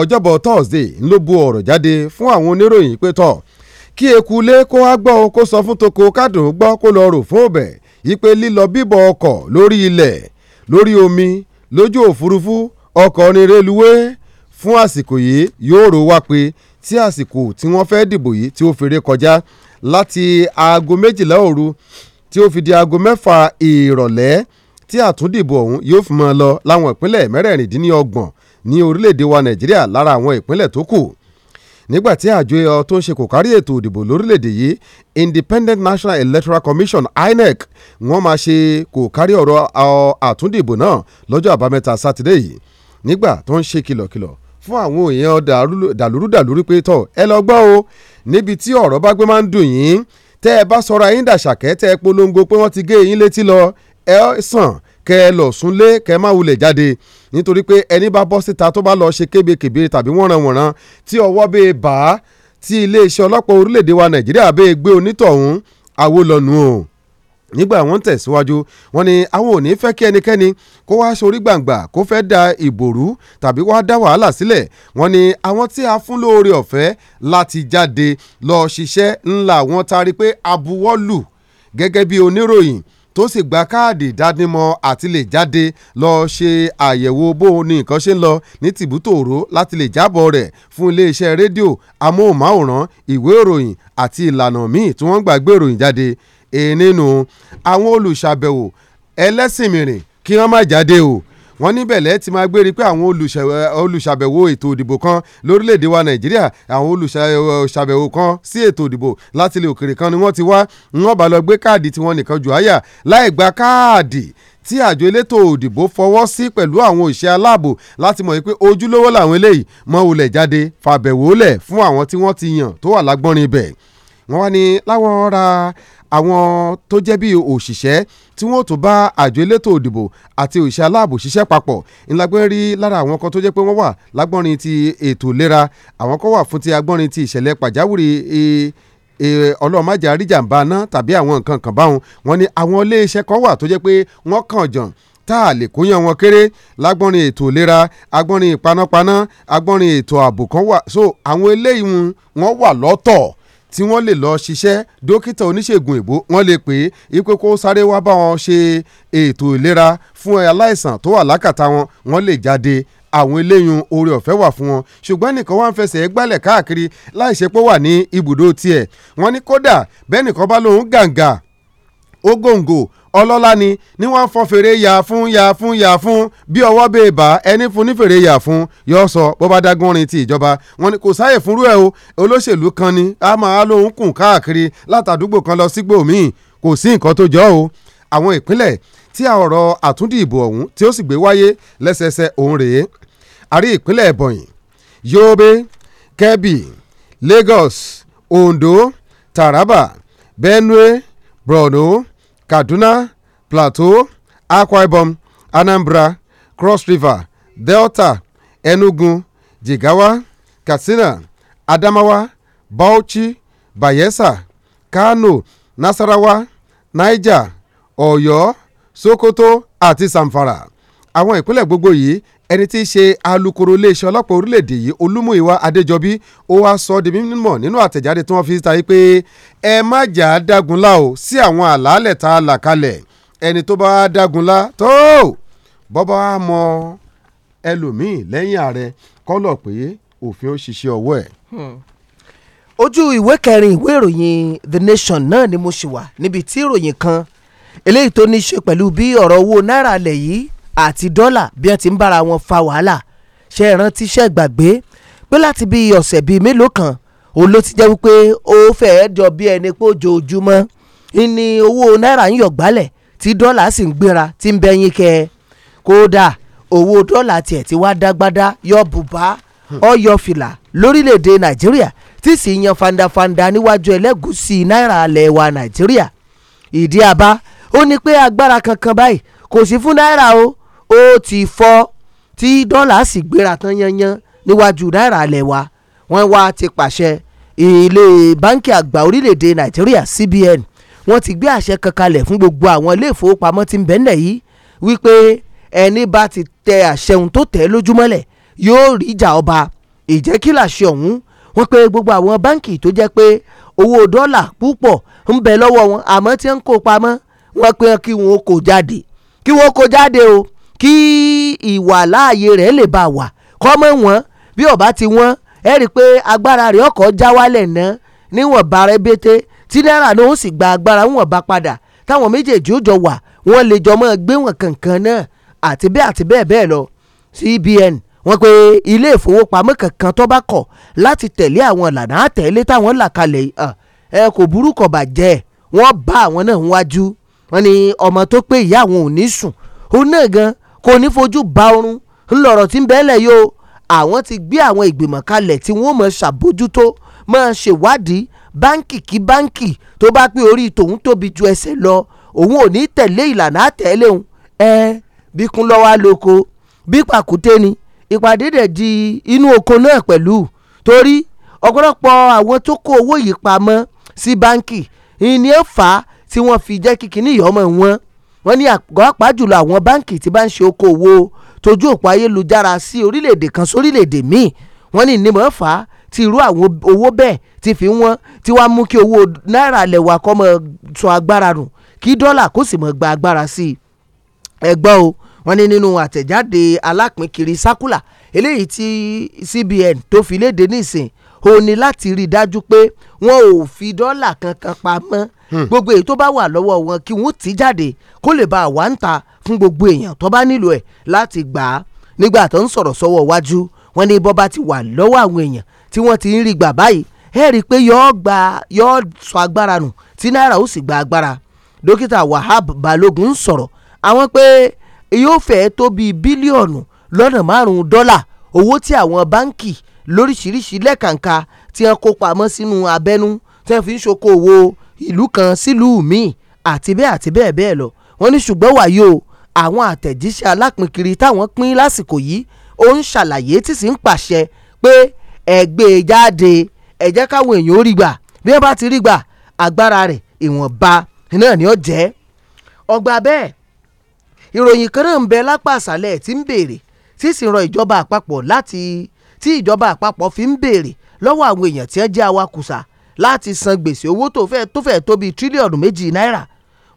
ọjọ́bọ̀ thursday ló bu ọ̀rọ̀ jáde fún àwọn oníròyìn pé tọ̀ kí eku lé kó wá gbọ́ kó sọ fún toko kádùn gbọ́ kó lọ rò fún ọbẹ̀ yí pé lílọ bíbọ̀ ọkọ̀ lórí ilẹ̀ lórí omi lójú òfurufú ọkọ̀ orin rélùwé fún àsìkò yìí yóò rò wá pé tí àsìkò tí wọ́n fẹ́ dìbò yìí tí ó fèrè kọjá láti aago méjìlá òru tí ó fi di aago mẹ́fà ìrọ̀lẹ́ tí àtúndìbò ọ̀hún yóò fi máa lọ láwọn ìpínlẹ̀ mẹ́rẹ̀ẹ̀rìndínlọ́gbọ̀n ní orílẹ̀-èdè wa nàìjíríà lára àwọn ìpínlẹ̀ tó kù nígbà tí àjọ tó ń ṣe kò kárí ètò ìdìbò lórílẹ̀‐èdè yìí Independent National Electoral Commission INEC wọ́n máa ṣe kò kárí ọ̀rọ̀ àtúndìbò náà lọ́jọ́ àbámẹ́ta sátidé yìí nígbà tó ń ṣe kìlọ̀kìlọ̀ fún àwọn èèyàn dàlúrúdàlúrú pé tọ̀ ẹ lọ gbọ́ o níbi tí ọ̀rọ̀ bá gbé máa ń dùn yín tẹ́ ẹ bá sọra yín dàṣàkẹ́ tẹ́ ẹ polongo pé wọ́n ti gé yín létí lọ ẹ sàn kẹ́ ẹ lọ súnlé kẹ́ ẹ má wulẹ̀ jáde nítorí pé ẹni bá bọ́ síta tó bá lọ ṣe kébékèbé tàbí wọ̀nranwọ̀nran tí ọwọ́ bẹ́ẹ̀ bá tí iléeṣẹ́ ọlọ́pàá orílẹ̀-èdè wa Nàìjíríà bẹ́ẹ̀ gbé onítọ̀hún àwo o nígbà wọ́n tẹ̀síwájú wọ́n ní àwọn ò ní fẹ́ kí ẹnikẹ́ni kó wá sorí gbàǹgbà kó fẹ́ da ìbò rú tàbí wá dá wàhálà sílẹ̀ wọ́n ní àwọn tí a fún lóore ọ̀fẹ́ láti jáde lọ ṣiṣẹ́ ńlá wọn tari pé abuwọ́lù gẹ́gẹ́ bí oníròyìn tó sì gba káàdì ìdánimọ̀ àti lè jáde lọ ṣe àyẹ̀wò bó o ní nǹkan ṣe ń lọ ní tìbútòrò láti lè jábọ̀ rẹ̀ fún iléeṣẹ́ rédíò amóhùnmáwòrán ìwé ìròyìn àti ìlànà míì tí wọ́n gbàgbé ìròyìn jáde nínú àwọn olùṣàbẹ̀wò ẹlẹ́sìn mìrìn kí wọ́n má jáde o wọ́n níbẹ̀ lẹ́ẹ̀ ti máa gbérí pé àwọn olùṣàbẹ̀wò ètò ìdìbò kan lórílẹ̀‐èdè wa nàìjíríà àwọn olùṣàbẹ̀wò kan sí ètò ìdìbò láti ilẹ̀ òkèrè kan ni wọ́n ti wá wọ́n bá lọ gbé káàdì tiwọn nìkan jù áyà láì gba káàdì tí àjọ elétò òdìbò fọwọ́ sí pẹ̀lú àwọn òṣìṣẹ́ aláàbò láti mọ̀ pé ojúlówó làwọn eléyìí mọ olè jáde fàbẹ̀wò lẹ̀ fún àwọn tí wọ́n ti yàn tó wà lágbọ́nrin ibẹ̀ wọ́n wá ní láwọn ra àwọn tó jẹ́ bí òṣìṣẹ́ tí wọ́n tún bá àjọ elétò òdìbò àti òṣìṣẹ́ aláàbò ṣiṣẹ́ papọ̀ ńlágbé rí lára àwọn kan tó jẹ́ pé wọ́n wà lágbọ́nrin ti ètò ìlera àwọn kan wà fún ti agbọ́nrin ti ìṣẹ̀lẹ̀ pàjáwìrì e, e, ọlọ́mọdé àríjàmbá náà tàbí àwọn nǹkan kan báwọn wọn ni àwọn iléeṣẹ́ kan wà tó jẹ́ pé wọ́n kàn jàn tá a lè kóyan wọn kéré lágbọ́nrin ètò ìlera agbọ́nrin ìpanápaná agbọ́nrin ètò ààbò kan wà so àwọn eléyìí wọn wà lọ́tọ̀ tí wọ́n lè lọ ṣiṣẹ́ dókítà oníṣègùn ìbò wọ́n lè pè é pé kó sáré wá bá wọn ṣe ètò ìlera fún aláìsàn tó wà lákàtà wọn wọ́n lè jáde àwọn eléyun oore ọ̀fẹ́ wà fún wọn ṣùgbọ́n nìkan wá ń fẹsẹ̀ gbálẹ̀ káàkiri láìṣe pé wà ní ibùdó tiẹ̀ wọ́n ní kódà bẹ́ẹ̀ nìkan bá lóun gàǹgà ó gòǹgò ọlọ́lá ni ní wọ́n ń fọ́ fèrè yà fún yà fún yà fún bí ọwọ́ bèè bá ẹni fún ní fèrè yà fún yọ sọ bó bá ti ìjọba wọn ni kò sáyè fúnrú ẹ o olóṣèlú kan ni a máa lóun kùn káàkiri látàdúgbò kan lọ sígbò míì kò sí nǹkan tó jọ o àwọn ìpínlẹ̀ tí a ọ̀rọ̀ àtúndì ìbò ọ̀hún tí ó sì gbé wáyé lẹ́sẹẹsẹ òun rèé àrí ìpínlẹ̀ ẹ̀bọ̀nyìn Yobe Kebbi Lagos Ondo Taraba Benue Borno kaduna plateau akwa ibom anambra cross river delta enugu jigawa katsina adamawa bauchi bayelsa kano nasarawa niger Oyo, sokoto àti zamfara àwọn ìpínlẹ̀ gbogbo yìí ẹni tí í ṣe alukoro iléeṣẹ́ ọlọ́pàá orílẹ̀‐èdè yìí olúmúyíwá adéjọbí ó wáá sọ ọ́ di mímọ̀ nínú àtẹ̀jáde tí wọ́n fi ta yìí pé ẹ má jà á dágunlá o sí àwọn àlàálẹ̀ tá a là kalẹ̀ ẹni tó bá dágunlá tó bọ́bá á mọ ẹlòmíì lẹ́yìn ààrẹ kọ́lọ̀ pé òfin ó ṣiṣẹ́ ọwọ́ ẹ̀. Hmm. ojú ìwé kẹrin ìwé ìròyìn The Nation náà ni mo ṣì wà níbi tí ìròyìn kan eléyìí tó ní àti dọ́là bí wọ́n ti ń bára wọn fa wàhálà ṣe ìrántí iṣẹ́ gbàgbé pé láti bí ọ̀sẹ̀ bíi mélòó kan òun ló ti jẹ́ wípé ó fẹ́ẹ́ jọ bí ẹni pé ojoojúmọ́ ni owó náírà ń yọ̀ gbálẹ̀ tí dọ́là sì ń gbéra tí ń bẹ́yìn kẹ́ ẹ kódà owó dọ́là tiẹ̀ ti wá dágbádá yọ bùbá ọyọ hmm. fìlà lórílẹ̀‐èdè nàìjíríà tí sì yan fandafanda níwájú ẹlẹ́gùsì náírà alẹ̀ wa nàìjíríà ìdí àbá ó ní pé agbára kankan báyìí kò sí fún náírà o ó ti fọ́ tí dọ́là sì gbéra tán yanyan níwájú náírà alẹ̀ wa wọ́n wá ti pàṣẹ ilé báńkì àgbà orílẹ̀-èdè nàìjíríà CBN wọ́n ti gbé àṣẹ kan kalẹ̀ fún gbogbo àwọn ilé ìfowópamọ́ tí ń bẹ nílẹ̀ yìí wípé ẹni bá ti tẹ àṣẹ ohun tó tẹ̀ lójúmọ́lẹ̀ yóò rí ìjà ọba ìjẹ́ kí làṣẹ ọ̀hún wọ́n pé gbogbo àwọn báǹkì tó jẹ́ pé owó dọ́là púpọ̀ ń bẹ lọ́wọ́ wọn àmọ́ tí ń kó pamọ́ wọ́n pé kí wọ́n kó jáde kí wọ́n kó jáde o kí ìwàláàyè rẹ̀ lè bá wà kọ́mọ wọn bí ọba ti wọ́n ẹ rí i pé agbára rẹ̀ ọkọ̀ já wálẹ̀ ná níwọ̀nba rẹ̀ bété tí náírà ló ń sì gba agbára wọn bá padà táwọn méjèèjì ó jọ wà wọ́n lè jọ mọ́ gbé kankan náà àti bẹ́ẹ̀ àti bẹ́ẹ̀ bẹ́ẹ̀ lọ CBN wọ́n pe ilé ìfowópamọ́ kankan tó bá kọ̀ láti tẹ̀lé àwọn ìlànà àtẹ̀lé táwọn là kalẹ̀ ẹ kò burúkọ bàjẹ́ wọ́n bá àwọn náà wájú wọ́n ní ọmọ tó pé ìyá àwọn ò ní sùn òun náà gan-an kò ní fojú ba oorun ńlọrọ̀ tí ń bẹ́ẹ̀lẹ̀ yóò àwọn ti gbé àwọn ìgbìmọ̀ kalẹ̀ tí wọ́n mọ̀ ṣàbójútó máa ṣèwádìí báńkì kí báńkì tó bá pé orí tòun tóbi ju ẹsẹ̀ lọ òun ò ní tẹ̀lé ìlànà àtẹ̀lé òun ẹ bí Kúnlọ́wá lóko bí pàkúté ni ìpàdé dẹ̀ di inú oko náà pẹ̀lú torí ọ̀pọ̀lọpọ̀ àwọn tó kó owó yìí pamọ́ sí báńkì ìní ẹ̀ fà á tí wọ́n fi jẹ́ kíkiní ìyọ́mọ̀ wọn wọ́n ní àgbàpá jùlọ àwọn báǹkì tí bá ń ṣe okòwò tójú òpó ayélujára sí orílẹ̀-èdè kan sórílẹ̀-èdè míì wọ́n ní ìnímọ̀ fà á ti irú àwọn owó bẹ́ẹ̀ ti fi wọ́n ti wá mú kí owó náírà lẹ́wà kọ́ mọ́ sọ agbára nù kí dọ́là kó sì mọ́ gba agbára sí i ẹ o wọ́n ní nínú àtẹ̀jáde alápínkiri sákúlà eléyìí tí CBN tó fi léde nísìn ó ní láti rí i dájú pé wọn ò fi dọ́là kankan pamọ́ Hmm. gbogbo èyí tó bá wà lọ́wọ́ wọn kí wọ́n ti jáde kó lè bá àwa ń ta fún gbogbo èèyàn tó bá nílò ẹ̀ láti gbà á nígbà tó ń sọ̀rọ̀ sọ́wọ́ wájú wọn ní bọ́ba ti wà lọ́wọ́ àwọn èèyàn tí wọ́n ti ń rí gbà báyìí ẹ rí i pé yọ́ọ́ gba yọ́ọ́ sọ agbára nù tí náírà ó sì gba agbára dókítà Wahab Balogun ń sọ̀rọ̀ àwọn pé yóò fẹ́ tó bíi bílíọ̀nù lọ́nà márùn-ún dọ́là owó tí àwọn báńkì lóríṣiríṣi lẹ́kàǹkà tí wọ́n kó pamọ́ sínú abẹ́nú tí wọ́n fi ń ṣokòwò ìlú kan sílùú míì àti bẹ́ẹ̀ àti bẹ́ẹ̀ bẹ́ẹ̀ lọ wọ́n ní ṣùgbọ́n wàyí o àwọn àtẹ̀jíṣẹ́ alápínkiri táwọn pín lásìkò yìí ó ń ṣàlàyé tí sì ń pàṣẹ pé ẹ gbé e jáde ẹ jẹ́ káwọn èèyàn ó rí gbà bí wọ́n bá ti rí gbà agbára rẹ̀ ìwọ̀nba náà ni ó jẹ́ ọgbà bẹ́ẹ̀ ìròyìn kan náà ń bẹ lápá àṣálẹ̀ tí ń béèrè tí sì ń rọ ìjọba àpapọ̀ láti tí ìjọba àpapọ̀ fi ń béèrè lọ́wọ́ àwọn èèyàn tí wọ́n jẹ́ awakùsà láti san gbèsè owó tó fẹ́ tó fẹ́ tó bíi tírílíọ̀nù méjì náírà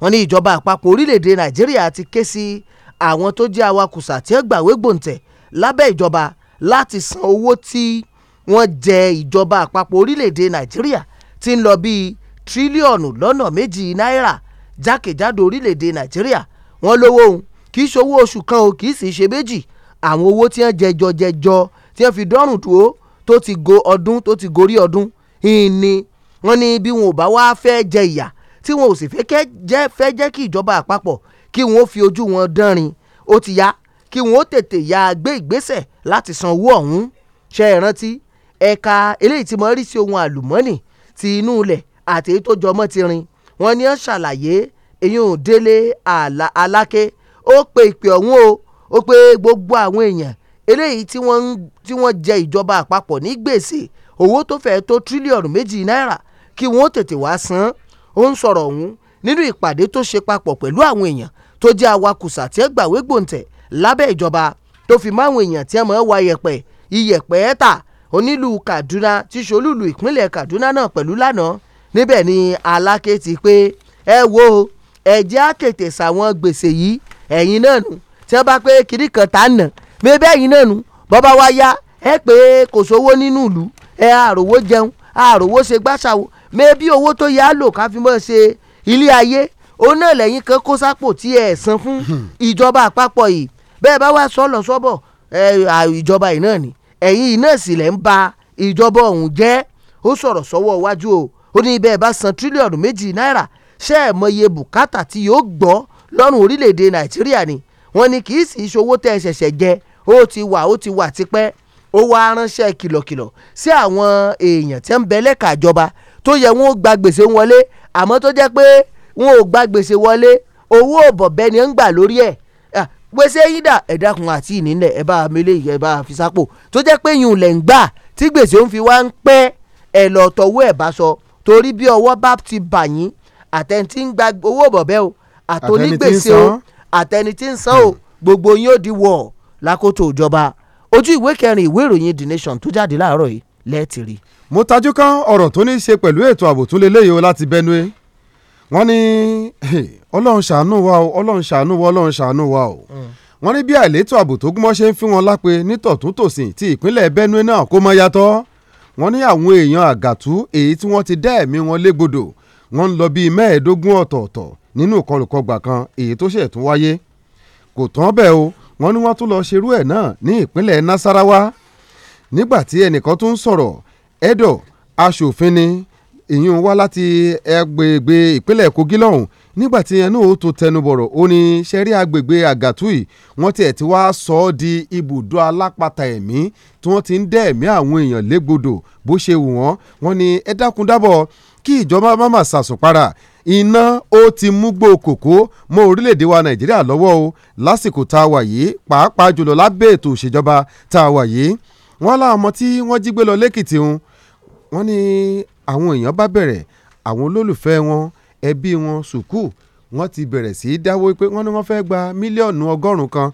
wọ́n ní ìjọba àpapọ̀ orílẹ̀-èdè nàìjíríà ti ké sí àwọn tó jẹ́ awakùsà tí ó gbàwé gbòǹtẹ̀ lábẹ́ ìjọba láti san owó tí wọ́n jẹ ìjọba àpapọ̀ orílẹ̀-èdè nàìjíríà ti ń lọ bíi tírílíọ̀nù lọ́nà méjì náírà jákèjádò orílẹ̀-èdè nàìjíríà wọ́n lówó òun kì í ṣowó oṣù kan o kì í sì ṣe méjì àwọn owó tí wọ́n jẹjọ jẹjọ tí wọ́n fi dọ́rùn dúró tó ti go ọdún tó ti gorí ọdún ìní wọ́n ní bí wọn ò bá wá fẹ́ jẹ ìyà tí wọn ò sì fẹ́ jẹ́ kí ìjọba àpapọ̀ kí wọn ó fi ojú wọn dánrin ó ti yá kí wọn ó tètè ya gbé ìgbésẹ̀ láti san owó ọ̀hún ṣe é rántí ẹ̀ka eléyìí tí mo rí sí ohun àlùmọ́ọ́nì ti inú ilẹ̀ àti èyí tó jọmọ́ ti rin wọn ni ó ṣàlàyé èyí ò délé aláké ó pe ìpè ọ̀hún o ó pe gbogbo àwọn èèyàn eléyìí tí wọ́n jẹ ìjọba àpapọ̀ ní gbèsè owó tó fẹ́ tó tírílíọ̀nù méjì náírà kí wọ́n tètè wá san ó ń sọ̀rọ̀ ọ̀hún nínú ìpàdé tó ṣe papọ̀ pẹ̀lú àwọn èèyàn tó jẹ́ awakùsà tí ẹ gbàwé gbòǹtẹ̀ lábẹ́ ìjọba tó fi máwọn èèyàn tí ẹ mọ̀ ẹ́ wa yẹ̀pẹ̀ iyẹ̀pẹ̀ ta onílù Kaduna tí ṣolúlù ìpínlẹ̀ Kaduna náà pẹ̀lú lánàá níbẹ̀ ni Aláké ti pé ẹ wo ẹ̀jẹ̀ á tètè sàwọn gbèsè yìí ẹ̀yin náà nù tí wọ́n bá pé kiri kan tá nà mébẹ́ ẹ̀yin náà nù bọ́bá wa yá ẹ pé kò sówó nínú ìlú ẹ àròwó jẹun àròwó ṣe gbàṣàwò mẹ́bí owó tó yá lò ká fi mọ́ ṣe ilé ayé òun náà lẹ́yìn kan kó sápò tí ẹ̀ san fún hmm. ìjọba àpapọ̀ yìí bẹ́ẹ̀ bá wá sọ lọ sọ́bọ̀ ìjọba yìí náà ni ẹ̀yin náà sì lẹ́ ń ba ìjọba ọ̀hún jẹ́ ó sọ̀rọ̀ sọ́wọ́ iwájú o ó ní bẹ́ẹ̀ bá san tírílíọ̀nù méjì náírà ṣé ẹ̀ mọye bùkátà tí yóò gbọ́ lọ́rùn orílẹ̀-èdè nàìjíríà ni wọ́n ní kì í sì í ṣowó tẹ́ ẹ ṣẹ̀ṣẹ̀ jẹ ó ti wà ó ti wà tipẹ́ ó wá ránṣẹ́ kìlọ̀kìlọ̀ sí àwọn èèyàn tẹ́ ń bẹ lẹ́ka ìjọba tó yẹ wọn ó gba gbèsè wọlé àmọ́ tó jẹ́ pé wọn ò gba gbèsè wọlé owó òbọ̀bẹ ni ń gbà lórí ẹ̀ gbèsè yín dà ẹ dákun àti ìnílẹ̀ ẹ bá amílẹ̀ ẹ bá fi sápò tó jẹ́ pé yìnyín lẹ̀ ń gbà tí gbèsè ń fi wá ń pẹ́ ẹ lọ tọwọ́ ẹ̀ bá sọ torí bí ọwọ́ bá ti bà yín àtẹnití ń gba owó bọ̀bẹ́ o àtọ́nígbèsè o àtẹnití ń san o gbogbo yín ó di wọ̀ lákòótò ìjọba ojú ìwé kẹrin ìwé ìròyìn The Nation tó jáde láàárọ̀ yìí lẹ́ẹ̀tì rí i mo tajú kán ọ̀rọ̀ tó ní í ṣe pẹ̀lú ètò ààbò tún leléyìí o láti Benue wọ́n ní ọlọ́run ṣàánú wa o ọlọ́run ṣàánú wa ọlọ́run ṣàánú wa o mm. wọ́n ní bí àìlétò ààbò tó gúnmọ́ ṣe ń fi wọn lápè nítòtúntòsìn ti ìpínlẹ̀ Benue náà kó mọ́ yàtọ̀ wọ́n ní àwọn èèyàn àgàtú èyí tí wọ́n ti dá ẹ̀mí wọn légbodò wọ́n ń lọ bíi mẹ́ẹ̀ẹ́dógún ọ̀tọ̀ọ̀tọ̀ nínú ìkọlùkọgbà kan èyí tó ṣẹ̀ tún wáyé kò tán bẹ́ẹ̀ o wọ́n ní wọ́n tún lọ ṣerú ẹ̀ náà ní ìpínlẹ̀ Nasarawa nígbà tí ẹnìkan tún sọ̀rọ̀ edo aṣòfin ni ìyún wá láti agbègbè ìpínlẹ̀ kogi lọ́hùn nígbà tí ẹnu ò tún tẹnubọ̀rọ̀ ó ní sẹ́rí agbègbè àgàtúì wọ́n tiẹ̀ ti wá sọ ọ́ di ibùdó alápatà ẹ̀mí tí wọ́n ti ń dẹ́ ẹ̀mí àwọn èèyàn légbodò bó ṣe wù wọ́n wọ́n ní ẹ dákun dábọ̀ kí ìjọba má má ṣàṣùpara iná ó ti mú gbòòkòkó mọ́ orílẹ̀-èdè wa nàìjíríà lọ́wọ́ o lásìkò tá a wà yìí pàápàá jùlọ lábẹ́ ètò òṣèjọba tá a wà yìí wọ́n láwọn ọmọ tí wọ́n jí gbé lọ lẹ́kìtì wọ́n ní àwọn èèyàn bá bẹ̀rẹ̀ àwọn olólùfẹ́ wọn ẹbí wọn sùkúù wọ́n ti bẹ̀rẹ̀ sí í dáwọ́ pé wọ́n ní wọ́n fẹ́ gba mílíọ̀nù ọgọ́rùn-ún kan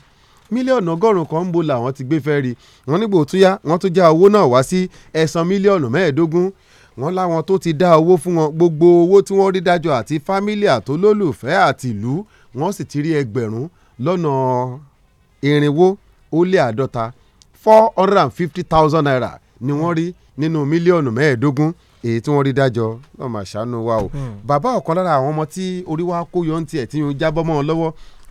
mílíọ̀nù ọgọ́rùn-ún kan ń bo làwọn ti gbé fẹ́ rí wọ́n nígbò tó yá wọ́n tún já owó náà wá sí ẹ̀sán mílíọ̀nù mẹ́ẹ̀ẹ́dógún wọ́n láwọn tó ti dá owó fún wọn gbogbo owó tí wọ́n rí dájọ́ àti fámílì àtolólùfẹ́ àtìlú wọ́n sì ti rí ẹgbẹ̀rún lọ́nà irinwó ó lé àádọ́ta four hundred and fifty thousand naira ni wọ́n rí nínú mílíọ̀nù mẹ́ẹ̀ẹ́dógún èyí tí wọ́n rí dájọ́ náà mà ṣàánú wa o. Hmm. bàbá ọ̀kan lára àwọn ọmọ tí orí wa kó yọ ní tiẹ̀ tí yóò jábọ́ mọ́ ọ lọ́wọ́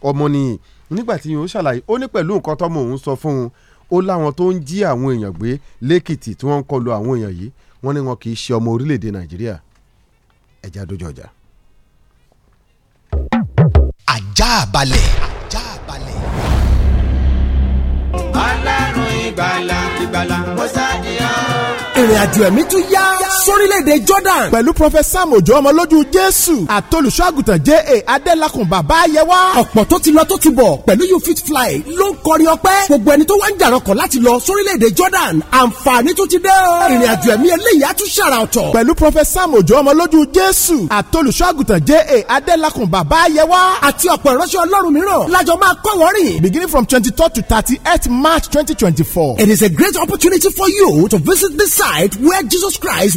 ọmọ nìyí nígbà tí yóò ṣàlàyé ó ní pẹ̀lú nǹkan tọ́mọ òun sọ fún un ó láwọn tó ń jí àwọn èèyàn gbé lẹ́kìtì tí wọ́n ń kọlu àwọn èèyàn yìí wọ́n ní wọn kì í ṣe ọmọ orílẹ̀-èdè nàìjíríà ẹ̀já dojú ọjà ìrìnàjò ẹ̀mí tún yá sórílẹ̀-èdè Jordan pẹ̀lú Prophet Sam Òjó ọmọlójú Jésù àtolùṣọ́àgùtàn J.A. Adélakùn bàbá Ayẹwà. ọ̀pọ̀ tó ti lọ tó ti bọ̀ pẹ̀lú You Fit Fly ló ń kọrin ọpẹ́ gbogbo ẹni tó wá ń jàrọ̀kọ̀ láti lọ sórílẹ̀-èdè Jordan àǹfààní tó ti dé o. ìrìn àjò ẹ̀mí eléyìí á tún ṣàrà ọ̀tọ̀. pẹ̀lú Prophet Sam Òjó ọmọlójú Jésù àtolùṣọ́àgùtàn J.A. Adélakùn bàbá Ayẹwà àti ọ̀pọ̀ ìránṣẹ́ Ọlọ́run mìíràn lájọ beginning from twenty to thirty eight March twenty It is a great opportunity for you to visit the site where Jesus Christ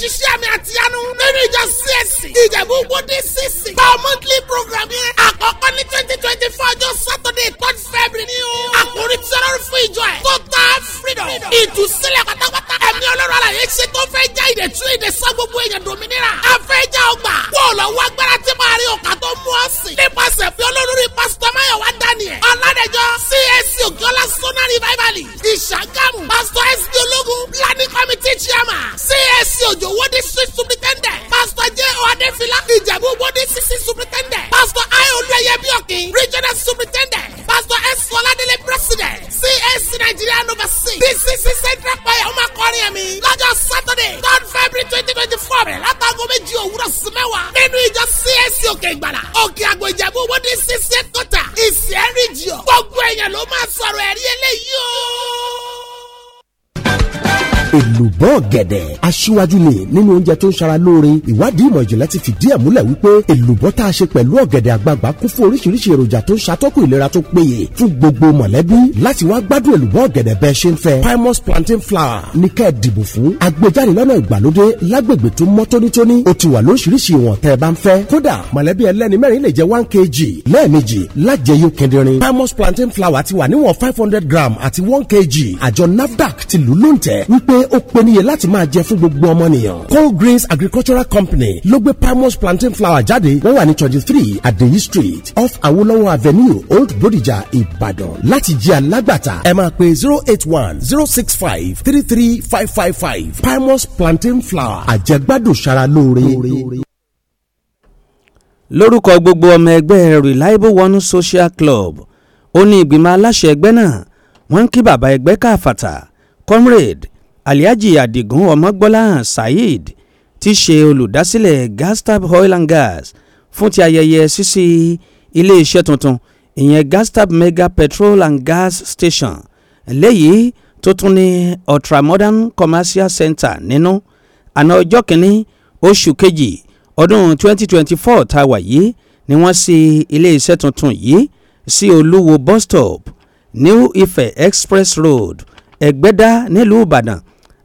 ṣiṣẹ́ àmì àti àánú nínú ìjọ CAC ìjẹ̀bú gbòdì cc gba monthly program yẹn àkọ́kọ́ ní twenty twenty four ọjọ́ Saturday third February ni o àkórí tí ọlọ́run fún ìjọ ẹ̀ total freedom ìtúsílẹ̀ pátápátá ẹ̀mí ọlọ́run àlàyé ṣe tó fẹ́ já ìdè tú ìdè sá gbogbo èèyàn dominira afẹ́já ọgbà bọ́ọ̀lù ọwọ́ agbára tí máa rí ọ̀kà tó mú ọ sí nípasẹ̀ bí olórí pásítọ̀ Máyọ̀wá Daniel ọ̀làdẹ̀jọ́ CAC òkèọ́lá sọ́nà revival ìṣàgámù pásítọ̀ sd ológun planning committee chairman CAC àjò wọ́dí street superintendent pastor j o adefila ìjẹ̀bú wọ́dí sisi superintendent pastor i olúyẹyẹ bíọ́kì regional superintendent pastor s fọládélé president csc nigeria number c dcc central choir ọmọ akọrin ẹ̀mí lọ́jọ́ saturday third february twenty twenty four rẹ̀ látàgọ́ méjì òwúrọ̀ sí mẹ́wàá nínú ìjọ csc òkè ìgbàlà òkè àgbò ìjẹ̀bú wọ́dí sisi kọ́tà ìsì ẹ̀ríjì ọ̀ gbogbo èèyàn ló máa sọ̀rọ̀ ẹ̀rí eléyìí o èlùbọ́ ọ̀gẹ̀dẹ̀ aṣíwájú ni nínú oúnjẹ tó ń ṣara lóore ìwádìí ìmọ̀ ìjìnlẹ̀ ti fìdí ẹ̀ múlẹ̀ wípé èlùbọ́ tá a ṣe pẹ̀lú ọ̀gẹ̀dẹ̀ àgbagbà kún fún oríṣiríṣi èròjà tó ń ṣàtọ́kùn ìlera tó péye fún gbogbo mọ̀lẹ́bí láti wá gbádùn èlùbọ́ ọ̀gẹ̀dẹ̀ bẹ́ẹ̀ ṣe ń fẹ́ Primus plantain flower ní kẹ́ ẹ̀ dìbò fún agbèjáde lọ́nà ìgbàlódé lágbègbè tó mọ́ tónítóní ó ti wà lóríṣiríṣi ìwọ̀n tẹ́ ẹ bá ń fẹ́ kódà mọ̀lẹ́bí ẹlẹ́ni mẹ́rin lè jẹ́ one kg lẹ́ẹ̀mejì lájẹyó kẹndìrín Primus plantain flower ti wà níwọ̀n five hundred gram àti one kg àjọ NAFDAC ti lù lóǹtẹ̀ wípé ó penye láti máa jẹ fún gbogbo ọmọnìyàn. Cold Greens Agricultural Company ló gbé Palmos plantain flour jáde wọ́n wà ní twenty three Adeyi Street off Awolowo Avenue Old Bodija Ìbàdàn. Láti jẹ́ alágbàtà ẹ máa pe zero eight one zero six five three three five five five Primus plantain flour àjẹgbádùn ṣara lóore lórúkọ gbogbo ọmọ ẹgbẹ́ reliable one social club ó ní ìgbìmọ̀ aláṣẹ ẹgbẹ́ náà wọ́n ń kí bàbá ẹgbẹ́ káfàtà comrade Aliaji adigun ọmọgbọ́lá saheed ti ṣe olùdásílẹ̀ gastab oil and gas fún ti ayẹyẹ ṣíṣí iléeṣẹ́ tuntun ìyẹn gastab mega petrol and gas station léyìí tó tún ní ultramodern commercial center nínú àná ọjọ́ kìíní oṣù kejì ọdún 2024 tá a wà yìí ni wọ́n ṣí iléeṣẹ́ tuntun yìí sí olúwo bus stop new ife express road ẹ̀gbẹ́dá nílùú ìbàdàn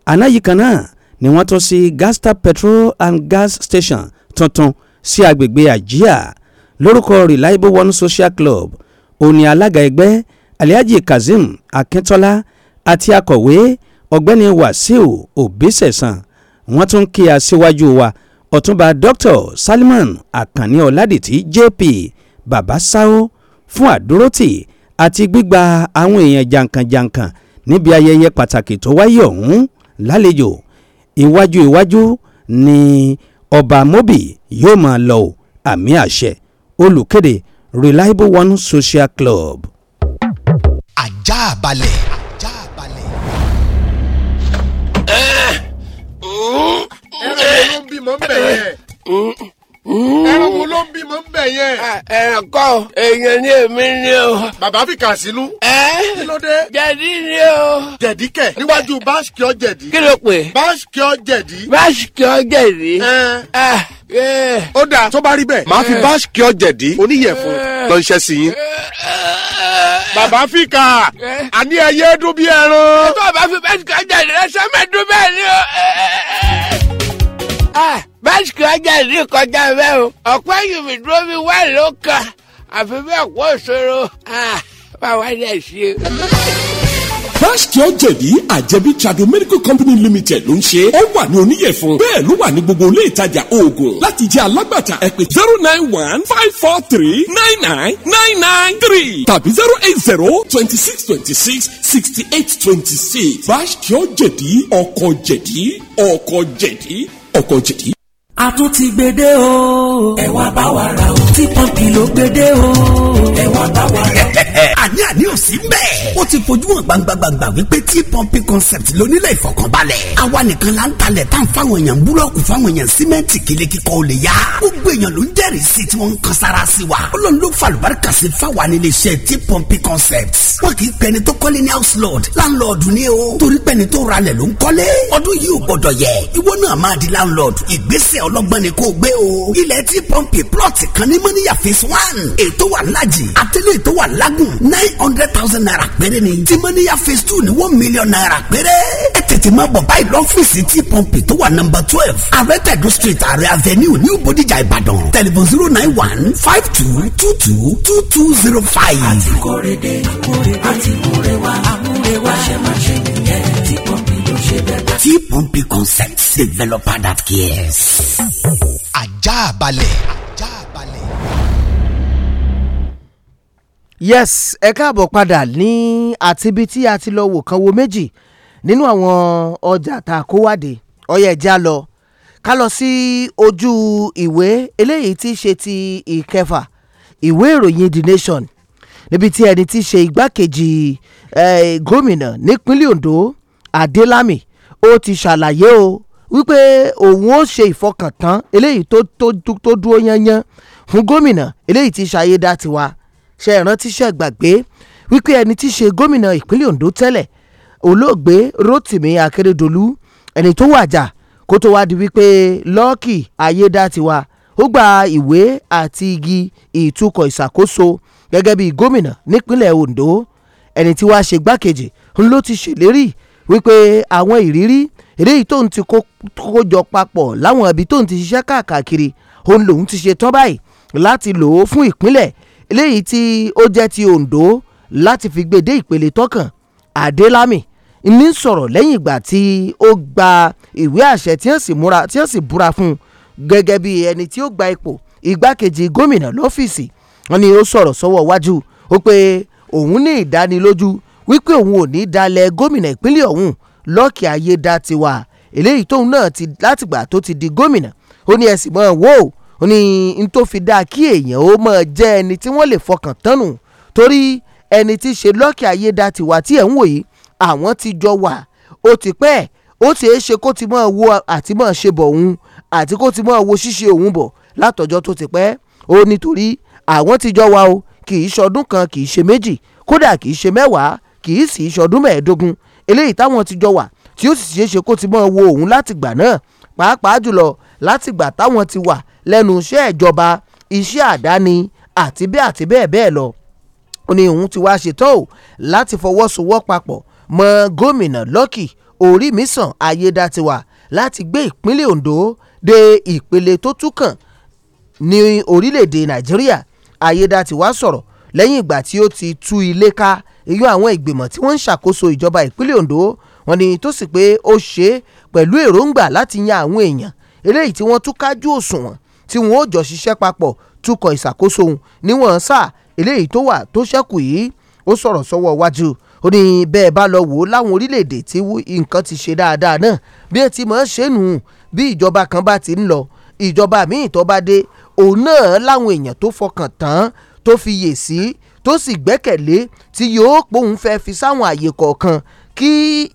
àná yìí kan náà ni wọ́n tún sí Gasta petrol and gas station tuntun sí agbègbè àjíà lórúkọ Reliable One Social Club òní alága ẹgbẹ́ Alhaji Kazeem Akíntọ́lá àti akọ̀wé ọ̀gbẹ́ni Wasiu Obisesan wọ́n tún kí aṣíwájú wa ọ̀túnba Dr. Salman Akanni Ọládìtì JP Baba Sao fún àdúrótì àti gbígba àwọn èèyàn jàǹkànjàǹkàn níbi ayẹyẹ pàtàkì tó wáyé ọ̀hún lálejò iwájú iwájú ni ọba mobi yóò máa lọ o àmì àṣẹ olùkéde reliable one social club. ajá balẹ̀. ajá balẹ̀. ẹ̀ẹ́n. ẹ̀rọ ló ń bímọ ń bẹ̀rẹ̀ ẹran mm. wo ló ń bímọ ń bẹ̀ yẹn. Ah, ẹran èèyàn ni èmi ni o. bàbá fi kà sílú. ẹ kí ló dé. jẹ̀dí ni o. jẹ̀dí kẹ̀ níwájú báṣkìọ́ jẹ̀dí. kí ló pè. báṣkìọ́ jẹ̀dí. báṣkìọ́ jẹ̀dí. Ah, ó dáa tó bá rí bẹ́ẹ̀ máa fi eh. báṣkìọ́ jẹ̀dí oníyẹ̀fun eh. lọ iṣẹ́ sí yín. Eh. bàbá fi àní ẹyẹ dún bí ẹran. ẹ tó bá fi báṣkìọ́ jẹ̀dí rẹ sẹ́mẹ̀ẹ́dún bẹ́ẹ̀ ni o. Ah báṣìkì ọjà ní kọjá bẹ́ẹ̀ o ọ̀pẹ́ yìí dúró mi wá ló kan àfi bẹ́ẹ̀ kó ṣòro ah, báwa dẹ̀ ṣe. Báṣkì ọ̀jẹ̀dí àjẹbí Trado Medical Company Limited ló ń ṣe. Ó wà ní oníyẹ̀fun. Bẹ́ẹ̀ ló wà ní gbogbo ilé ìtajà oògùn. Láti jẹ́ alágbàtà ẹ pè zero nine one five four three nine nine nine nine three tàbí zero eight zero twenty six twenty six sixty eight twenty six. Báṣkì ọ̀jẹ̀dí ọkọ̀ jẹ̀dí ọkọ̀ jẹ̀dí ọkọ̀ jẹ̀dí a tún ti gbede o. ẹ wá bá wa ra o tí pọ́ǹpì ló gbédè o. ẹ wá bá wa rẹ. *laughs* àní àní ò sí bẹ́ẹ̀. ó ti fojú hàn gbangbangba wípé tí pọ́ǹpì concept lónílẹ̀ ìfọ̀kànbalẹ̀. àwa nìkan la ń talẹ̀ tán fáwọn èèyàn búlọ́ọ̀kù fáwọn èèyàn símẹ́ǹtì kílé kíkọ́ ò lè yá. gbogbo èèyàn ló ń jẹ́rìí sí tí wọ́n ń kan sára sí wa. ọlọ́run ló fa àlùbáríkà sí fáwa nílé iṣẹ́ tí pọ́ǹpì concept. wọ́n kì í pẹni tó kọ́lé ní house lord landlord ni o. torí pẹni tó ralẹ̀ ló ń kọ́lé. ọdún yìí ò gbọ́dọ̀ yẹ. ìwọ náà máa di landlord. ìgbésẹ̀ ọlọ́gbọ́n ni kò gbé o. ilẹ̀ tí pọ́ǹpì plọ̀tì kan ní matrimonial phase one ètò wà lájì àtẹlẹ ètò wà lágùn nine hundred thousand naira péré ni timonial phase two ni one million naira péré ẹ tètè máa bọ̀ báyìí lọ́fíìsì tí pọ́ǹpì tó wà nọ́mbà twelve arẹ́tẹ̀dù street ààrẹ avenue new bodijà ìbàdàn tẹlifon zero nine one five two two two two two zero five. àti kórede àti kórewa àmúrewa ṣe máa ṣe nìyẹn tí pọ́ǹpì ló ṣe bẹ́ẹ̀. tí pọ́ǹpì concepts developer that cares. ajá balẹ̀. ajá balẹ̀. yes ẹ káàbọ̀ padà ní àtibí tí a ti lọ wò kan wo méjì nínú àwọn ọjà tá a kó wáde ọyẹ ẹja lọ ká lọ sí ojú ìwé eléyìí tí í ṣe ti ìkẹfà ìwé ìròyìn the nation níbi tí ẹni tí í ṣe igbákejì gómìnà nípínlẹ̀ Ondo Adélàmì ó ti ṣàlàyé o wípé òun ó ṣe ìfọkàntán eléyìí tó dúró yányán fún gómìnà eléyìí tí ṣayédá tiwa ṣe ìrántí ṣe gbàgbé wípé ẹni tí í ṣe gómìnà ìpínlẹ̀ Ondo tẹ́lẹ̀ olóògbé Rotimi Akeredolu ẹni tó wàjà kó tó wá di wípé lọ́ọ̀kì ayédátiwa ó gba ìwé àti igi ìtukọ̀ ìṣàkóso gẹ́gẹ́ bí gómìnà nípínlẹ̀ Ondo ẹni tí wàá ṣe gbákejì ń ló ti ṣèlérí wípé àwọn ìrírí eléyìí tóun ti kó jọ papọ̀ láwọn ibi tóun ti ṣiṣẹ́ káàkiri òun lòun ti ṣe tán báyìí láti lò fún ìpínlẹ̀ eléyìí tí ó jẹ́ ti Ondo láti fi gbé e dé ìpele tọ́kàn Adélámì ní sọ̀rọ̀ lẹ́yìn ìgbà tí ó gba ìwé àṣẹ tí wọ́n sì múra tí wọ́n sì búra fún un gẹ́gẹ́ bí ẹni tí ó gba ipò igbákejì gómìnà lọ́fíìsì wọn ni ó sọ̀rọ̀ sọ́wọ́ wájú ó pé òun ní ìdánilójú wípé òun ò ní dalẹ̀ gómìnà ìpínlẹ̀ ọ̀hún lọ́ọ̀kì ayé dá tiwa eléyìí tóun náà ti látìgbà tó ti di gómìnà ó ní ẹ̀sìn mọ́ ẹ̀ wò ó ó ní n tó fi dáa kí èèyàn ó máa jẹ́ ẹni tí wọ́n lè fọkàn tánù torí ẹni tí í ṣe Lucky Ayédatiwa tí ẹ̀ ń wò yìí àwọn ti jọ wà ó ti pẹ́ ó ti é ṣe kó ti máa wo àti máa ṣe bọ̀ òun àti kó ti máa wo ṣíṣe òun bọ̀ látọjọ́ tó ti pẹ́ ó nítorí àwọn ti jọ wà o kì í ṣọdún kan kì í ṣe méjì kódà kì í ṣe mẹ́wàá kì í sì í ṣọdún mẹ́ẹ̀ẹ́dógún eléyìí táwọn ti jọ wà tí ó sì ṣeé ṣe kó ti máa wo òun láti gbà náà pàápàá jùlọ látìgbà táwọn ti wà lẹ́nu iṣẹ́ ìjọba iṣẹ́ àdáni àti bẹ́ẹ̀ àti bẹ́ẹ̀ bẹ́ẹ̀ lọ ó ní òun ti wá ṣetán o láti fọwọ́sowọ́papọ̀ mọ́ gómìnà Lucky Orímisàn Ayédàtiwà láti gbé ìpínlẹ̀ Ondo dé ìpele tó túkàn ní orílẹ̀-èdè Nàìjíríà Ayédàtiwà sọ̀rọ̀ lẹ́yìn ìgbà tí ó ti tú ilé ká iyún àwọn ìgbìmọ̀ tí wọ́n ń ṣàkóso ìjọba ìpínlẹ̀ Ondo wọ́n ní tó sì pé ó ṣe é pẹ̀lú èròǹgbà láti yan àwọn èèyàn eléyìí tí wọ́n tún kájú òṣùwọ̀n tí wọ́n ó jọ ṣiṣẹ́ papọ̀ túkọ̀ ìṣàkóso òun níwọ̀n sáà eléyìí tó wà tó ṣẹ́kù yìí ó sọ̀rọ̀ sọ́wọ́ wájú ó ní bẹ́ẹ̀ bá lọ wò ó láwọn orílẹ̀-èdè tí nǹkan ti ṣe dáadáa náà bí ẹ ti mọ̀ ọ́n ṣe nù bí ìjọba kan bá ti ń lọ ìjọba míì tó bá dé òun náà láwọn èèyàn tó fọkàn tán tó fi yè sí tó sì gbẹ́kẹ̀lé tí yóò pòun fẹ́ fi sáwọn àyè kọ̀ọ̀kan kí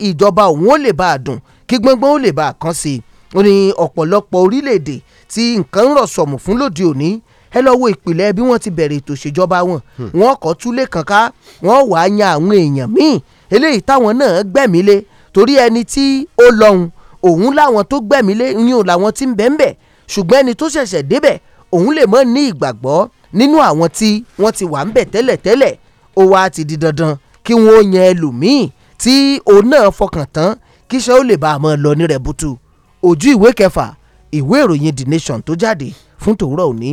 ìjọba òun ó lè bá a dùn kí gbọ́ngbọ́n ó lè bá a kàn sí i ó ní ọ̀pọ̀lọpọ̀ orílẹ̀-èdè tí nǹkan ń rọ̀ sọ̀mù fún lóde òní ẹ lọ wo ìpìlẹ̀ bí wọ́n ti bẹ̀rẹ̀ ètò ìṣèjọba wọn hmm. wọn kọ́ túlé kànká wọn wàá yan àwọn èèyàn míì eléyìí táwọn náà gbẹ̀mí lé torí ẹni tí ó lọ́hùn òun láwọn tó gbẹ̀mí lé yín o làwọn tí ń bẹ̀ ń bẹ̀ ṣùgbọ́n ẹni tó ṣẹ̀ṣẹ̀ débẹ̀ òun lè mọ́ ní ìgbàgbọ́ nínú àwọn tí wọ́n ti wà ń bẹ̀ tẹ́lẹ̀tẹ́lẹ̀ ó wá ti di dandan kí wọ́n yan ẹlòmíì tí òun náà fọkàn tán kíṣẹ́ ó lè bá a mọ́ lọ ní rẹ̀ butu ojú ìwé kẹfà ìwé ìròyìn the nation tó jáde fún tòwúrọ̀ òní.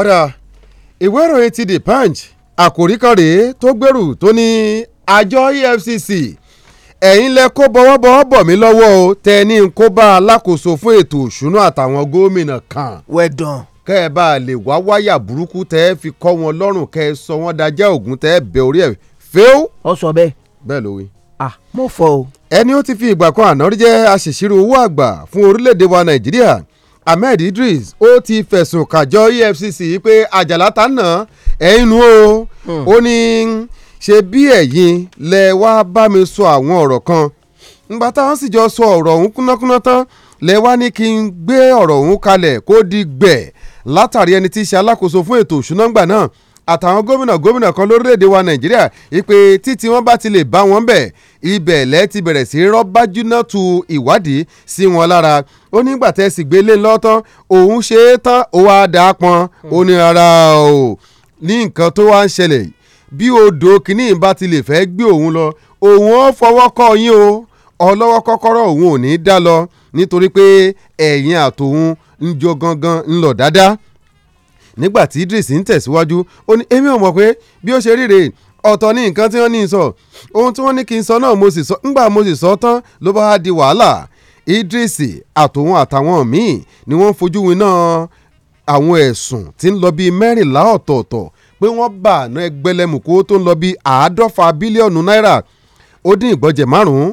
ọ̀dà ìwé ìròyìn ti the punch àkòrí kan rèé tó gbèrú tó ní àjọ efcc ẹ̀yin lẹ kó bọ́wọ́bọ́wọ́ bọ̀ mí lọ́wọ́ o tẹ ní n kó bá alákòóso fún ètò òṣùnú àtàwọn gómìnà kan. wẹ́dàn. kẹ́ ẹ bá a lè wá wáyà burúkú tẹ́ ẹ fi kọ́ wọn lọ́rùn kẹ́ ẹ sọ wọ́n dájẹ́ ògùn tẹ́ ẹ bẹ orí ẹ̀ fẹ́ẹ́. ó sọ bẹ́ẹ̀. bẹ́ẹ̀ ló wí ah mo fọ o. ẹni ó ti fi ìgbà kan àná rí jẹ́ aṣèṣirò owó àgbà fún orílẹ̀-èdè wa nàìjíríà ahmed idris ó ti fẹ̀sùn kàjọ efcc pé àjàlá ta náà ẹ̀yìn nu o hmm. ó ní ṣe bí ẹ̀yin lẹ wá bá mi sọ àwọn ọ̀rọ̀ kan ńgbà táwọn sì jọ sọ ọ̀rọ̀ ọ̀hún kúnnákúnná tán lẹ wá ní kí n gbé ọ̀rọ̀ ọ̀hún kalẹ̀ kó di gbẹ̀ látàrí ẹni tí í ṣe alákòóso fún ètò òṣùná ńgbà náà àtàwọn gómìnà gómìnà kan lórílẹ̀‐èdè wa nàìjíríà ìpè títí wọ́n bá ti lè bá wọn bẹ̀ ibẹ̀ lẹ́ ti bẹ̀rẹ̀ sí rọ́bájúná tu ìwádìí sí wọn lára ó nígbà tẹ́ sì gbélé lọ́tán òun ṣe é tán ó wá dà á pọn ó ní rárá o ní nǹkan tó wá ń ṣẹlẹ̀ bí odò kìíní bá ti lè fẹ́ gbé òun lọ òun ó fọwọ́ kọ́ yín o ọlọ́wọ́ kọ́kọ́rọ́ òun ò ní í dá lọ nítorí pé ẹ̀yin àtòun ń jọ gangan ńlọ dáadáa nígbà tí Idris ń tẹ̀síwájú ó ní èmi ò mọ̀ pé bí ó ṣe ríre ọ̀tọ̀ ní nǹkan tí wọ́n ní sọ ohun tí wọ́n ní kí n sọ náà mo sì sọ ńgbà mo sì sọ tán ló bá di wàhálà Idris àtòun àtàwọn míì ni wọ́n fojú winá àwọn ẹ̀sùn tí ń lọ bíi mẹ́rìnlá ọ̀tọ̀ọ̀tọ̀ pé wọ́n bá àná ẹgbẹ̀lẹ́mùkú tó ń lọ bíi àádọ́fà bílíọ̀nù náírà ó dín ìgbọ́jẹ̀ márùn-ún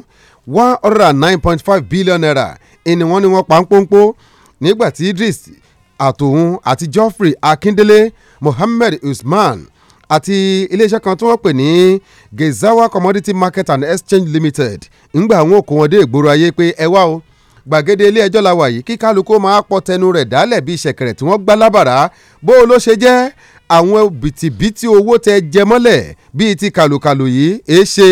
one hundred and nine point five billion naira ìní wọ́n ní wọ́n pa ń pọ́npọ́ nígbà tí Idris àtòun àti Geoffrey Akindele Mohammed Usman àti iléeṣẹ́ kan tí wọ́n pè ní Gezawa Commodity Market and Exchange Limited ńgbà àwọn òkò wọn dé ìgboro ayé pé ẹ wá o gbàgede ilé ẹjọ́ la wà yìí kí kálukú máa pọ̀ tẹnu rẹ̀ dálẹ̀ bíi ṣẹ̀kẹ̀rẹ̀ tí wọ́n gbá lábàrá bó o ló ṣe jẹ́ àwọn bìtìbìtì owó tẹ jẹ mọ́lẹ̀ bíi ti kàlùkàlù yìí èé ṣe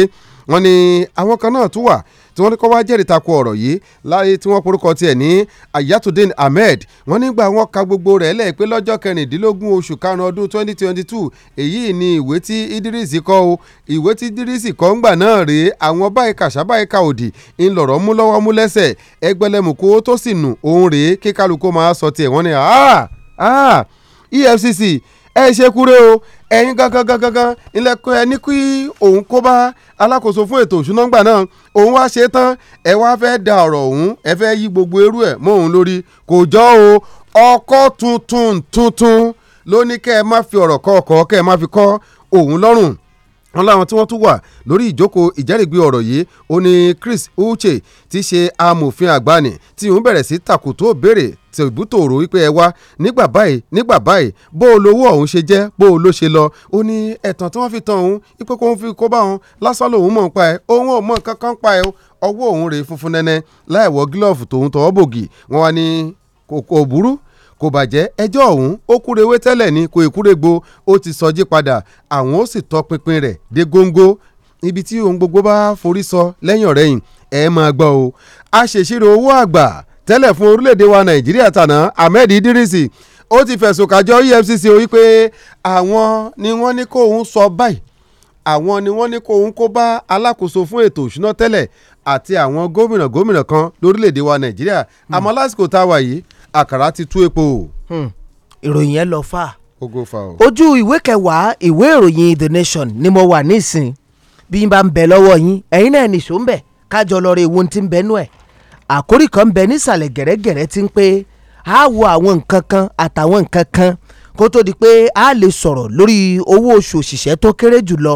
wọ́n ní àwọn kan náà tún wà tí wọ́n ní kó wá jẹ́rìí takò ọ̀rọ̀ yìí láyé tí wọ́n porúkọ tiẹ̀ ní Ayatollah Ahmed wọ́n nígbà wọn ka gbogbo rẹ̀ lẹ́ẹ̀ pé lọ́jọ́ kẹrìndínlógún oṣù karùn-ún ọdún 2022 èyí ni ìwé tí Idris kọ o ìwé tí Idris kọ ń gbà náà rèé àwọn báyìí kàṣà báyìí ka òdì ń lọ̀rọ̀ mú lọ́wọ́ mú lẹ́sẹ̀ ẹgbẹ́lẹ́mùkú tó sì nù òun rèé kíkálukú máa sọ tiẹ̀ wọ́n ní ah ah EFCC ẹ ṣe kúrẹ́ o ẹ̀yin gangan gangan gangan ilẹ̀kùn ẹni kí òun kó bá alákòóso fún ètò òṣùná gbà náà òun wá ṣe tán ẹ wá fẹ́ da ọ̀rọ̀ òun ẹ fẹ́ yí gbogbo ẹrú ẹ̀ mọ́ òun lórí kò jọ o ọkọ́ tuntun tuntun ló ní kẹ́ ẹ má fi ọ̀rọ̀ kọ́ ọkọ̀ kẹ́ ẹ má fi kọ́ òun lọ́rùn wọn láwọn tí wọ́n tún wà lórí ìjókòó ìjẹ́rìgbé ọ̀rọ̀ yìí ó ní Chris Uche ti ṣe amòfin àgbà ni tí òun bẹ̀rẹ̀ sí takò tó tòbútòrò wípé ẹ wá nígbà báyìí nígbà báyìí bó o lówó ọ̀hún ṣe jẹ́ bó o ló ṣe lọ ó ní ẹ̀tàn tí wọ́n fi tan òun ipò kó ń fi kó bá òun lásán lòun mọ̀ ń pa ẹ̀ òun ò mọ̀ nǹkan kan pa ẹ̀ ọwọ́ òun rèé funfun nẹ́nẹ́ láì wọ gílọ̀fù tòun tọwọ́ bògì wọn wá ní kò burú kò bàjẹ́ ẹjọ́ ọ̀hún ó kúrewé tẹ́lẹ̀ ni kò ìkúregbò ó ti sọjí padà àwọn ó sì tọpinpin rẹ̀ dé góńgó ibi tí ohun gbogbo bá forí sọ lẹ́yìn ọ̀rẹ́yìn ẹ máa gbọ́ o a ṣèṣirò owó àgbà tẹ́lẹ̀ fún orílẹ̀-èdè wa nàìjíríà tàná ahmed idrisi ó ti fẹ̀sùn kàjọ efcc o wípé àwọn ni wọ́n ní kó òun sọ báyìí àwọn ni wọ́n ní kó òun kó bá alákòóso fún ètò òṣùná tẹ́lẹ̀ àti àwọn gómìnà gómìnà kan lórílẹ̀‐èdè wa nàìjíríà hmm. àmọ́ lásìkò tá a wà yìí àkàrà ti tú epo. Hmm. ìròyìn yẹn lọ fà. ó gò fà o. ojú ìwé kẹwàá ìwé ìròyìn the nation ni mo wà nísìn bí n bá ń bẹ lọ́wọ́ yín ẹ̀yin náà nìṣó ń bẹ̀ kájọ lọ rẹ̀ ewu ti ń bẹ́nu ẹ̀ àkórí kan bẹ nísàlẹ̀ gẹ̀rẹ́gẹ̀rẹ́ tí ń pé a wo àwọn nǹkan kan àtàwọn nǹkan kan kó tó di pé a lè sọ̀rọ̀ lórí owó oṣù òṣìṣẹ́ tó kéré jùlọ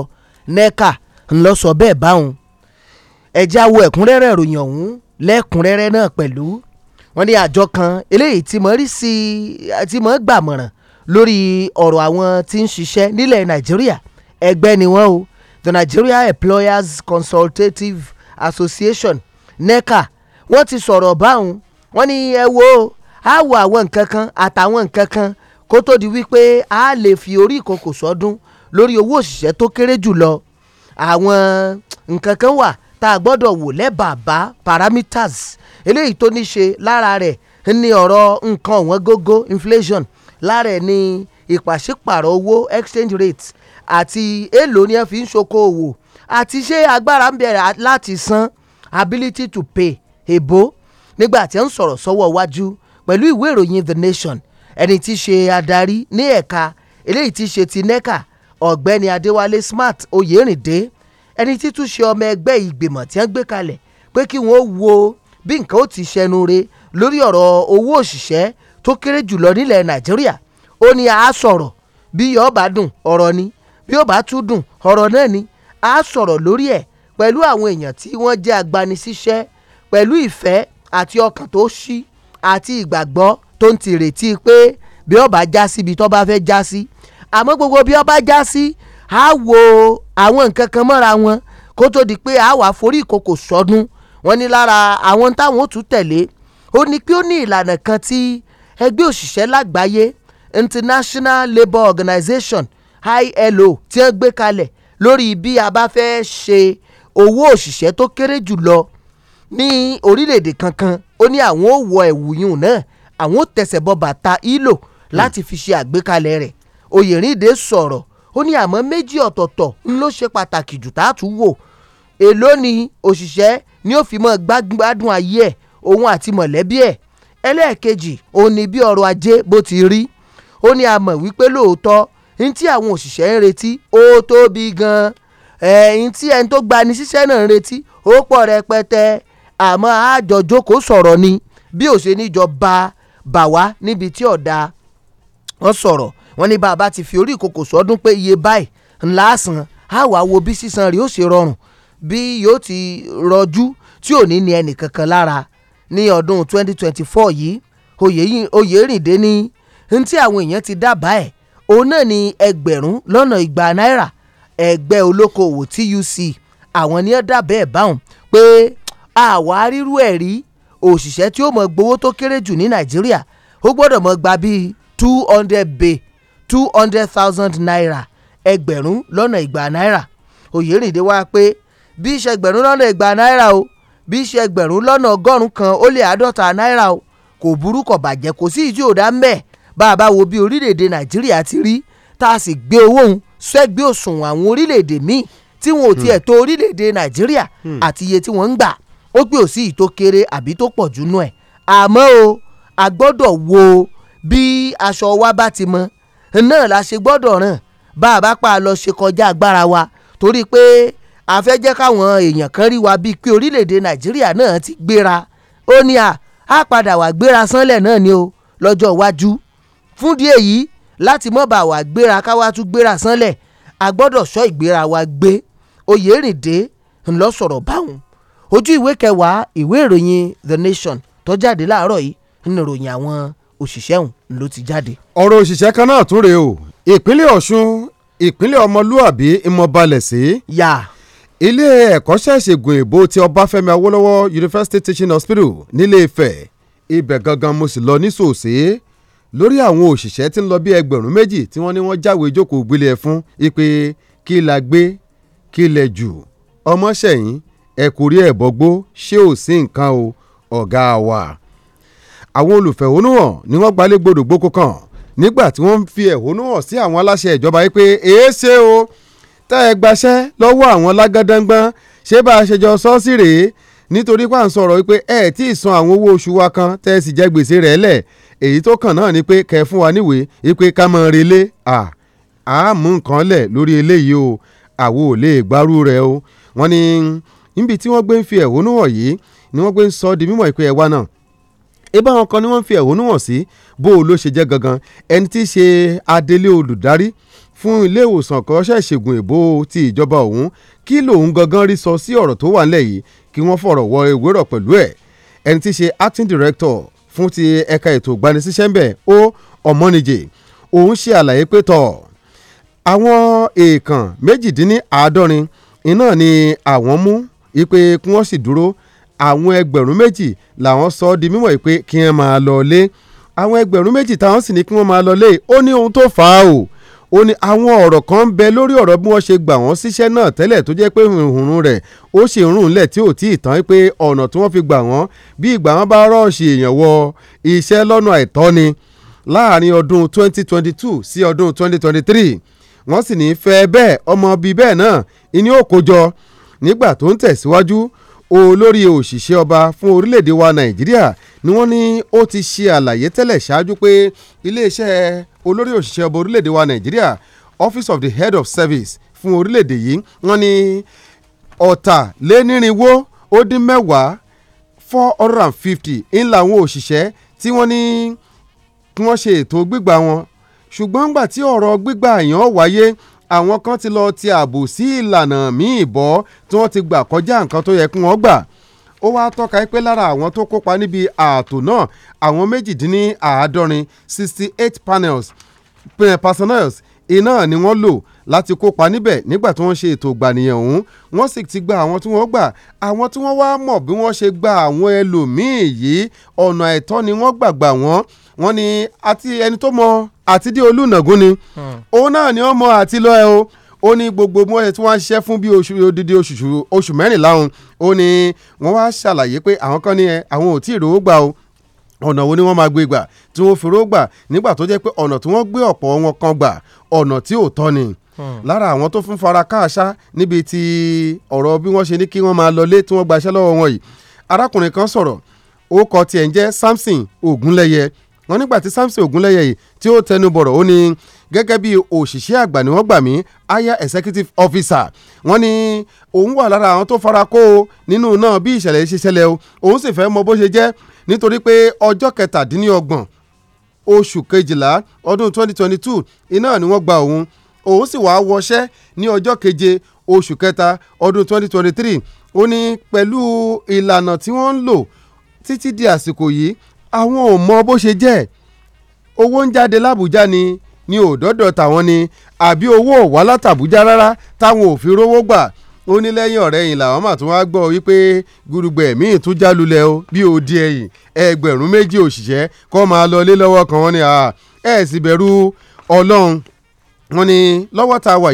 nẹ́ka ńlọ sọ bẹ́ẹ̀ báwọn ẹ̀já wo ẹ̀kúnrẹ́rẹ́ ìròyìn ọ̀hún lẹ́kùnrẹ́rẹ́ náà pẹ̀lú wọ́n ní àjọ kan eléyìí tí mo rí sí tí mo gbàmọ̀ràn lórí ọ̀rọ̀ àwọn tí ń ṣiṣẹ́ nílẹ̀ Nàìjíríà ẹgbẹ́ ni wọ́n o the Nigeria Employers Consultative Association NECA wọ́n ti sọ̀rọ̀ báwọn wọ́n ní ẹ wo á wo àwọn nǹkan kan àtàwọn nǹkan kan kó tó di wípé a lè fi orí ìkòkò sọdún lórí owó òṣìṣẹ́ tó kéré jù lọ àwọn nǹkan kan wà tá a gbọ́dọ̀ wò lẹ́bàbà parameters eléyìí tó ní ṣe lára rẹ̀ ní ọ̀rọ̀ nǹkan ọ̀wọ́n gógó inflation lára ẹ̀ ní ìpàṣípàrọ̀ owó exchange rate àti èèlò ni ẹ fi ń ṣokòwò àti ṣé agbára ń bẹ̀rẹ̀ láti san ability to pay èbó nígbà tí ó ń sọ̀rọ̀ sọ́wọ́ iwájú pẹ̀lú ìwé ìròyìn The Nation ẹni tí í ṣe adarí ní ẹ̀ka eléyìí tí í ṣe ti NECA ọ̀gbẹ́ni Adéwálé Smart Oyèrìndé ẹni tí tún ṣe ọmọ ẹgbẹ́ ìgbìmọ̀ tí wọ́n gbé kalẹ̀ pé kí wọ́n wo bí nǹkan ó ti ṣẹnu re lórí ọ̀rọ̀ owó òṣìṣẹ́ tó kéré jùlọ nílẹ̀ Nàìjíríà ó ní a sọ̀rọ̀ bí yóò bá dùn ọ̀rọ̀ ni bí yóò bá tún dùn ọ̀rọ̀ náà ni a sọ̀rọ̀ lórí ẹ̀ pẹ̀lú àwọn èèyàn tí wọ́n jẹ́ agbanisíṣẹ́ pẹ̀lú ìfẹ́ àti ọkàn tó ṣí àti ìgbàgbọ́ tó ń tìrètí pé bí ó bá já sí ibi tó bá fẹ́ já sí àmọ́ gbogbo bí ó bá já sí á wo àwọn nǹkan kan mọ́ra wọn kó tó di pé á wà forí ìkòkò sọdún wọn ní lára àwọn táwọn ó tún tẹ̀lé ó ní pé ó ní ìlànà kan tí ẹgbẹ́ òṣìṣẹ́ lágbàáyé International Labour Organization ILO tí wọ́n gbé kalẹ̀ lórí bí a bá fẹ́ ṣe owó òṣìṣẹ́ tó kéré jùlọ ní orílẹ̀-èdè kankan ó ní àwọn ò wọ ẹ̀wù yùn náà àwọn ò tẹ̀sẹ̀ bọ bàtà ìlò láti fi ṣe àgbékalẹ̀ rẹ̀ Oyèrìndé sọ̀rọ̀ ó ní àmọ́ méjì ọ̀tọ̀ọ̀tọ̀ ń ṣe pàtàkì jù táàtú wò èló ni òṣìṣẹ́ ni ó fi mọ́ gbádùn ayé ẹ̀ òun àti mọ̀lẹ́bí ẹ̀ ẹlẹ́ẹ̀kejì òun ni bí ọrọ̀ ajé bó ti rí ó ní àmọ̀ wípé lóòótọ́ ní tí àwọn òṣìṣẹ́ ń retí ó tóbi gan-an ẹ̀yìn tí ẹni tó gbani síṣẹ́ náà ń retí ó pọ̀ rẹpẹtẹ àmọ́ àjọ jókòó sọ̀rọ̀ ni bí ò ṣe níjọ bá bà wá níbi tí ọ̀dà wọn sọ̀rọ̀ wọn ní bàbá ti fi orí ìkòkò sọdún pé iye báyìí ńlá àsàn á wàá wo bí sísan rẹ̀ ó ṣe rọrùn bí yóò ti rọjú tí ò ní ní ẹnì kankan lára ní ọdún 2024 yìí Oyèrìndé ní n tí àwọn èèyàn ti dábàá ẹ̀ òun náà ní ẹgbẹ̀rún lọ́nà igba náírà ẹgbẹ́ olókoòwò TUC àwọn ní ó dábàá ẹ̀ báwọn pé àwárírú ẹ̀ rí òṣìṣẹ́ tí ó mọ̀ gbowó tó kéré jù ní nàìjíríà ó gbọ́dọ̀ mọ̀ gba bíi two hundred bay two hundred thousand naira ẹgbẹ̀rún lọ́nà ìgbà náírà Oyèrìndé wá pé bí iṣẹ́ ẹgbẹ̀rún lọ́nà ìgbà náírà o bí iṣẹ́ ẹgbẹ̀rún lọ́nà ọgọ́rùn-ún kan ó lé àádọ́ta náírà o kò burú kò bàjẹ́ kò sí ìdí òdá mbẹ́ bá a bá wo bí orílẹ̀-èdè nàìjíríà ti rí tá a sì gbé owó òun sẹ́gbẹ́ òṣùwọ̀n àwọn orílẹ̀-èdè míì tí wọn ò tiẹ̀ hmm. tó orílẹ̀-èdè nàìjíríà hmm. àti iye tí wọ́n ń gbà ó pé ò sí ìtó kéré àbí tó pọ̀ jù nú ẹ̀ àmọ́ o a gbọ́dọ̀ wo bí aṣọ wa bá ti mọ náà la ṣe gbọ́dọ̀ ràn bá a bá pa lọ ṣe kọjá agbára wa torí pé a fẹ́ jẹ́ káwọn èèyàn kan rí wa bíi pé orílẹ̀-èdè nàìjíríà náà ti gbéra ó ní à á padà wà gbéra sánlẹ̀ náà ni o lọ́jọ́ iwájú fún díẹ̀ yìí láti mọ̀ bá wa gbéra káwá tún gbéra sánlẹ̀ a gbọ́dọ̀ sọ ìgbéra wa gbé oyèrìndé ńlọ sọ̀rọ̀ báwọn ojú ìwé kẹwàá ìwé ìròyìn the nation tó jáde láàárọ̀ yìí nínú ìròyìn àwọn òṣìṣẹ́ òun ló ti jáde. ọ̀rọ̀ òṣìṣẹ́ kan náà tún rèé o ìpínlẹ̀ ọ̀ṣun ìpínlẹ̀ ọmọlúàbí ìmọ̀balẹ̀ sí. yà. ilé ẹ̀kọ́ ṣẹ̀ṣẹ̀gùn èbó ti ọbáfẹ́mi awólọ́wọ̀ university teaching hospital nílé ifẹ̀ ibẹ̀ gangan mo sì lọ ní sòsè lórí àwọn òṣìṣẹ́ tí ń lọ bí ẹgbẹ̀rún méjì tí wọ́n ní wọ́n jáwé ìjókòó gbélé ẹ̀ fún ipe kí la gbé kí lẹ jù ọmọ sẹ́yìn ẹ kò rí ẹ̀ bọ́gbó ṣé ò sí nǹkan o ọ̀gá wa. àwọn olùfẹ̀hónúhàn ni wọ́n gbalẹ̀ gbọdọ̀ gboko kan nígbà tí wọ́n fi ẹ̀hónú hàn sí àwọn aláṣẹ ìjọba yìí pé èéṣe o tá ẹ gbaṣẹ́ lọ́wọ́ àwọn lágádángbọ́n ṣé bá a ṣe jọ sọ sí rèé nítorí pà ń sọ̀rọ̀ wípé ẹ tí ì san àwọn owó oṣù wa kan tẹ́ ẹ sì jẹ́ gbèsè rẹ̀ lẹ̀ èyí tó kàn náà ni pé kẹ́ fún wa níwèé wípé ká mọ relé à á mú nǹkan lẹ̀ lórí eléyìí o àwo ò lè gbárù rẹ̀ o wọ́n ní níbi tí wọ́n gbé ń fi ẹ̀hónú hàn yìí ni wọ́n gbé ń sọ ọ́ di mímọ̀ ìpè ẹ̀wá náà ebá wọn kan ni wọ́n ń fi ẹ̀hónú hàn sí bó o ló ṣe jẹ́ gangan ẹni tí í ṣe adelé olùdarí fún ilé ìwòsàn kọ́ṣẹ́ ìṣègùn èbó ti ìjọba òun kí lòun gangan rí sọ sí ọ̀rọ̀ tó wà nílẹ̀ yìí kí wọ́n fọ̀rọ̀ wọ ìwérọ̀ pẹ̀lú ẹ̀ ẹni tí í ṣe acting director fún ti ẹ̀ka ètò ìgbanisíṣẹ́ ń bẹ̀ ó ọ̀mọ́nìjì òun ṣe àlàyé pé tọ̀ àwọn èèkàn méjìdínláàádọ́rin iná ni àwọn mú wípé kí wọ́n sì dúró àwọn ẹgbẹ̀rún méjì làwọn sọ ọ́ di mímọ̀ wípé kí wọ́n máa lọ lé àwọn ẹgbẹ̀rún méjì táwọn sì ní kí wọ́n máa lọ lé ó ní ohun tó fà á o ó ní àwọn ọ̀rọ̀ kan ń bẹ lórí ọ̀rọ̀ bí wọ́n ṣe gbà wọ́n síṣẹ́ náà tẹ́lẹ̀ tó jẹ́ pé ìhùnrùn rẹ̀ ó ṣe ń rùn lẹ̀ tí ò tí ì tán pé ọ̀nà tí wọ́n fi gbà wọ́n bí ìgbà wọn bá rọ́ọ̀ṣì èèyàn wọ iṣẹ́ lọ́nà àìtọ́ ni láàrin ọdún 2022 sí ọdún 2023 wọ́n sì ní fẹ́ bẹ́ẹ̀ ọmọ bíi bẹ́ẹ̀ náà ìní òkójọ nígbà tó ń tẹ̀síwájú olórí òṣìṣẹ́ ọba fún orílẹ̀-èdè wa nàìjíríà ni wọ́n ní ó ti ṣe àlàyé tẹ́lẹ̀ ṣáájú pé iléeṣẹ́ olórí òṣìṣẹ́ ọba orílẹ̀-èdè wa nàìjíríà office of the head of service fún orílẹ̀-èdè yìí wọ́n ní ọ̀tàlénírínwó ó dín mẹ́wàá four hundred and fifty ńlá àwọn òṣìṣẹ́ tí wọ́n ní kí wọ́n ṣe ètò gbígbà wọn ṣùgbọ́n nígbà tí ọ̀rọ̀ gbígbà yẹn wáyé àwọn kan ti lọ ti ààbò sí ìlànà míì bọ́ tí wọ́n ti gbà kọjá nǹkan tó yẹ kí wọ́n gbà ó wáá tọ́ka pé lára àwọn tó kópa níbi ààtò náà àwọn méjìdínláàádọ́rin sixty eight panels personnel iná ni wọ́n lò láti kópa níbẹ̀ nígbà tí wọ́n ṣe ètò ìgbànìyàn ọ̀hún wọ́n sì ti gba àwọn tí wọ́n gbà àwọn tí wọ́n wá mọ̀ bí wọ́n ṣe gba àwọn ẹlòmíì yìí ọ̀nà ẹ̀tọ́ ni wọ́n gbàgbà wọ́n wọ́n ní àti ẹni tó mọ àti dé olùnàgún ni hmm. òun náà ni ó mọ àti lọ ẹ o ó ní gbogbo bí wọ́n ti wá ń ṣiṣẹ́ fún bí odidi oṣù mẹ́rìnlá òun ó ní wọ́n wá ṣàlàyé pé àwọn kan ní ẹ àwọn ò tí ì rówó gbà o ọ̀nà wo ni wọ́n máa gbé gbà tí wọ́n fi rówó gbà nígbà tó jẹ́ pé ọ̀nà tí wọ́n gbé ọ̀pọ̀ wọn kan gbà ọ̀nà tí ò tọ́ ni hmm. lára àwọn tó fún fara káàṣá níbi tí ọ̀rọ̀ bí wọ́n ṣe ní kí wọ́n máa lọlé tí wọ́n gbaṣẹ́ lọ́wọ́ wọn yìí arákùnrin kan sọ̀rọ̀ ó kọ tiẹ̀ ń jẹ́ Samson Ògúnlẹ́yẹ wọn nígbà tí Samson Ogunleye yìí tí ó tẹnu bọ̀rọ̀ ó ní gẹ́gẹ́ bí òṣìṣẹ́ àgbà ni wọ́n gbà mí higher executive officer wọ́n ní òun wà lára àwọn tó fara kó o nínú náà bí ìṣẹ̀lẹ̀ ṣe ṣẹlẹ̀ o òun sì fẹ́ mọ bó ṣe jẹ́ nítorí pé ọjọ́ kẹtàdínlọ́gbọ̀n oṣù kejìlá ọdún 2022 iná ni wọ́n gba òun òun sì wàá wọṣẹ́ ní ọjọ́ keje oṣù kẹta ọdún 2023 ó ní pẹ̀lú ìlànà tí wọ́n ń lò títí di àsìkò yìí àwọn ò mọ bó ṣe jẹ́ owó ń jáde lábújá ni ni òdọ́dọ̀ tàwọn ni àbí owó ò wá látàbújá rárá táwọn ò fi rówó gbà ó ní lẹ́yìn ọ̀rẹ́ yìí làwọn mà tún wá gbọ́ wípé gbùrùgbù ẹ̀mí tún já lulẹ̀ o bí ó di ẹ̀yìn ẹgbẹ̀rún méjì òṣìṣẹ́ kó máa lọ lé lọ́wọ́ kan wọn ni ẹ̀ sì bẹ̀rù ọlọ́run wọn ni lọ́wọ́ tá a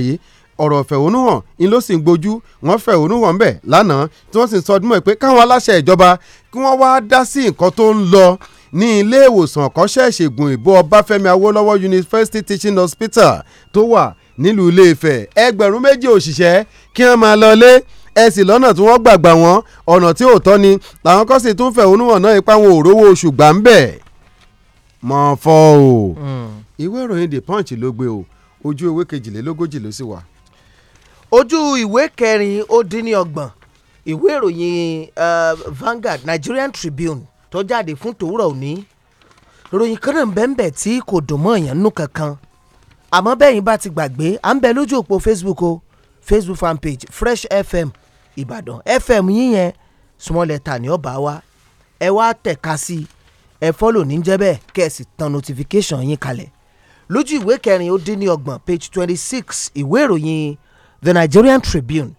ọ̀rọ̀ ìfẹ̀hónúhàn ń ló sì ń gbojú wọ́n fẹ̀hónúhàn bẹ̀ lánàá tí wọ́n sì ń sọdúnmọ́ pé káwọn aláṣẹ ìjọba kí wọ́n wá dá sí nǹkan tó ń lọ ní ilé ìwòsàn ọ̀kọ́ṣẹ́ ìṣègùn ìbò ọbáfẹ́mi awólọ́wọ̀ university teaching hospital tó wà nílùú iléèfẹ̀ ẹgbẹ̀rún méjì òṣìṣẹ́ kí wọ́n máa lọ lé ẹ sì lọ́nà tí wọ́n gbàgbà wọ́n ọ̀nà tí ò tọ́ ni làwọn kan sì tún fẹ̀hónú hàn náà ipá wọn ò rówó oṣù gbà ń bẹ̀. mọ̀ fọ́ o hmm. ìwé ìròyìn the punch ló gbé o ojú ewé kejìlélógójì ló sì wà ojú ìwé kẹrin ó dín ní ọgbọ̀n ìwé ìròyìn Vanguard Nigerian Tribune tó jáde fún tòwúrọ̀ òní ìròyìn kan náà bẹ́ẹ̀nbẹ́ tí kò dùn mọ́ èèyàn nù kankan àmọ́ bẹ́yìn bá ti gbàgbé à ń bẹ lójú òpó Facebook o Facebook fan page Fresh FM Ìbàdàn FM yíyẹn small letter ni ó bá wa ẹ wá tẹ̀ka sí ẹ fọ́lò ní jẹ́ bẹ́ẹ̀ kẹ́ ẹ sì tan notification yín kalẹ̀ lójú ìwé kẹrin ó dín ní ọgbọ̀n page twenty six ìwé ìròyìn the Nigerian Tribune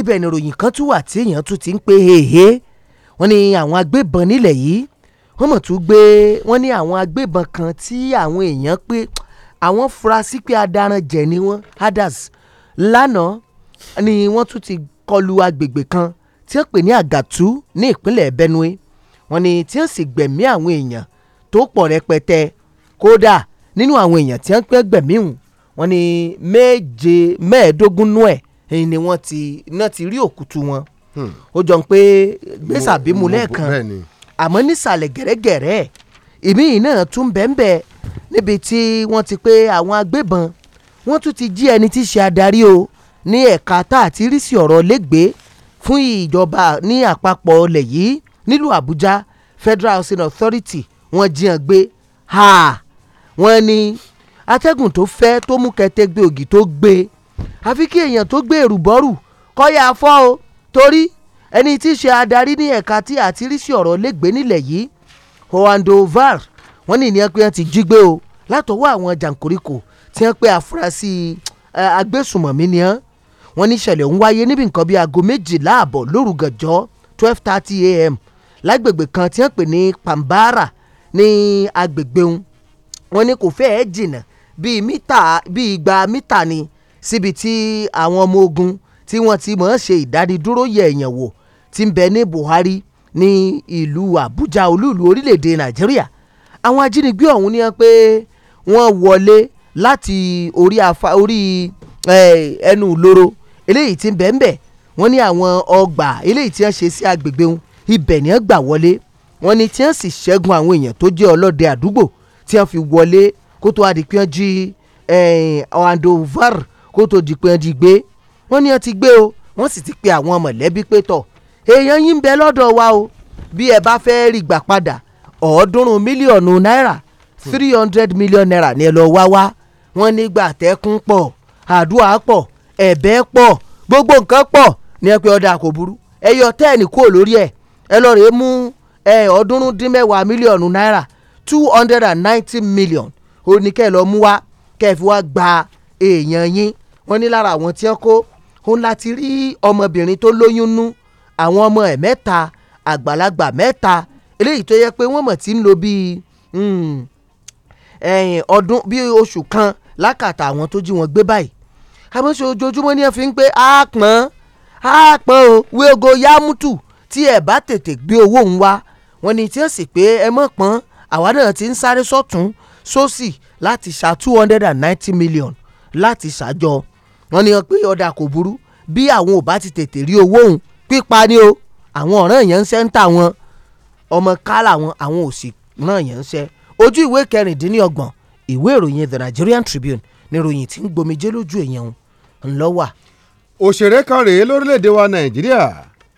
ibẹ̀ ni ìròyìn kan tún wà tí èèyàn tún ti ń pè hehe wọ́n ní àwọn agbébọn nílẹ̀ yìí wọ́n mọ̀ tún gbé wọ́n ní àwọn agbébọn kan tí àwọn èèyàn pé àwọn fura pé adaran jẹ̀ ni wọ́n hadas lánàá ni wọ́n tún ti kọlu agbègbè kan tí wọ́n pè ní àgàtú ní ìpínlẹ̀ Benue wọ́n ní tí wọ́n sì gbẹ̀mí àwọn èèyàn tó pọ̀ rẹpẹtẹ kódà nínú àwọn èèyàn tí wọ́n pẹ́ gbẹ̀mí wọ́n ní méje mẹ́ẹ̀ẹ́dógún nú ẹ̀ ni wọ́n ti náà ti rí òkútu wọn hmm. ó jọ pé gbèsàbímú lẹ́ẹ̀kan àmọ́ nísàlẹ̀ gẹ̀rẹ́gẹ̀rẹ́ ìmíì náà tún bẹ́ẹ̀nbẹ́ẹ́ níbi tí wọ́n ti pé àwọn agbébọn wọ́n tún ti jí ẹni tí í ṣe adarí o ní ẹ̀ka tá àti rí sí ọ̀rọ̀ lẹ́gbẹ̀ẹ́ fún ìjọba ní àpapọ̀ ilẹ̀ yìí nílùú Àbújá Federal Housing Authority wọ́n jíyàn gbé wọ́n ní atẹ́gùn tó fẹ́ tó mú kẹtẹgbẹ́ ògì tó gbé àfi kí èèyàn tó gbé èrùbọ́rù kọ́yà afọ́ o torí ẹni tí í ṣe adarí ní ẹ̀ka tí àtirísí ọ̀rọ̀ lẹ́gbẹ̀ẹ́ nílẹ̀ yìí Hoandovar wọ́n ní ìníyàn pé ti jí gbé o látọwọ́ àwọn jàǹkóríkò tí wọ́n pe àfúrásì agbésùmọ̀mí ni wọ́n wọ́n ní ìṣẹ̀lẹ̀ ń wáyé níbi nǹkan bíi aago méjìlá àbọ̀ lóru gànjọ́ twelve thirty a.m. lágbègbè kan tí wọ́n pè ní Pambara ní agbègbè wọn wọ́n ní kò fẹ́ẹ́ jìnnà bíi mítà bíi igba mítà ni síbi tí àwọn ọmọ ogun tí wọ́n ti mọ̀ ọ́n ṣe ìdánidúró yẹ̀ èèyàn wò ti ń bẹ ní Buhari ní ìlú Àbújá olúìlú orílẹ̀-èdè Nàìjíríà àwọn ajínigbé ọ̀hún ni wọ́n pé wọ́n wọlé láti orí afa orí ẹnu ìloro eléyìí ti ń bẹ ń bẹ wọ́n ní àwọn ọgbà eléyìí tí wọ́n ṣe sí agbègbè wọn ibẹ̀ ni wọ́n gbà wọlé wọ́n ní tí wọ́n sì ṣẹ́gun àwọn èèyàn tó jẹ́ ọlọ́dẹ àdúgbò tí wọ́n fi wọlé kó tó adìpẹ́ jí eh, Andovar kó tó dìpẹ́ di gbé wọ́n ní wọ́n ti gbé o wọ́n sì ti pe àwọn mọ̀lẹ́bí pé tọ̀ èèyàn yín ń bẹ lọ́dọ̀ wa o bí ẹ bá fẹ́ rí gbà padà ọ̀ọ́dúnrún mílíọ̀nù náírà three hundred million naira ni ẹ lọ wá wá wọ́n nígbà tẹ́kún pọ̀ àdúrà pọ̀ ẹ̀bẹ̀ pọ̀ gbogbo nǹkan pọ̀ ní ẹ pé ọ̀dà kò burú ẹ yọ tẹ́ẹ̀nì kúrò lórí ẹ̀ ẹ lọ rèé mú eh, ọ̀ọ́dúnrún dín mẹ́wàá mílíọ̀nù náírà two hundred and ninety million ó ní kẹ́ ẹ lọ́ọ́ mú wá kẹ́ ẹ fi wá gba èèyàn yín wọ́n ní lára àwọn tí wọ́n kó òun láti rí ọmọbìnrin tó lóyún nú àwọn ọmọ ẹ̀ mẹ́ta àgbàlagbà mẹ́ta eléyìí tó yẹ pé wọ́n mọ̀ tí ń lo bíi hmm, ọdún bíi oṣù kan lákàtà àwọn tó jí wọn gbé báyìí àmọ́ ṣe ojoojúmọ́ ni ẹ fi ń pé á pọ́n á pọ́n o wíogo yámútù tí ẹ bá tètè gbé owó ń wá wọn ni tí ó sì pé ẹ mọ̀ pọ́n àwa náà ti ń sáré sọ́tún sósì láti ṣá two hundred and ninety million láti ṣàjọ wọn ni wọn pé ọ̀dà kò burú bí àwọn ò bá ti tètè rí owó òun pípa ni o àwọn ọ̀ràn yẹn ń ṣe ń tà wọn ọmọ kálà wọn àwọn ò sì ràn yẹn ń ṣe ojú ìwé kẹrìndínlọ́gbọ̀n ìwé ìròyìn The Nigerian Tribune ni ìròyìn tí ń gbomijé lójú èèyàn ńlọ́wà. òṣèré kan rèé lórílẹ̀‐èdè wa Nàìjíríà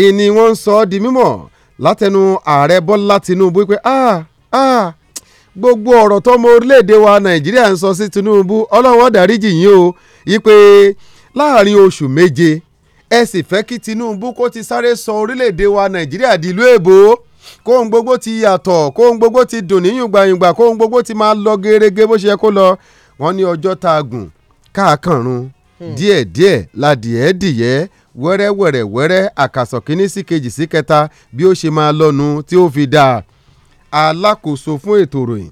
ìní wọ́n ń sọ ọ́ di mímọ̀ látẹnu ààrẹ bọ́lá tinubu pé ah ah gbogbo ọ̀rọ̀ tọ́mọ orílẹ̀‐èdè wa nàìjíríà ń sọ sí tinubu ọlọ́run ọ̀dàríjì yín o yí pé láàrin oṣù méje ẹ sì fẹ́ kí tinubu kó ti sáré sọ orílẹ̀‐èdè wa nàìjíríà di ìlú èbó kóhun gbogbo ti yàtọ̀ kóhun gbogbo ti dùn níyùngbàyùngbà kóhun gbogbo ti máa lọ gerege bó ṣe yẹ kó lọ wọ́n ní ọjọ́ tá a gùn káàkànrún hmm. díẹ̀díẹ̀ ládìẹ́ dìyẹ́ wẹ́rẹ́ wẹ́rẹ́ wẹ́rẹ́ àkàsọ̀ kínní sí kejì sí kẹta bí ó ṣe máa lọ́nu tí ó fi dáa alákòóso fún ètò ìròyìn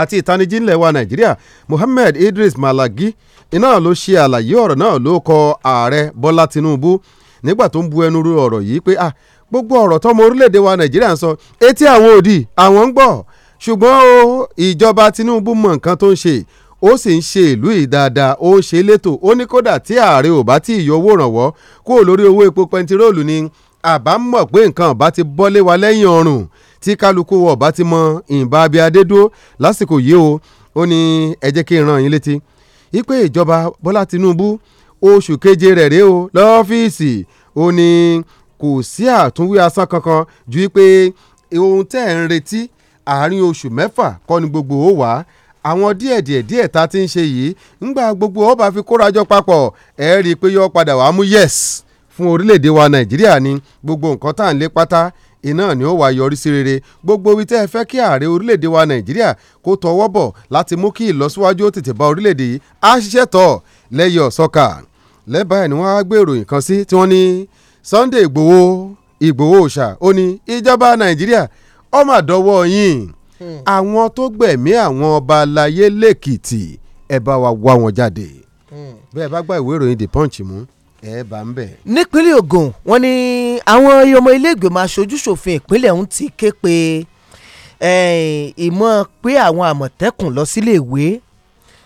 àti ìtanijí ńlẹ̀ wa nàìjíríà Mohammed Idris Malagi iná ló ṣe àlàyé ọ̀rọ̀ náà ló kọ ààrẹ Bọ́lá Tinubu nígbà tó ń bu ẹnu ru ọ̀rọ̀ yìí pé ah gbogbo ọ̀rọ̀ tọ́mọ orílẹ̀-èdè wa nàìjíríà ń sọ etí àwọn òdì àwọn ń gbọ́ ṣùgbọ́n o ìjọba Tinubu mọ nǹkan tó ń ṣe ó sì ń ṣe ìlú yìí dáadáa ó ṣe létò ó ní kódà tí ààrẹ ò bá tí ì yọ owó ìrànwọ́ kúrò lórí owó epo pẹntiróòlù ni àbámọ̀ pé nǹkan ọ̀bá ti bọ́lé wa lẹ́yìn ọrùn tí kálukú wọ̀ ọ̀bá ti mọ ìbá abíadé dúró lásìkò yìí o ó ní ẹ jẹ́ kí n ràn yín létí ipe ìjọba Bọ́lá Tinubu oṣù keje rẹ̀ rèé o lọ́fíìsì ó ní kò sí àtúnwí asán kankan ju pé ohun tẹ́ ẹ̀ ń retí àárín oṣù mẹ́fà kọ́ gbogbo ó wà á àwọn díẹ̀ díẹ̀ díẹ̀ tá a ti ń ṣe yìí ńgbà gbogbo ó bá fi kórajọ papọ̀ ẹ rí i pé yọ padà wàá mú yes fún orílẹ̀-èdè wa nàìjíríà ni gbogbo nǹkan tá à ń lé pátá iná ni ó wá yọrí sí rere gbogbo ibi tẹ́ ẹ fẹ́ kí ààrẹ orílẹ̀-èdè wa nàìjíríà kó tọwọ́ bọ̀ láti mú kí ìlọsíwájú ó tètè bá orílẹ̀-èdè yìí á ṣiṣẹ́ tọ̀ lẹ́yìn ọ̀sọ́kà lẹ́bàá ẹ̀ ni wọ́n á gbé ìròyìn kan sí tí wọ́n ní Sunday Ìgbòho Ìgbòho ṣá ó ní ìjọba nàìjíríà ó mà dọwọ́ àwọn tó gbẹ̀mí àwọn ọba aláyé lẹ́kìtì ẹ bá wa wá wọn jáde bẹ́ẹ̀ bá gba ìwé ìròyìn the punch mú ẹ bá ń bẹ̀. nípínlẹ̀ Ògùn wọ́n ní àwọn ọmọ ilé ìgbìmọ̀ aṣojúṣòfin ìpínlẹ̀ ọ̀hún ti ké pe ìmọ̀ pé àwọn àmọ̀tẹ́kùn lọ sílé ìwé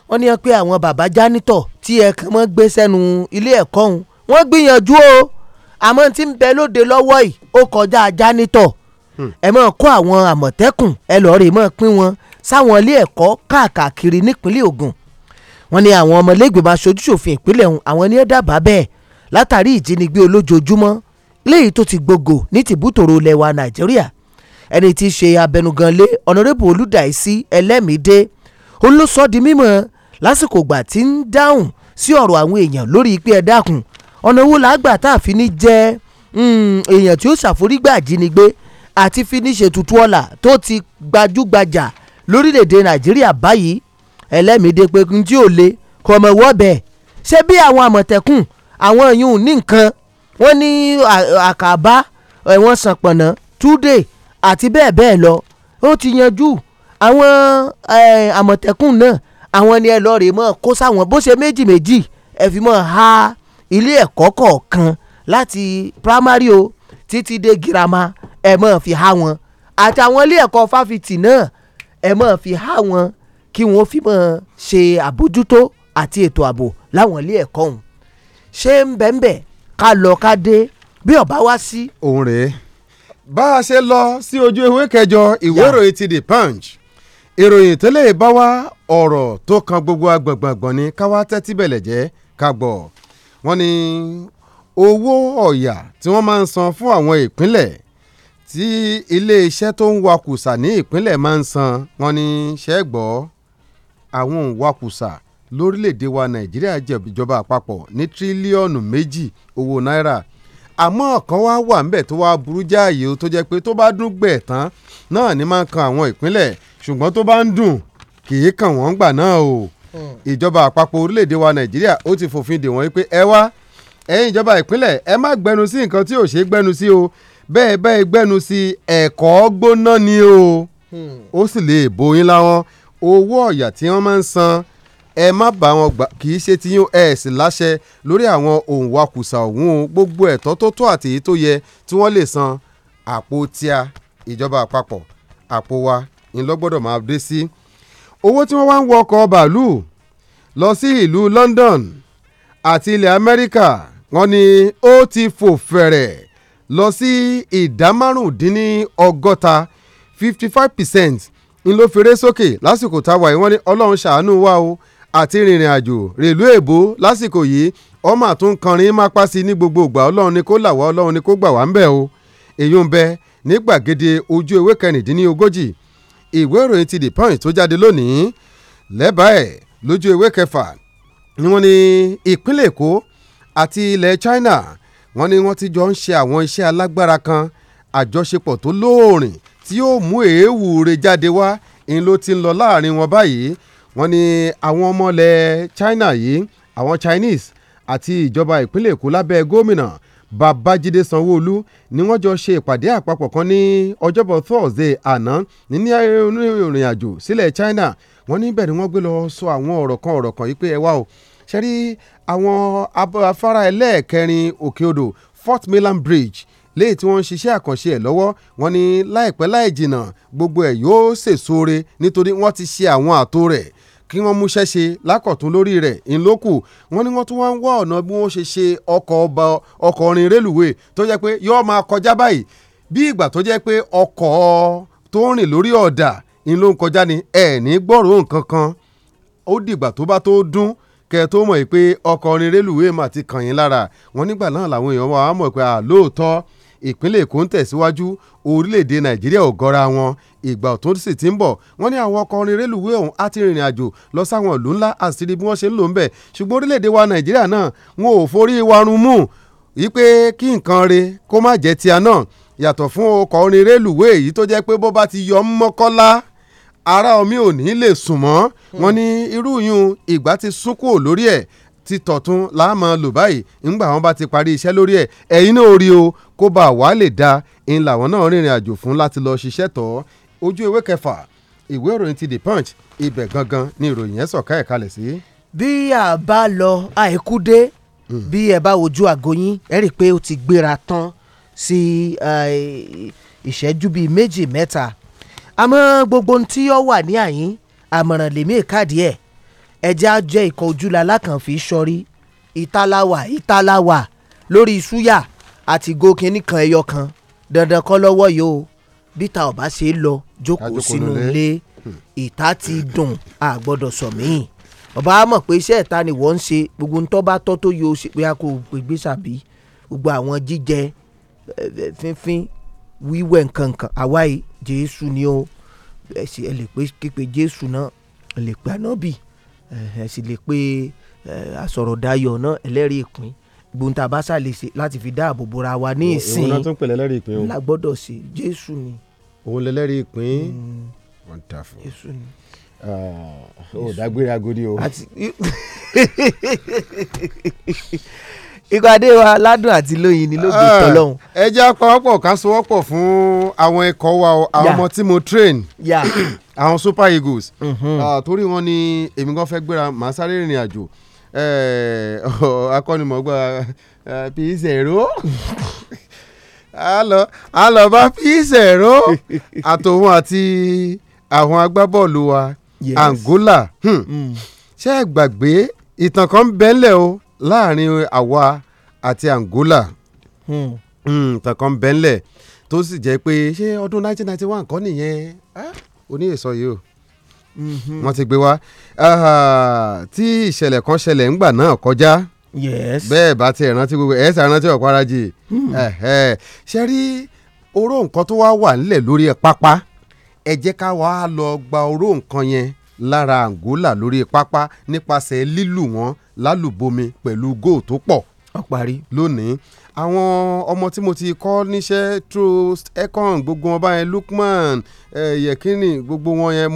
wọ́n ní pé àwọn bàbá jánítọ̀ tí ẹ kàn mọ́ gbé sẹ́nu ilé ẹ̀kọ́ ọ̀hún wọ́n gbìyànjú o àmọ́ tí ń bẹ lóde lọ́wọ́ yìí ó kọjá jánítọ̀ Hmm. ẹ máa kó àwọn àmọ̀tẹ́kùn ẹ lọ́ọ́ rè máa pín wọn sáwọn ilé ẹ̀kọ́ káàkiri nípínlẹ̀ ogun. wọ́n ní àwọn ọmọlẹ́gbẹ̀mọ aṣojúṣòfin ìpínlẹ̀ ọ̀hún àwọn ni ó dábàá bẹ́ẹ̀ látàrí ìjínigbé olójoojúmọ́ léyìí tó ti gbogbo ní tìbútòrò ilẹ̀ wa Nàìjíríà ẹni tí í ṣe abẹnuganlé ọ̀nàrẹ́bù Olúdàísí Ẹlẹ́mìdé òun ló sọ di mímọ̀ lásìkò ìgbà tí ń dáhùn sí ọ̀rọ̀ àwọn èèyàn lórí pé ẹ dákun ọ̀nà wo làá gbà tá a fi ní jẹ́ hmm, èèyàn tí ó ṣàforígbà jínigbé àti finish ní ṣètùtù ọ̀la tó ti gbajúgbajà lórílẹ̀‐èdè nàìjíríà báyìí ẹlẹ́mìíde pé n tí ò le kọ́ ọmọ ìwọ́ bẹ́ẹ̀ ṣé bí àwọn àmọ̀tẹ́kùn àwọn èèyàn ní nǹkan wọ́n ní àkàbá ẹ̀wọ̀n sànpọ̀nà túdè àti bẹ́ẹ̀ bẹ́ẹ̀ lọ ó ti yanjú àwọn àmọ̀tẹ́kùn náà àwọn ni ẹ lọ rè mọ́ kó sáwọn bó ṣe méjì méjì ẹ fi mọ́ ha ilé ẹ̀kọ́ kọ̀ọ̀kan láti primary o títí dé girama ẹ mọ̀ fi há wọn àtàwọn ilé ẹ̀kọ́ fáfitì náà ẹ mọ̀ fi há wọn kí wọ́n fi mọ̀ ṣe àbójútó àti ètò ààbò láwọn ilé ẹ̀kọ́ ọ̀hún ṣé ń bẹ́ńbẹ́ ká lọ ká dé bí ọba wá sí. òun rèé bá a ṣe lọ sí ojú ewé kẹjọ ìwé ìròyìn ti the punch ìròyìn tó lè bá wa ọ̀rọ̀ tó kan gbogbo agbọ̀ngbọ̀n ni ká wá tẹ́tí bẹ̀lẹ̀ jẹ́ ká gbọ́ wọ́n ní owó ọ̀yà tí wọ́n máa ń san fún àwọn ìpínlẹ̀ tí iléeṣẹ́ tó ń wakùsà ní ìpínlẹ̀ máa ń san wọn ní ṣẹ́gbọ́ àwọn òǹwakùsà lórílẹ̀‐èdè wa nàìjíríà jẹ̀jọba àpapọ̀ ní tírílíọ̀nù méjì owó náírà àmọ́ kan wá wà ńbẹ̀ tó wá burú jáàyè o tó jẹ́ pé tó bá dún gbẹ̀ tán náà ni máa ń kan àwọn ìpínlẹ̀ ṣùgbọ́n tó bá ń dùn kì í kàn wọ́n gbà náà o hmm. ìjọba àpapọ̀ orílẹ̀‐èdè wa nàìjíríà ó ti fòfin dè wọ́n pé ẹ wá ẹ̀yin ìjọba ìpínlẹ̀ ẹ má gbẹnu sí nǹkan tí ò ṣeé gbẹnu sí o bẹ́ẹ̀ bẹ́ẹ̀ gbẹ́nu sí ẹ̀kọ́ gbóná ni o hmm. ó sì lè bóyin láwọn owó ọ̀yà tí wọ́n máa ń san ẹ má bá wọn gbà kì í ṣe tiyín ẹ sì láṣẹ lórí àwọn òǹwakùsà ọ̀hún gbogbo ẹ̀tọ́ tó tó àti èyí tó yẹ tí wọ́n lè san àpò tíá ìjọba àpapọ̀ àpò wa ńlọgbọ́dọ̀ máa dé sí. owó tí wọ́n wá ń wọ ọkọ̀ bàálù lọ sí ìlú London àti ilẹ̀ Amẹ́ríkà wọ́n ní ó ti fò fẹ̀rẹ̀ lọ sí ìdá márùndínní ọgọ́ta fifty five percent ń ló feré sókè lásìkò táwa yìí wọ́n ní ọlọ́run ṣàánú wa o àti rìnrìn àjò rèlú èbó lásìkò yìí ọmọ àtún kanrin máa pa sí ní gbogbo ìgbà ọlọ́run ni kó là wá ọlọ́run ni kó gbà wá ń bẹ̀ o èyí ń bẹ ní gbàgede ojú ewé kẹrìndínlógójì ìwé ìròyìn ti the point tó jáde lónìí lẹ́bàá ẹ̀ lójú ewé kẹfà ni wọ́n ní ìpínlẹ̀ èkó àti ilẹ̀ China wọ́n ní wọ́n ti jọ ń ṣe àwọn iṣẹ́ alágbára kan àjọṣepọ̀ tó lóòrìn tí yóò mú èéwù rẹ̀ jáde wá ń ló ti ń lọ láàrin wọn báyìí wọ́n ní àwọn ọmọlẹ̀ China yìí àwọn Chinese àti ìjọba ìpínlẹ̀ Èkó lábẹ́ gómìnà Babájídé sanwó ni wọ́n jọ ṣe ìpàdé àpapọ̀ kan ní ọjọ́bọ̀ Thursday àná níní ìrìn àjò sílẹ̀ China wọ́n níbẹ̀ ni wọ́n gbé lọ sọ àwọn ọ̀rọ̀ kan ọ̀rọ̀ kan yìí pé ẹ wá o ṣe àwọn afárá ẹlẹ́ẹ̀kẹrin òkè odò Fort Milan Bridge léyìí tí wọ́n ń ṣiṣẹ́ àkànṣe ẹ̀ lọ́wọ́ wọn ni láìpẹ́ láì jìnnà gbogbo ẹ̀ yóò ṣèṣore nítorí wọ́n ti ṣe àwọn àtò rẹ̀ kí wọ́n múṣẹ́ ṣe lákọ̀tún lórí rẹ̀ ńlọ́kù wọ́n ní wọ́n tún wọ́n ń wá ọ̀nà bí wọ́n ṣe ṣe ọkọ̀ ọba ọkọ̀ orin rélùwéè tó jẹ́ pé yọ́ọ́ máa kọjá báyìí bí ìgbà tó jẹ́ pé ọkọ̀ tó ń rìn lórí ọ̀dà ńlọ́ ni ẹ̀ ní gbọ́rọ̀ nǹkan kan ó dìgbà tó bá tó dún kẹ́ ẹ tó mọ̀ pé ọkọ̀ orin rélùwéè mà ti kàn yín lára wọn nígbà náà làwọn èèyàn wọn á mọ̀ pé àlóòótọ́ ìpínlẹ̀ èkó ń tẹ̀síwájú orílẹ̀-èdè nàìjíríà ò gọ́ra wọn ìgbà ọ̀tún sì ti ń bọ̀ wọ́n ní àwọn ọkọ̀ orin rélùwé ọ̀hún á ti rìnrìn àjò lọ sáwọn ìlú ńlá àti bí wọ́n ṣe ń lò ń bẹ̀ ṣùgbọ́n orílẹ̀-èdè wa nàìjíríà náà wọn ò forí warun mú wípé kí nǹkan re kó má jẹ́ tiẹ̀ náà yàtọ̀ fún ọkọ̀ orin rélùwé èyí tó jẹ́ pé bó bá ti yọ mọ́kọ́lá ara omi ò ní lè sùn mọ́ hmm. wọn ní irú yun ìgbà ti sún kúrò lórí ẹ̀ ti tọ̀tún láàmú lò báyìí ńgbà wọn bá ti parí iṣẹ́ lórí ẹ̀ ẹ̀yin náà rí o kó bá wàá lè da ń làwọn náà rìnrìn àjò fún láti lọ ṣiṣẹ́ tọ́ ojú ewé kẹfà ìwé ìròyìn ti the punch ibẹ̀ gangan ni ìròyìn yẹn sọ̀ka ẹ̀ kalẹ̀ sí. bí a bá lọ àìkú dé hmm. bí ẹ bá wojú àgọ́ yín ẹ rí i pé ó ti gbéra tán sí ìṣẹ́jú bíi méjì mẹ́ta àmọ́ gbogbo ohun tí ó wà ní àyín àmọ̀ràn lèmi ìkádì ẹ̀ ẹ̀jẹ̀ á jẹ́ ikọ̀ ojúla lákànfì sọrí ìtaláwà ìtaláwà lórí ṣúyà àti gòkè nìkan ẹyọ kan dandan kọ́ lọ́wọ́ yìí o bíta ọ̀bá ṣe é lọ jókòó sínú ilé ìta ti dùn àgbọ́dọ̀ sọ̀míì ọba á mọ̀ pé iṣẹ́ ìta ni wọ́n ń ṣe gbogbo ntọ́ bá tọ́ tó yọ ṣe pé a kò gbégbé sàbí gbogbo àwọn jíjẹ fínfín wíwẹ̀ nǹkan kan àwa yìí jésù ni ó ẹ sì ẹ lè pé képe jésù náà ẹ lè pé ànábì ẹ sì lè pé àsọ̀rọ̀dayọ̀ náà ẹlẹ́rìí ìpín gbóńtà bá ṣàlè ṣe láti fi dáàbò bora wa ní ìsìn ìwọ náà tún pèlè lẹ́rìí ìpín o la gbọ́dọ̀ ṣe jésù ni. òun lè ìpín hmm. wonderful jésù ni. Ah, ó dágbére agodi o. *laughs* ìpàdé wa ládùn àti lóyin ni ló gbé ah, tọ́lọ́hún. ẹ jẹ́ àpawọ́pọ̀ ká sowọ́pọ̀ fún àwọn ikọ̀ wa àwọn ọmọ tí mo train *clears throat* àwọn super eagles mhm. ah, torí wọn ni èmi gan fẹ́ gbéra màá sáré ìrìn àjò eh, *laughs* akọ́nimọ̀gbà eh, pizero *laughs* a lọ bá pizero *laughs* àtòun àti àwọn agbábọ́ọ̀lù wa angola hmm. mm. ṣé ẹ gbàgbé ìtàn kan ń bẹ́ńlẹ̀ o láàrin àwa àti Angola hmm. Hmm, nǹkan kan bẹ́ńlẹ̀ tó sì jẹ́ pé ṣé ọdún 1991 kọ́ nìyẹn oníyèsọ yìí o mhm. wọ́n ti gbé wá tí ìṣẹ̀lẹ̀ kan ṣẹlẹ̀ ńgbà náà kọjá bẹ́ẹ̀ bá ti rántí gbogbo ẹ̀ ṣe rántí ọ̀pọ̀ ara jì hmm. ṣe rí oró nǹkan tó wá wà nílẹ̀ lórí pápá ẹ jẹ́ ká wàá lọ gba oró nǹkan yẹn lára Angola lórí pápá nípasẹ̀ lílù wọn lálùbomi pẹ̀lú góò tó pọ̀. ó parí. lónìí àwọn ọmọ tí mo ti kọ́ níṣẹ́ Trost Ekong gbogbo wọn báyẹn Lookman eh, Yekini gbogbo wọn yẹn